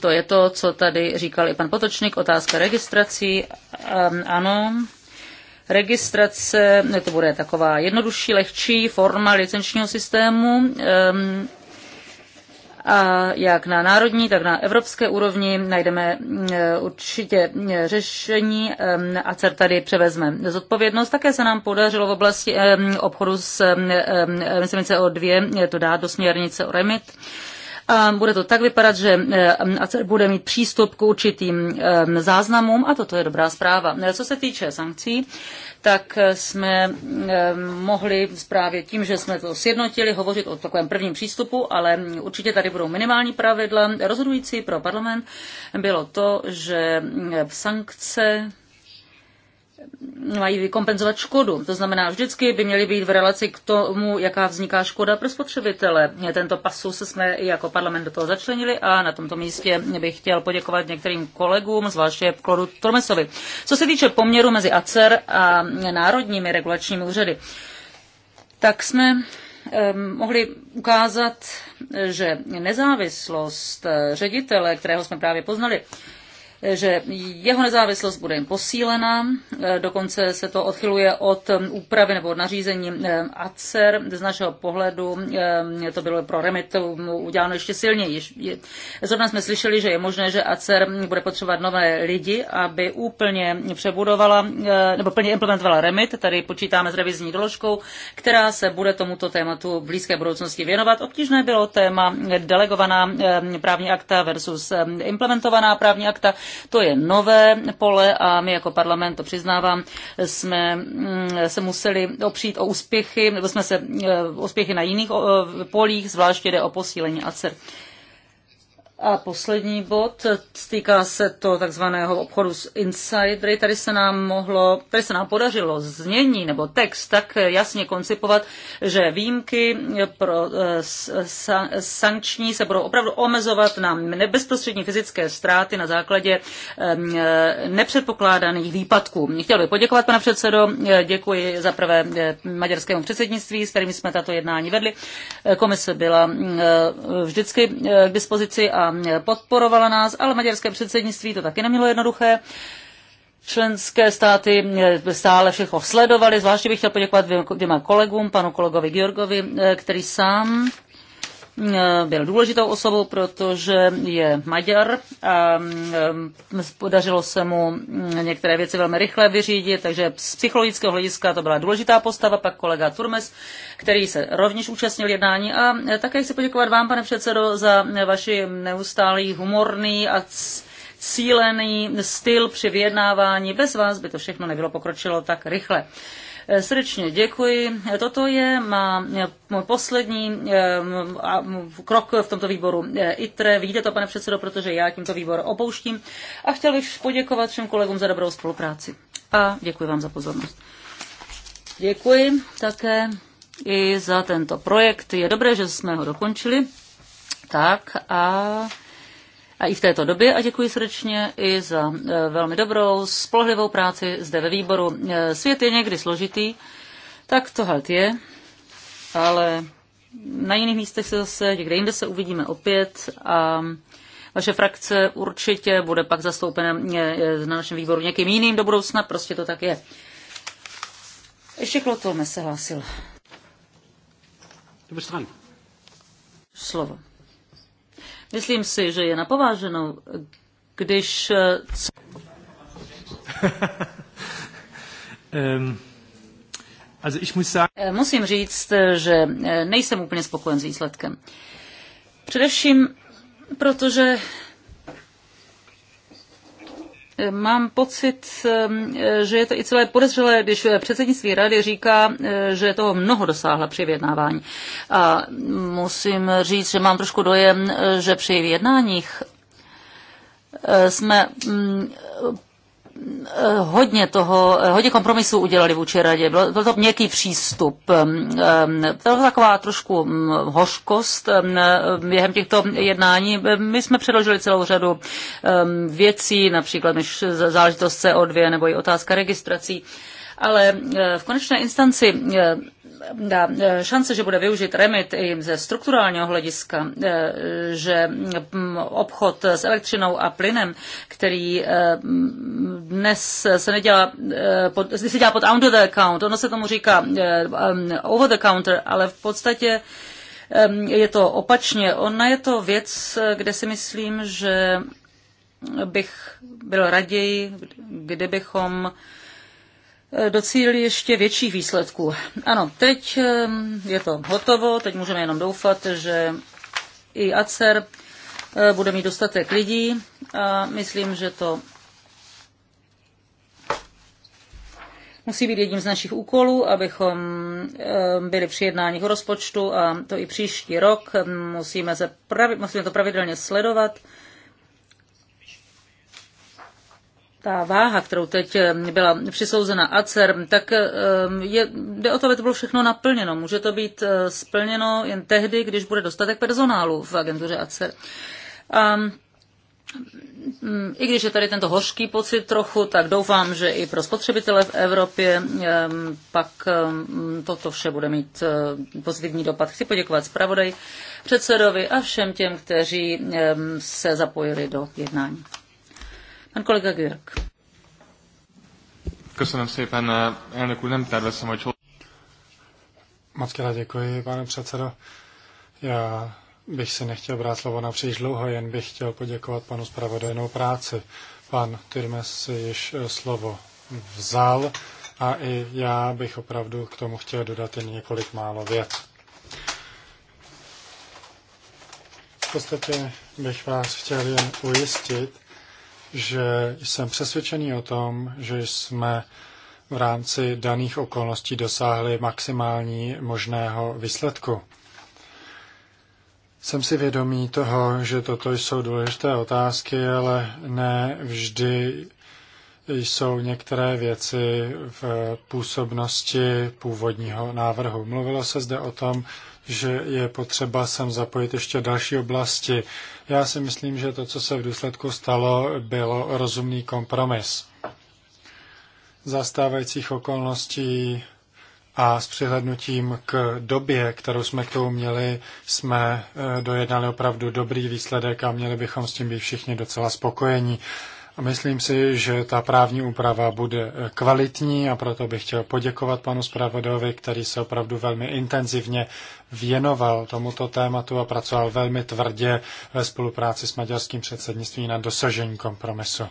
to je to, co tady říkal i pan Potočník, otázka registrací. Ano, registrace, to bude taková jednodušší, lehčí forma licenčního systému. A jak na národní, tak na evropské úrovni najdeme e, určitě e, řešení e, a CER tady převezme zodpovědnost. Také se nám podařilo v oblasti obchodu s emisemi CO2 to dát do směrnice o remit bude to tak vypadat, že eh, bude mít přístup k určitým eh, záznamům a toto je dobrá zpráva. Eh, co se týče sankcí, tak jsme mohli právě tím, že jsme to sjednotili, hovořit o takovém prvním přístupu, ale určitě tady budou minimální pravidla. Rozhodující pro parlament bylo to, že sankce mají vykompenzovat škodu. To znamená, vždycky by měly být v relaci k tomu, jaká vzniká škoda pro spotřebitele. Tento pasus jsme jako parlament do toho začlenili a na tomto místě bych chtěl poděkovat některým kolegům, zvláště Klodu Tormesovi. Co se týče poměru mezi ACER a národními regulačními úřady, tak jsme ehm, mohli ukázat, že nezávislost ředitele, kterého jsme právě poznali, že jeho nezávislost bude jim posílena, e, dokonce se to odchyluje od e, úpravy nebo od nařízení e, ACER. Z našeho pohledu to bylo pro remitu uděláno ještě silněji. Zrovna jsme slyšeli, že je možné, že ACER bude potřebovat nové lidi, aby úplně přebudovala nebo plně implementovala Remit. Tady počítáme s revizní doložkou, která se bude tomuto tématu v blízké budoucnosti věnovat. Obtížné bylo téma delegovaná právní akta versus implementovaná právní akta. To je nové pole a my jako parlament, to přiznávám, jsme mm, se museli opřít o úspěchy, nebo jsme se e, úspěchy na jiných e, polích, zvláště jde o posílení ACER. A poslední bod, týká se to takzvaného obchodu s insidery. Tady se nám mohlo, tady se nám podařilo znění nebo text tak jasně koncipovat, že výjimky pro eh, sankční se budou opravdu omezovat na nebezprostřední fyzické ztráty na základě eh, nepředpokládaných výpadků. Chtěl bych poděkovat, pane předsedo, děkuji za prvé eh, maďarskému předsednictví, s kterými jsme tato jednání vedli. Komise byla vždycky k dispozici a podporovala nás, ale maďarské předsednictví to taky nemělo jednoduché. Členské státy eh, stále všechno sledovali, zvláště bych chtěl poděkovat dvěma kolegům, panu kolegovi Georgovi, eh, který sám Eh, byl důležitou osobou, protože je Maďar a eh, podařilo se mu mm, některé věci velmi rychle vyřídit, takže z psychologického hlediska to byla důležitá postava, pak kolega Turmes, který se rovněž účastnil jednání a eh, také chci poděkovat vám, pane předsedo, za vaši neustálý humorný a cílený styl při vyjednávání. Bez vás by to všechno nebylo pokročilo tak rychle. Eh, srdečně děkuji. Toto je má eh, poslední eh, krok v tomto výboru ITRE. Vidíte to, pane předsedo, protože já tímto výbor opouštím. A chtěl bych poděkovat všem kolegům za dobrou spolupráci. A děkuji vám za pozornost. Děkuji také i za tento projekt. Je dobré, že jsme ho dokončili. Tak a a i v této době a děkuji srdečně i za e, velmi dobrou, spolehlivou práci zde ve výboru. E, svět je někdy složitý, tak to halt je, ale na jiných místech se zase, někde jinde se uvidíme opět a vaše frakce určitě bude pak zastoupena e, na našem výboru někým jiným do budoucna, prostě to tak je. Ještě Klotolme se hlásil. Slovo. Myslím si, že je pováženou, když... um. Musím říct, eh, že nejsem úplně spokojen s výsledkem. Především protože Mám pocit, že je to i celé podezřelé, když předsednictví rady říká, že toho mnoho dosáhla při vyjednávání. A musím říct, že mám trošku dojem, že při vyjednáních jsme hodně toho, hodně kompromisů udělali vůči radě. Byl, byl to měkký přístup. Byla taková trošku hořkost během těchto jednání. My jsme předložili celou řadu věcí, například než záležitost CO2 nebo i otázka registrací. Ale eh, v konečné instanci eh, ta e, šance, že bude využit remit i ze strukturálního hlediska, e, že obchod s elektřinou a plynem, který e, dnes se nedělá, pod, se dělá pod under the account, ono se tomu říká um, over the counter, ale v podstatě je to opačně. Ona je to věc, kde si myslím, že bych byl raději, kdybychom docílili ještě větších výsledků. Ano, teď je to hotovo, teď můžeme jenom doufat, že i ACER eh, bude mít dostatek lidí a myslím, že to musí být jedním z našich úkolů, abychom byli při jednáních o rozpočtu a to i příští rok. Musíme, se pravi, musíme to pravidelně sledovat ta váha, kterou teď eh, byla přisouzena ACER, tak eh, je, jde o to, aby to bylo všechno naplněno. Může to být eh, splněno jen tehdy, když bude dostatek personálu v agentuře ACER. A mm, i když je tady tento hořký pocit trochu, tak doufám, že i pro spotřebitele v Evropě pak toto vše bude mít pozitivní dopad. Chci poděkovat zpravodaj, předsedovi a všem těm, kteří se zapojili do jednání. Pan kolega Görg. Köszönöm szépen, elnök úr, nem tervezem, hogy... Moc děkuji, pane předsedo. Já bych si nechtěl brát slovo na příliš dlouho, jen bych chtěl poděkovat panu spravodajnou práci. Pan Tyrmes si již eh, slovo vzal a i já bych opravdu k tomu chtěl dodat jen několik málo vět. V podstatě bych vás chtěl jen ujistit, že jsem přesvědčený o tom, že jsme v rámci daných okolností dosáhli maximální možného výsledku. Jsem si vědomý toho, že toto jsou důležité otázky, ale ne vždy jsou některé věci v působnosti původního návrhu. Mluvilo se zde o tom, že je potřeba sem zapojit ještě další oblasti. Já si myslím, že to, co se v důsledku stalo, bylo rozumný kompromis. Zastávajících okolností a s přihlednutím k době, kterou jsme k tomu měli, jsme eh, dojednali opravdu dobrý výsledek a měli bychom s tím být všichni docela spokojení. Myslím si, že ta právní úprava bude eh, kvalitní a proto bych chtěl poděkovat panu zpravodajovi, který se opravdu velmi intenzivně věnoval tomuto tématu a pracoval velmi tvrdě ve spolupráci s maďarským předsednictvím na dosažení kompromisu.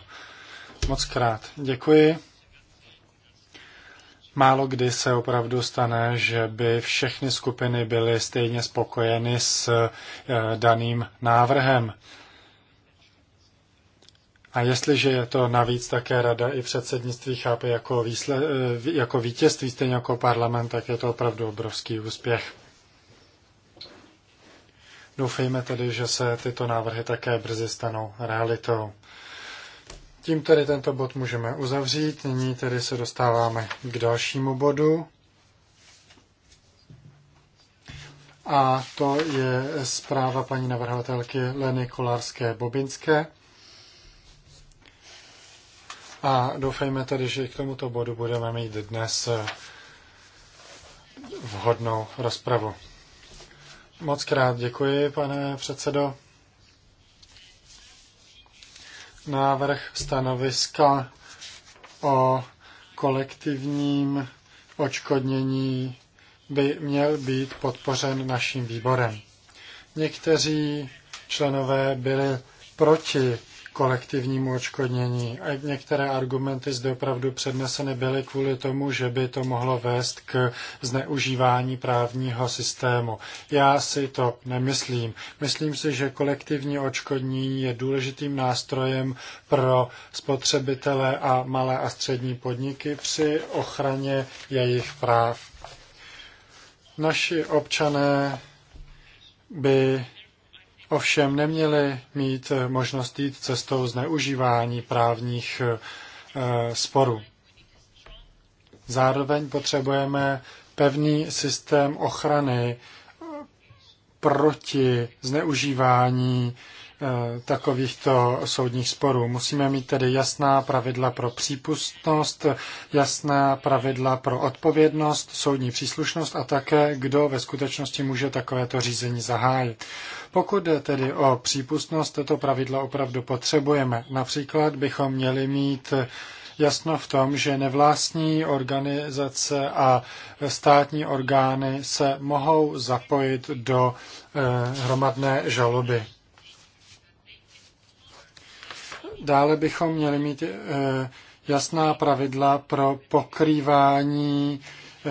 Moc krát děkuji. Málo kdy se opravdu stane, že by všechny skupiny byly stejně spokojeny s eh, daným návrhem. A jestliže je to navíc také rada i předsednictví chápe jako, výsle, eh, jako vítězství, stejně jako parlament, tak je to opravdu obrovský úspěch. Doufejme tedy, že se tyto návrhy také brzy stanou realitou. Tím tedy tento bod můžeme uzavřít. Nyní tedy se dostáváme k dalšímu bodu. A to je zpráva paní navrhovatelky Leny Kolárské-Bobinské. A doufejme tedy, že k tomuto bodu budeme mít dnes eh, vhodnou rozpravu. Moc krát děkuji, pane předsedo. Návrh stanoviska o kolektivním očkodnění by měl být podpořen naším výborem. Někteří členové byli proti kolektivnímu očkodnění. A některé argumenty zde opravdu předneseny byly kvůli tomu, že by to mohlo vést k zneužívání právního systému. Já si to nemyslím. Myslím si, že kolektivní očkodnění je důležitým nástrojem pro spotřebitele a malé a střední podniky při ochraně jejich práv. Naši občané by ovšem neměli mít možnost jít cestou zneužívání právních eh, sporů. Zároveň potřebujeme pevný systém ochrany eh, proti zneužívání Eh, takovýchto soudních sporů. Musíme mít tedy jasná pravidla pro přípustnost, jasná pravidla pro odpovědnost, soudní příslušnost a také, kdo ve skutečnosti může takovéto řízení zahájit. Pokud jde tedy o přípustnost, toto pravidlo opravdu potřebujeme. Například bychom měli mít jasno v tom, že nevlastní organizace a státní orgány se mohou zapojit do eh, hromadné žaloby. Dále bychom měli mít eh, jasná pravidla pro pokrývání eh,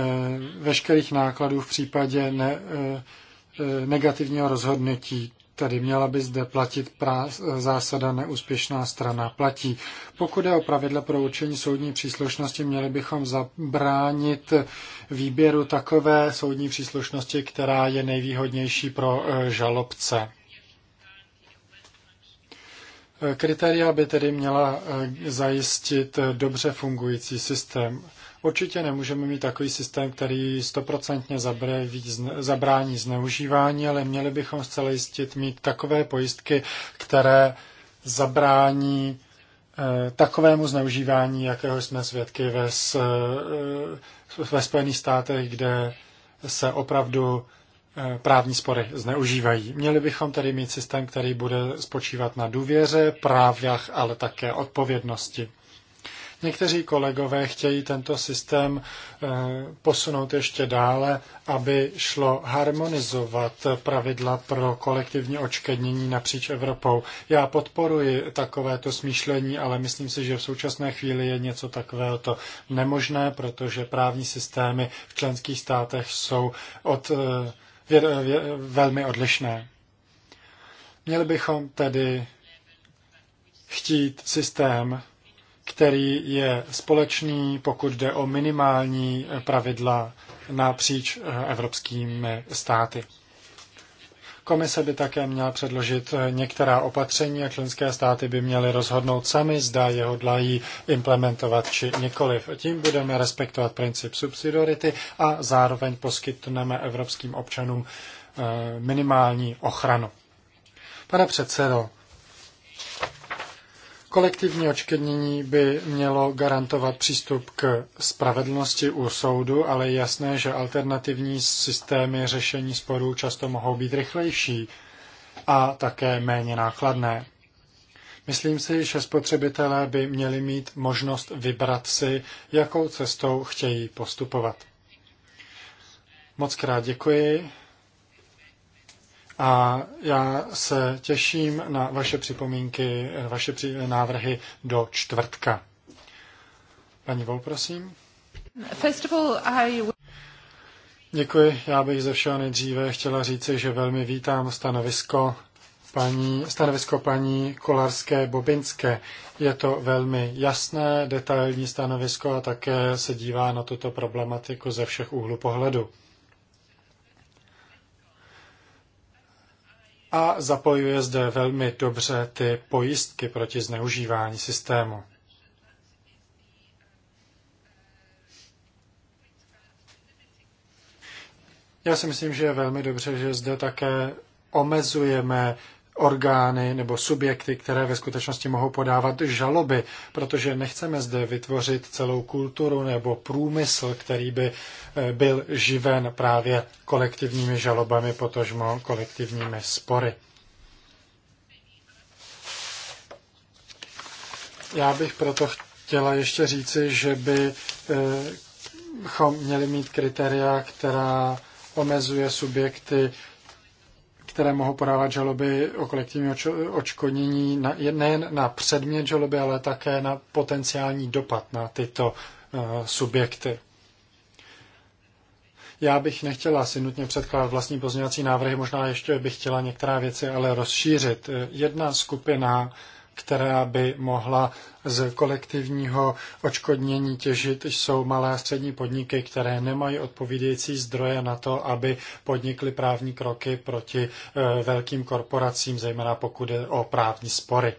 veškerých nákladů v případě ne, eh, negativního rozhodnutí. Tedy měla by zde platit prá, zásada neúspěšná strana platí. Pokud je o pravidla pro určení soudní příslušnosti, měli bychom zabránit výběru takové soudní příslušnosti, která je nejvýhodnější pro žalobce. Kritéria by tedy měla eh, zajistit eh, dobře fungující systém. Určitě nemůžeme mít takový systém, který stoprocentně zabrání zneužívání, ale měli bychom zcela jistit mít takové pojistky, které zabrání eh, takovému zneužívání, jakého jsme svědky ve, ve Spojených státech, kde se opravdu Eh, právní spory zneužívají. Měli bychom tedy mít systém, který bude spočívat na důvěře, právách, ale také odpovědnosti. Někteří kolegové chtějí tento systém eh, posunout ještě dále, aby šlo harmonizovat pravidla pro kolektivní očkednění napříč Evropou. Já podporuji takovéto smýšlení, ale myslím si, že v současné chvíli je něco takového to nemožné, protože právní systémy v členských státech jsou od eh, velmi odlišné. Měli bychom tedy chtít systém, který je společný, pokud jde o minimální pravidla napříč eh, evropskými státy. Komise by také měla předložit eh, některá opatření a členské státy by měly rozhodnout sami, zda je hodlají implementovat či nikoliv. Tím budeme respektovat princip subsidiarity a zároveň poskytneme evropským občanům eh, minimální ochranu. Pane předsedo, Kolektivní očkodnění by mělo garantovat přístup k spravedlnosti u soudu, ale je jasné, že alternativní systémy řešení sporů často mohou být rychlejší a také méně nákladné. Myslím si, že spotřebitelé by měli mít možnost vybrat si, jakou cestou chtějí postupovat. Moc krát děkuji a já se těším na vaše připomínky, vaše při- návrhy do čtvrtka. Paní Vol, prosím. First of all, I... Děkuji. Já bych ze všeho nejdříve chtěla říci, že velmi vítám stanovisko paní, stanovisko paní Kolarské Bobinské. Je to velmi jasné, detailní stanovisko a také se dívá na tuto problematiku ze všech úhlů pohledu. a zapojuje zde velmi dobře ty pojistky proti zneužívání systému. Já si myslím, že je velmi dobře, že zde také omezujeme orgány nebo subjekty, které ve skutečnosti mohou podávat žaloby, protože nechceme zde vytvořit celou kulturu nebo průmysl, který by eh, byl živen právě kolektivními žalobami, potažmo kolektivními spory. Já bych proto chtěla ještě říci, že bychom eh, měli mít kritéria, která omezuje subjekty které mohou podávat žaloby o kolektivní očkodnění na, nejen na předmět žaloby, ale také na potenciální dopad na tyto eh, subjekty. Já bych nechtěla si nutně předkládat vlastní pozměňovací návrhy, možná ještě bych chtěla některá věci ale rozšířit. Eh, jedna skupina která by mohla z kolektivního očkodnění těžit, jsou malé a střední podniky, které nemají odpovídající zdroje na to, aby podnikly právní kroky proti eh, velkým korporacím, zejména pokud jde o právní spory.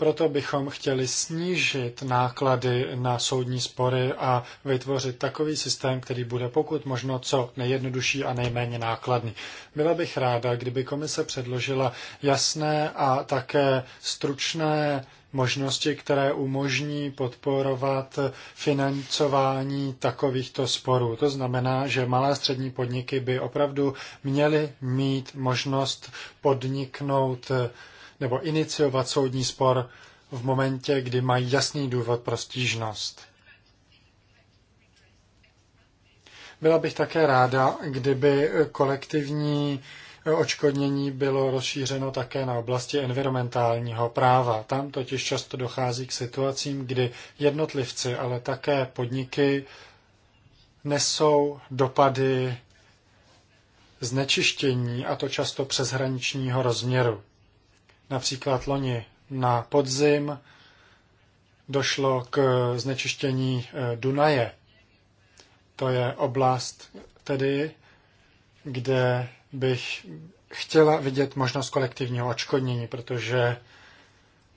Proto bychom chtěli snížit náklady na soudní spory a vytvořit takový systém, který bude pokud možno co nejjednodušší a nejméně nákladný. Byla bych ráda, kdyby komise předložila jasné a také stručné možnosti, které umožní podporovat financování takovýchto sporů. To znamená, že malé střední podniky by opravdu měly mít možnost podniknout nebo iniciovat soudní spor v momentě, kdy mají jasný důvod pro stížnost. Byla bych také ráda, kdyby kolektivní očkodnění bylo rozšířeno také na oblasti environmentálního práva. Tam totiž často dochází k situacím, kdy jednotlivci, ale také podniky nesou dopady znečištění, a to často přeshraničního rozměru. Například loni na podzim došlo k znečištění eh, Dunaje. To je oblast tedy, kde bych chtěla vidět možnost kolektivního odškodnění, protože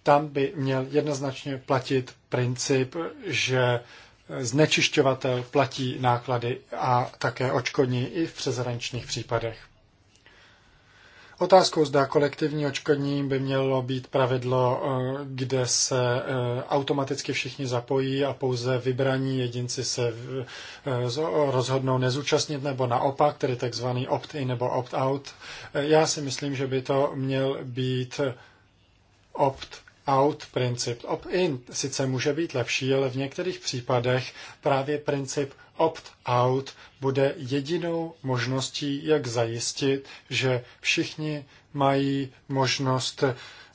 tam by měl jednoznačně platit princip, že znečišťovatel platí náklady a také očkodní i v přezraničních případech. Otázkou zda kolektivní očkodní by mělo být pravidlo, eh, kde se eh, automaticky všichni zapojí a pouze vybraní jedinci se eh, rozhodnou nezúčastnit nebo naopak, tedy takzvaný opt-in nebo opt-out. Já si myslím, že by to měl být opt out princip. Opt-in sice může být lepší, ale v některých případech právě princip opt-out bude jedinou možností, jak zajistit, že všichni mají možnost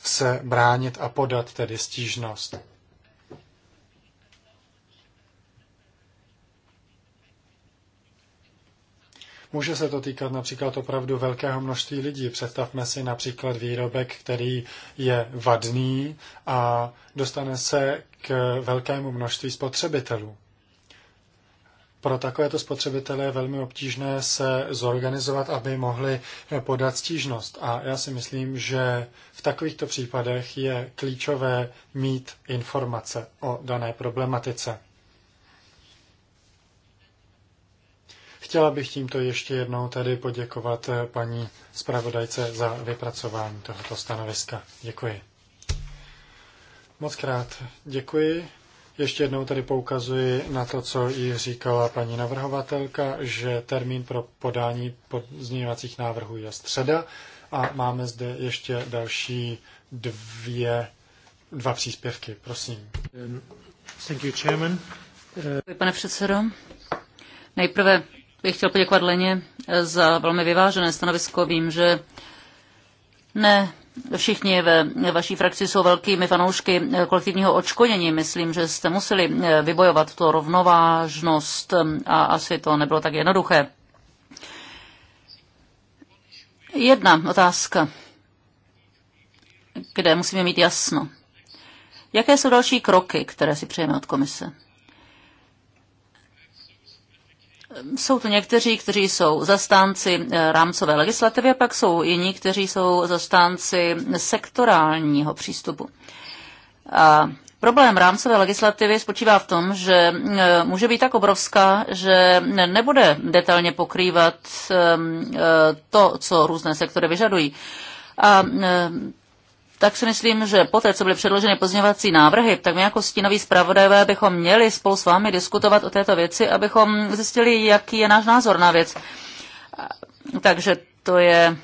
se bránit a podat tedy stížnost. Může se to týkat například opravdu velkého množství lidí. Představme si například výrobek, který je vadný a dostane se k velkému množství spotřebitelů pro takovéto spotřebitele je velmi obtížné se zorganizovat, aby mohli podat stížnost. A já si myslím, že v takovýchto případech je klíčové mít informace o dané problematice. Chtěla bych tímto ještě jednou tedy poděkovat paní zpravodajce za vypracování tohoto stanoviska. Děkuji. Moc krát děkuji. Ještě jednou tady poukazuji na to, co ji říkala paní navrhovatelka, že termín pro podání pozměňovacích návrhů je středa a máme zde ještě další dvě, dva příspěvky. Prosím. Thank you, chairman. Pane předsedo, nejprve bych chtěl poděkovat Leně za velmi vyvážené stanovisko. Vím, že ne všichni ve vaší frakci jsou velkými fanoušky eh, kolektivního očkonění. Myslím, že jste museli eh, vybojovat tu rovnovážnost eh, a asi to nebylo tak jednoduché. Jedna otázka, kde musíme mít jasno. Jaké jsou další kroky, které si přejeme od komise? jsou to někteří, kteří jsou zastánci eh, rámcové legislativy, a pak jsou jiní, kteří jsou zastánci sektorálního přístupu. A Problém rámcové legislativy spočívá v tom, že eh, může být tak obrovská, že nebude detailně pokrývat eh, to, co různé sektory vyžadují. A tak si myslím, že poté, co byly předloženy pozměňovací návrhy, tak my jako stínoví zpravodajové bychom měli spolu s vámi diskutovat o této věci, abychom zjistili, jaký je náš názor na věc. Takže to je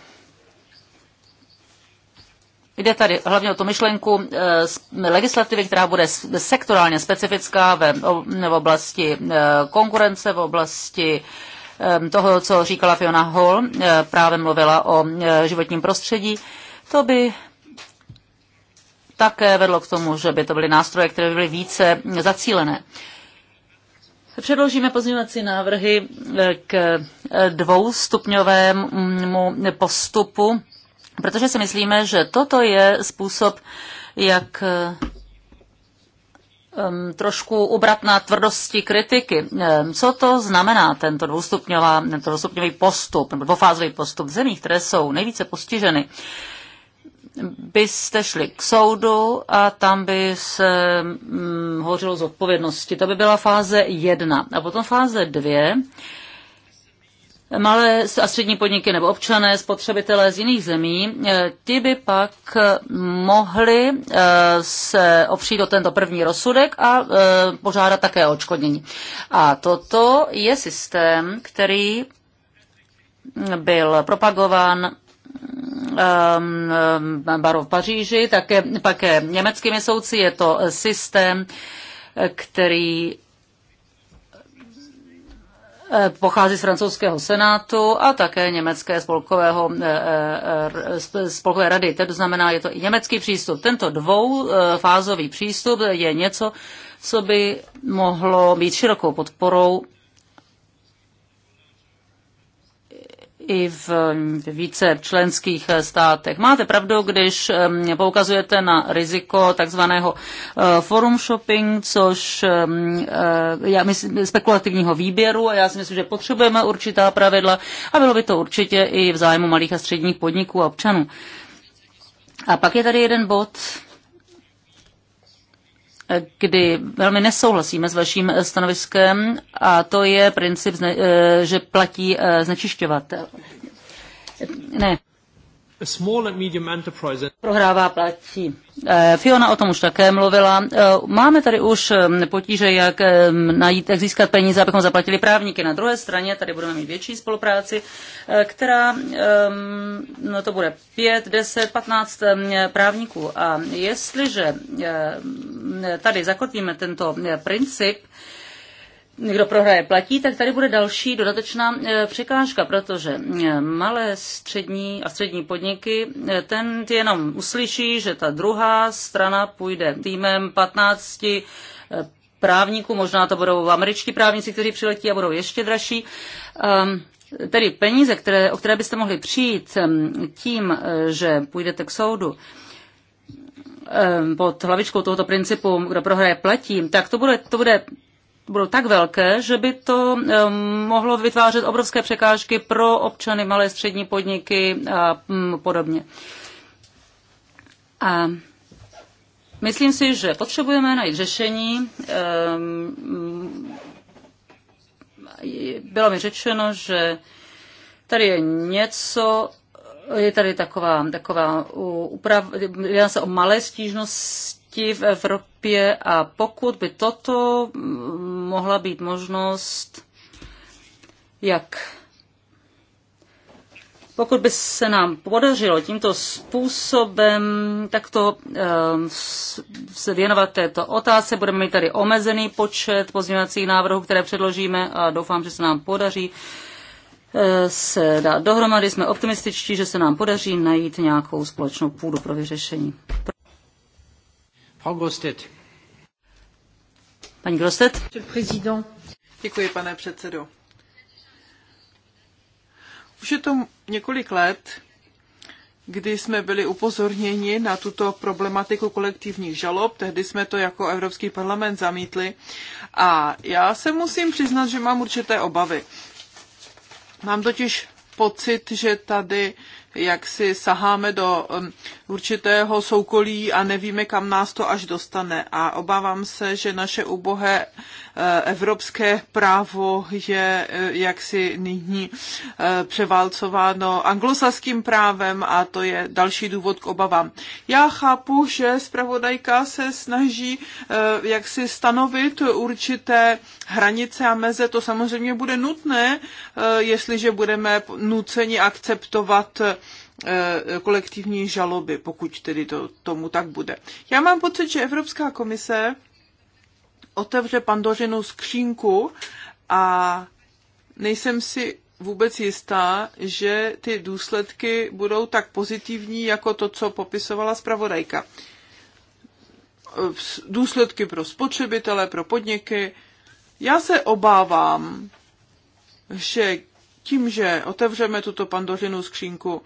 Jde tady hlavně o tu myšlenku eh, legislativy, která bude sektorálně specifická ve, v oblasti eh, konkurence, v oblasti eh, toho, co říkala Fiona Hall, právě mluvila o životním prostředí. To by také vedlo k tomu, že by to byly nástroje, které by byly více zacílené. Předložíme pozměňovací návrhy eh, k eh, dvoustupňovému postupu, protože si myslíme, že toto je způsob, jak eh, trošku ubrat na tvrdosti kritiky. Co to znamená tento dvoustupňový postup, nebo dvofázový postup zemích, které jsou nejvíce postiženy? byste šli k soudu a tam by se hm, mm, hořilo z odpovědnosti. To by byla fáze jedna. A potom fáze dvě. Malé a střední podniky nebo občané, spotřebitelé z jiných zemí, eh, ti by pak mohli eh, se opřít o tento první rozsudek a eh, požádat také o odškodnění. A toto je systém, který byl propagován Ehm, ehm, baru v Paříži, také, je německými soudci. Je to systém, který eh, pochází z francouzského senátu a také německé spolkového, eh, eh, spolkové rady. To znamená, je to i německý přístup. Tento dvoufázový přístup je něco, co by mohlo být širokou podporou i v více členských státech. Máte pravdu, když um, poukazujete na riziko takzvaného uh, forum shopping, což um, uh, já myslím, spekulativního výběru a já si myslím, že potřebujeme určitá pravidla a bylo by to určitě i v zájmu malých a středních podniků a občanů. A pak je tady jeden bod, kdy velmi nesouhlasíme s vaším stanoviskem a to je princip, eh, že platí eh, znečišťovatel. Ne. Prohrává platí. Eh, Fiona o tom už také mluvila. Eh, máme tady už mm, potíže, jak mm, najít, jak získat peníze, abychom zaplatili právníky. Na druhé straně tady budeme mít větší spolupráci, eh, která mm, no to bude 5, 10, 15 právníků. A jestliže tady zakotvíme tento princip, kdo prohraje platí, tak tady bude další dodatečná eh, překážka, protože eh, malé střední a střední podniky, eh, ten jenom uslyší, že ta druhá strana půjde týmem 15 právníků, možná to budou američtí právníci, kteří přiletí a budou ještě dražší. Ehm, tedy peníze, které, o které byste mohli přijít ehm, tím, že půjdete k soudu, ehm, pod hlavičkou tohoto principu, kdo prohraje platí, tak to bude, to bude budou tak velké, že by to um, mohlo vytvářet obrovské překážky pro občany, malé střední podniky a mm, podobně. A myslím si, že potřebujeme najít řešení. Um, bylo mi řečeno, že tady je něco, je tady taková, taková úprava, jedná se o malé stížnosti, děti v Evropě a pokud by toto mm, mohla být možnost, jak pokud by se nám podařilo tímto způsobem takto ehm, se věnovat této otázce, budeme mít tady omezený počet pozměňovacích návrhů, které předložíme a doufám, že se nám podaří ehm, se dát dohromady. Jsme optimističtí, že se nám podaří najít nějakou společnou půdu pro vyřešení. Grostet. Grostet. Děkuji, pane předsedo. Už je to několik let, kdy jsme byli upozorněni na tuto problematiku kolektivních žalob. Tehdy jsme to jako Evropský parlament zamítli. A já se musím přiznat, že mám určité obavy. Mám totiž pocit, že tady jak si saháme do um, určitého soukolí a nevíme, kam nás to až dostane. A obávám se, že naše ubohé eh, evropské právo je eh, jaksi nyní eh, převálcováno anglosaským právem a to je další důvod k obavám. Já chápu, že zpravodajka se snaží jaksi stanovit určité hranice a meze. To samozřejmě bude nutné, jestliže budeme nuceni akceptovat Eh, kolektivní žaloby, pokud tedy to, tomu tak bude. Já mám pocit, že Evropská komise otevře pandořinu skřínku a nejsem si vůbec jistá, že ty důsledky budou tak pozitivní, jako to, co popisovala zpravodajka. Eh, důsledky pro spotřebitele, pro podniky. Já se obávám, že tím, že otevřeme tuto pandořinu skřínku,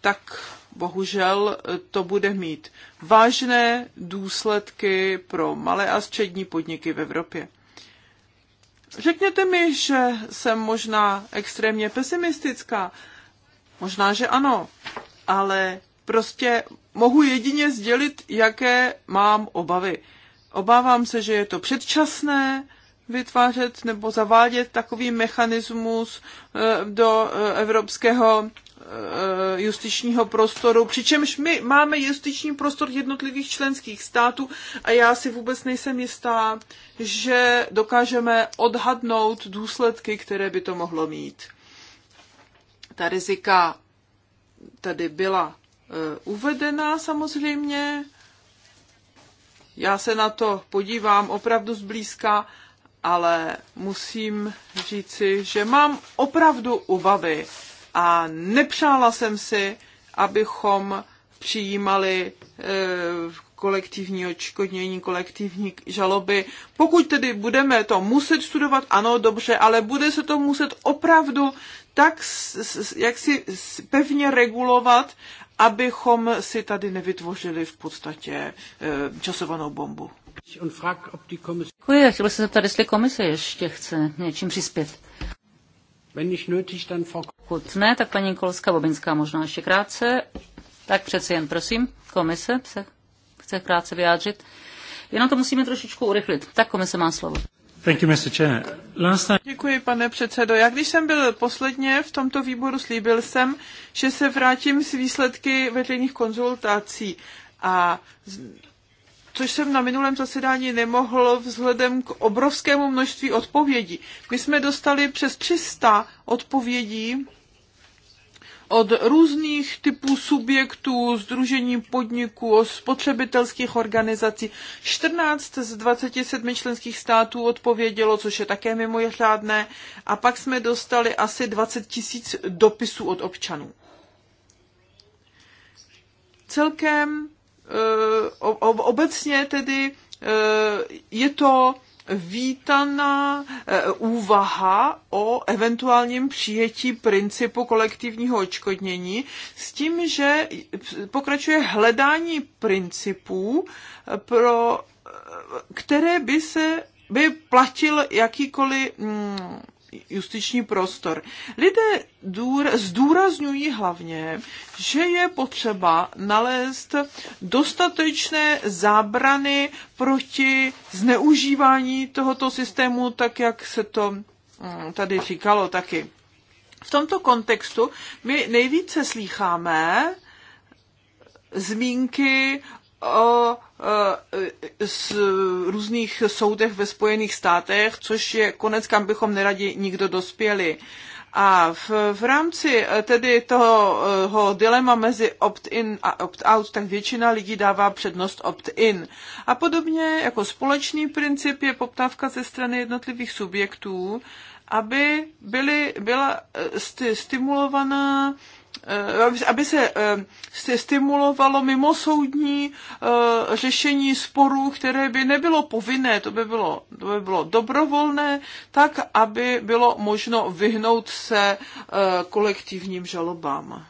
tak bohužel eh, to bude mít vážné důsledky pro malé a střední podniky v Evropě. Řekněte mi, že jsem možná extrémně pesimistická. Možná, že ano, ale prostě mohu jedině sdělit, jaké mám obavy. Obávám se, že je to předčasné, vytvářet nebo zavádět takový mechanismus eh, do eh, evropského eh, justičního prostoru, přičemž my máme justiční prostor jednotlivých členských států a já si vůbec nejsem jistá, že dokážeme odhadnout důsledky, které by to mohlo mít. Ta rizika tady byla uvedená samozřejmě. Já se na to podívám opravdu zblízka ale musím říci, že mám opravdu obavy a nepřála jsem si, abychom přijímali eh, kolektivní odškodnění, kolektivní žaloby. Pokud tedy budeme to muset studovat, ano, dobře, ale bude se to muset opravdu tak jak si pevně regulovat, abychom si tady nevytvořili v podstatě eh, časovanou bombu. Děkuji, já chtěl se zeptat, jestli komise ještě chce něčím přispět. Pokud ne, tak paní Kolská Bobinská možná ještě krátce. Tak přeci jen prosím, komise se chce krátce vyjádřit. Jenom to musíme trošičku urychlit. Tak komise má slovo. Thank you, Mr. Chair. Last time... Děkuji, pane předsedo. Já když jsem byl posledně v tomto výboru, slíbil jsem, že se vrátím s výsledky veřejných konzultací. A což jsem na minulém zasedání nemohl vzhledem k obrovskému množství odpovědí. My jsme dostali přes 300 odpovědí od různých typů subjektů, združení podniků, spotřebitelských organizací. 14 z 27 členských států odpovědělo, což je také mimořádné. A pak jsme dostali asi 20 tisíc dopisů od občanů. Celkem Eh, obecně tedy eh, je to vítaná eh, úvaha o eventuálním přijetí principu kolektivního očkodnění s tím, že pokračuje hledání principů, pro které by se by platil jakýkoliv mm, justiční prostor. Lidé důr, zdůrazňují hlavně, že je potřeba nalézt dostatečné zábrany proti zneužívání tohoto systému, tak jak se to mm, tady říkalo taky. V tomto kontextu my nejvíce slýcháme zmínky o z e, různých soudech ve Spojených státech, což je konec, kam bychom neradi nikdo dospěli. A v, v rámci e, tedy toho e, dilema mezi opt-in a opt-out, tak většina lidí dává přednost opt-in. A podobně jako společný princip je poptávka ze strany jednotlivých subjektů, aby byly, byla sti, stimulovaná Eh, aby se, se eh, stimulovalo mimosoudní eh, řešení sporů, které by nebylo povinné, to by bylo, to by bylo dobrovolné, tak, aby bylo možno vyhnout se kolektivním žalobám.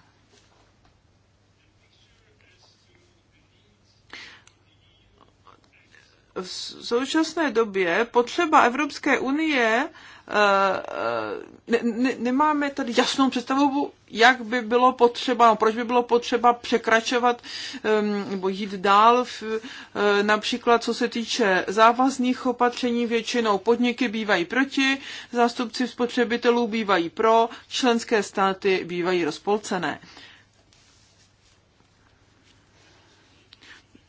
V současné době potřeba Evropské unie Eh, eh, ne, ne, nemáme tady jasnou představu, jak by bylo potřeba, no, proč by bylo potřeba překračovat ehm, nebo jít dál, v, eh, například co se týče závazných opatření, většinou podniky bývají proti, zástupci spotřebitelů bývají pro, členské státy bývají rozpolcené.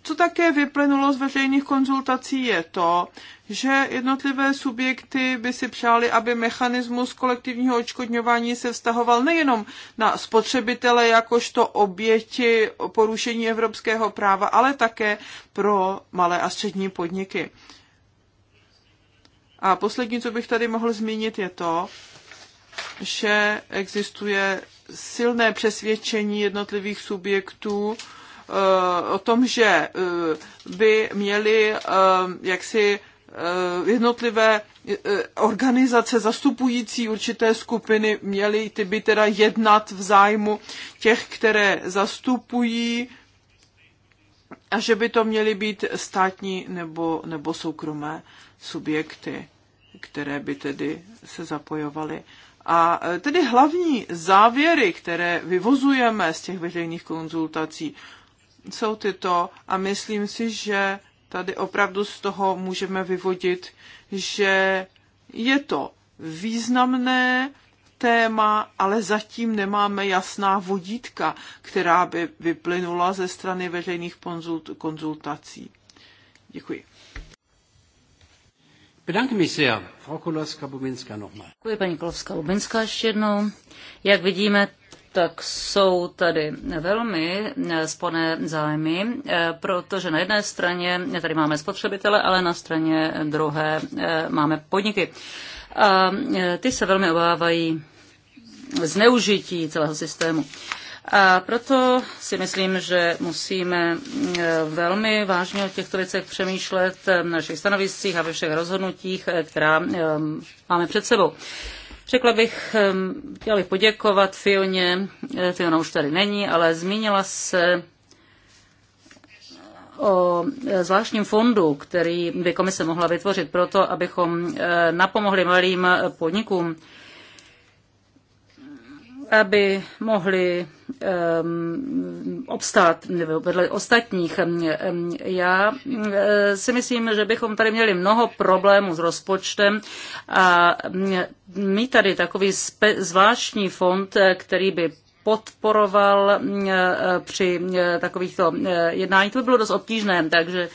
Co také vyplynulo z veřejných konzultací je to, že jednotlivé subjekty by si přáli, aby mechanismus kolektivního očkodňování se vztahoval nejenom na spotřebitele jakožto oběti porušení evropského práva, ale také pro malé a střední podniky. A poslední, co bych tady mohl zmínit, je to, že existuje silné přesvědčení jednotlivých subjektů, Eh, o tom, že eh, by měli eh, jaksi jednotlivé organizace zastupující určité skupiny měly ty by teda jednat v zájmu těch, které zastupují a že by to měly být státní nebo, nebo soukromé subjekty, které by tedy se zapojovaly. A tedy hlavní závěry, které vyvozujeme z těch veřejných konzultací, jsou tyto a myslím si, že tady opravdu z toho můžeme vyvodit, že je to významné téma, ale zatím nemáme jasná vodítka, která by vyplynula ze strany veřejných konzult- konzultací. Děkuji. Bedanke mich sehr. Frau Kolowska-Bubinska nochmal. Děkuji paní Kolowska-Bubinska ještě jednou. Jak vidíme, tak jsou tady velmi spojené zájmy, eh, protože na jedné straně tady máme spotřebitele, ale na straně druhé eh, máme podniky. A eh, ty se velmi obávají zneužití celého systému. A proto si myslím, že musíme velmi vážně o těchto věcech přemýšlet v našich stanoviscích a ve všech rozhodnutích, která máme před sebou. Řekla bych, ehm, chtěla bych poděkovat Fioně, eh, Fiona už tady není, ale zmínila se o eh, zvláštním fondu, který by komise mohla vytvořit proto, abychom eh, napomohli malým podnikům aby mohli um, obstát vedle ostatních. Ehm, ehm, já eh, si myslím, že bychom tady měli mnoho problémů s rozpočtem a mm, mít tady takový zvláštní fond, eh, který by podporoval mm, eh, při takovýchto jednání. To by bylo dost obtížné, takže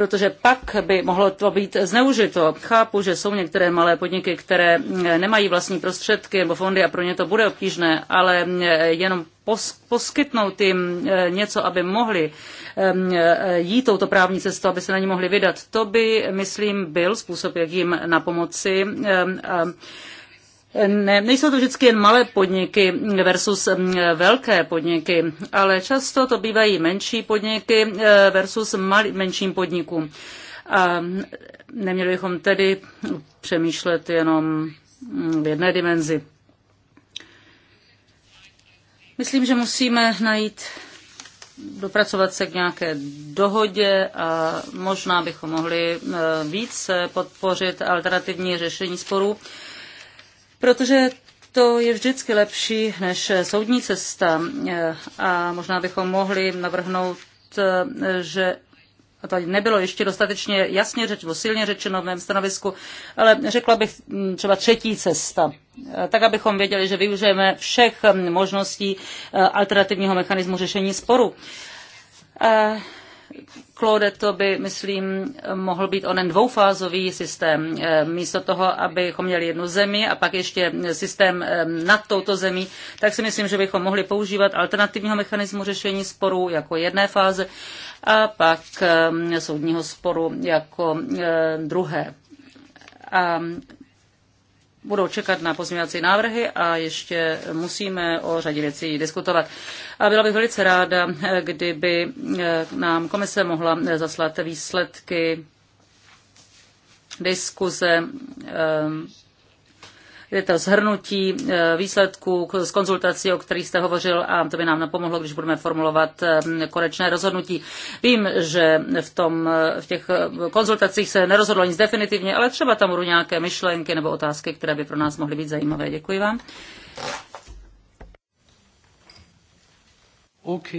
protože pak by mohlo to být zneužito. Chápu, že jsou některé malé podniky, které nemají vlastní prostředky nebo fondy a pro ně to bude obtížné, ale eh, jenom poskytnout jim eh, něco, aby mohli eh, jít touto právní cestou, aby se na ní mohli vydat. To by, myslím, byl způsob, jak jim na pomoci ne, nejsou to vždycky jen malé podniky versus mm, velké podniky, ale často to bývají menší podniky eh, versus mal, menším podnikům. A neměli bychom tedy přemýšlet jenom mm, v jedné dimenzi. Myslím, že musíme najít, dopracovat se k nějaké dohodě a možná bychom mohli eh, více podpořit alternativní řešení sporů protože to je vždycky lepší než soudní cesta a možná bychom mohli navrhnout, že a to nebylo ještě dostatečně jasně řečeno, silně řečeno v mém stanovisku, ale řekla bych třeba třetí cesta, tak abychom věděli, že využijeme všech možností eh, alternativního mechanismu řešení sporu. Eh, Claude, to by, myslím, mohl být onen dvoufázový systém. Eh, místo toho, abychom měli jednu zemi a pak ještě systém eh, nad touto zemí, tak si myslím, že bychom mohli používat alternativního mechanismu řešení sporů jako jedné fáze a pak eh, soudního sporu jako druhé. A budou čekat na pozměňovací návrhy a ještě musíme o řadě věcí diskutovat. A byla bych velice ráda, kdyby eh, nám komise mohla eh, zaslat výsledky diskuze eh, je to zhrnutí eh, výsledků z konzultací, o kterých jste hovořil a to by nám napomohlo, když budeme formulovat eh, konečné rozhodnutí. Vím, že v, tom, eh, v těch konzultacích se nerozhodlo nic definitivně, ale třeba tam budou nějaké myšlenky nebo otázky, které by pro nás mohly být zajímavé. Děkuji vám. Okay.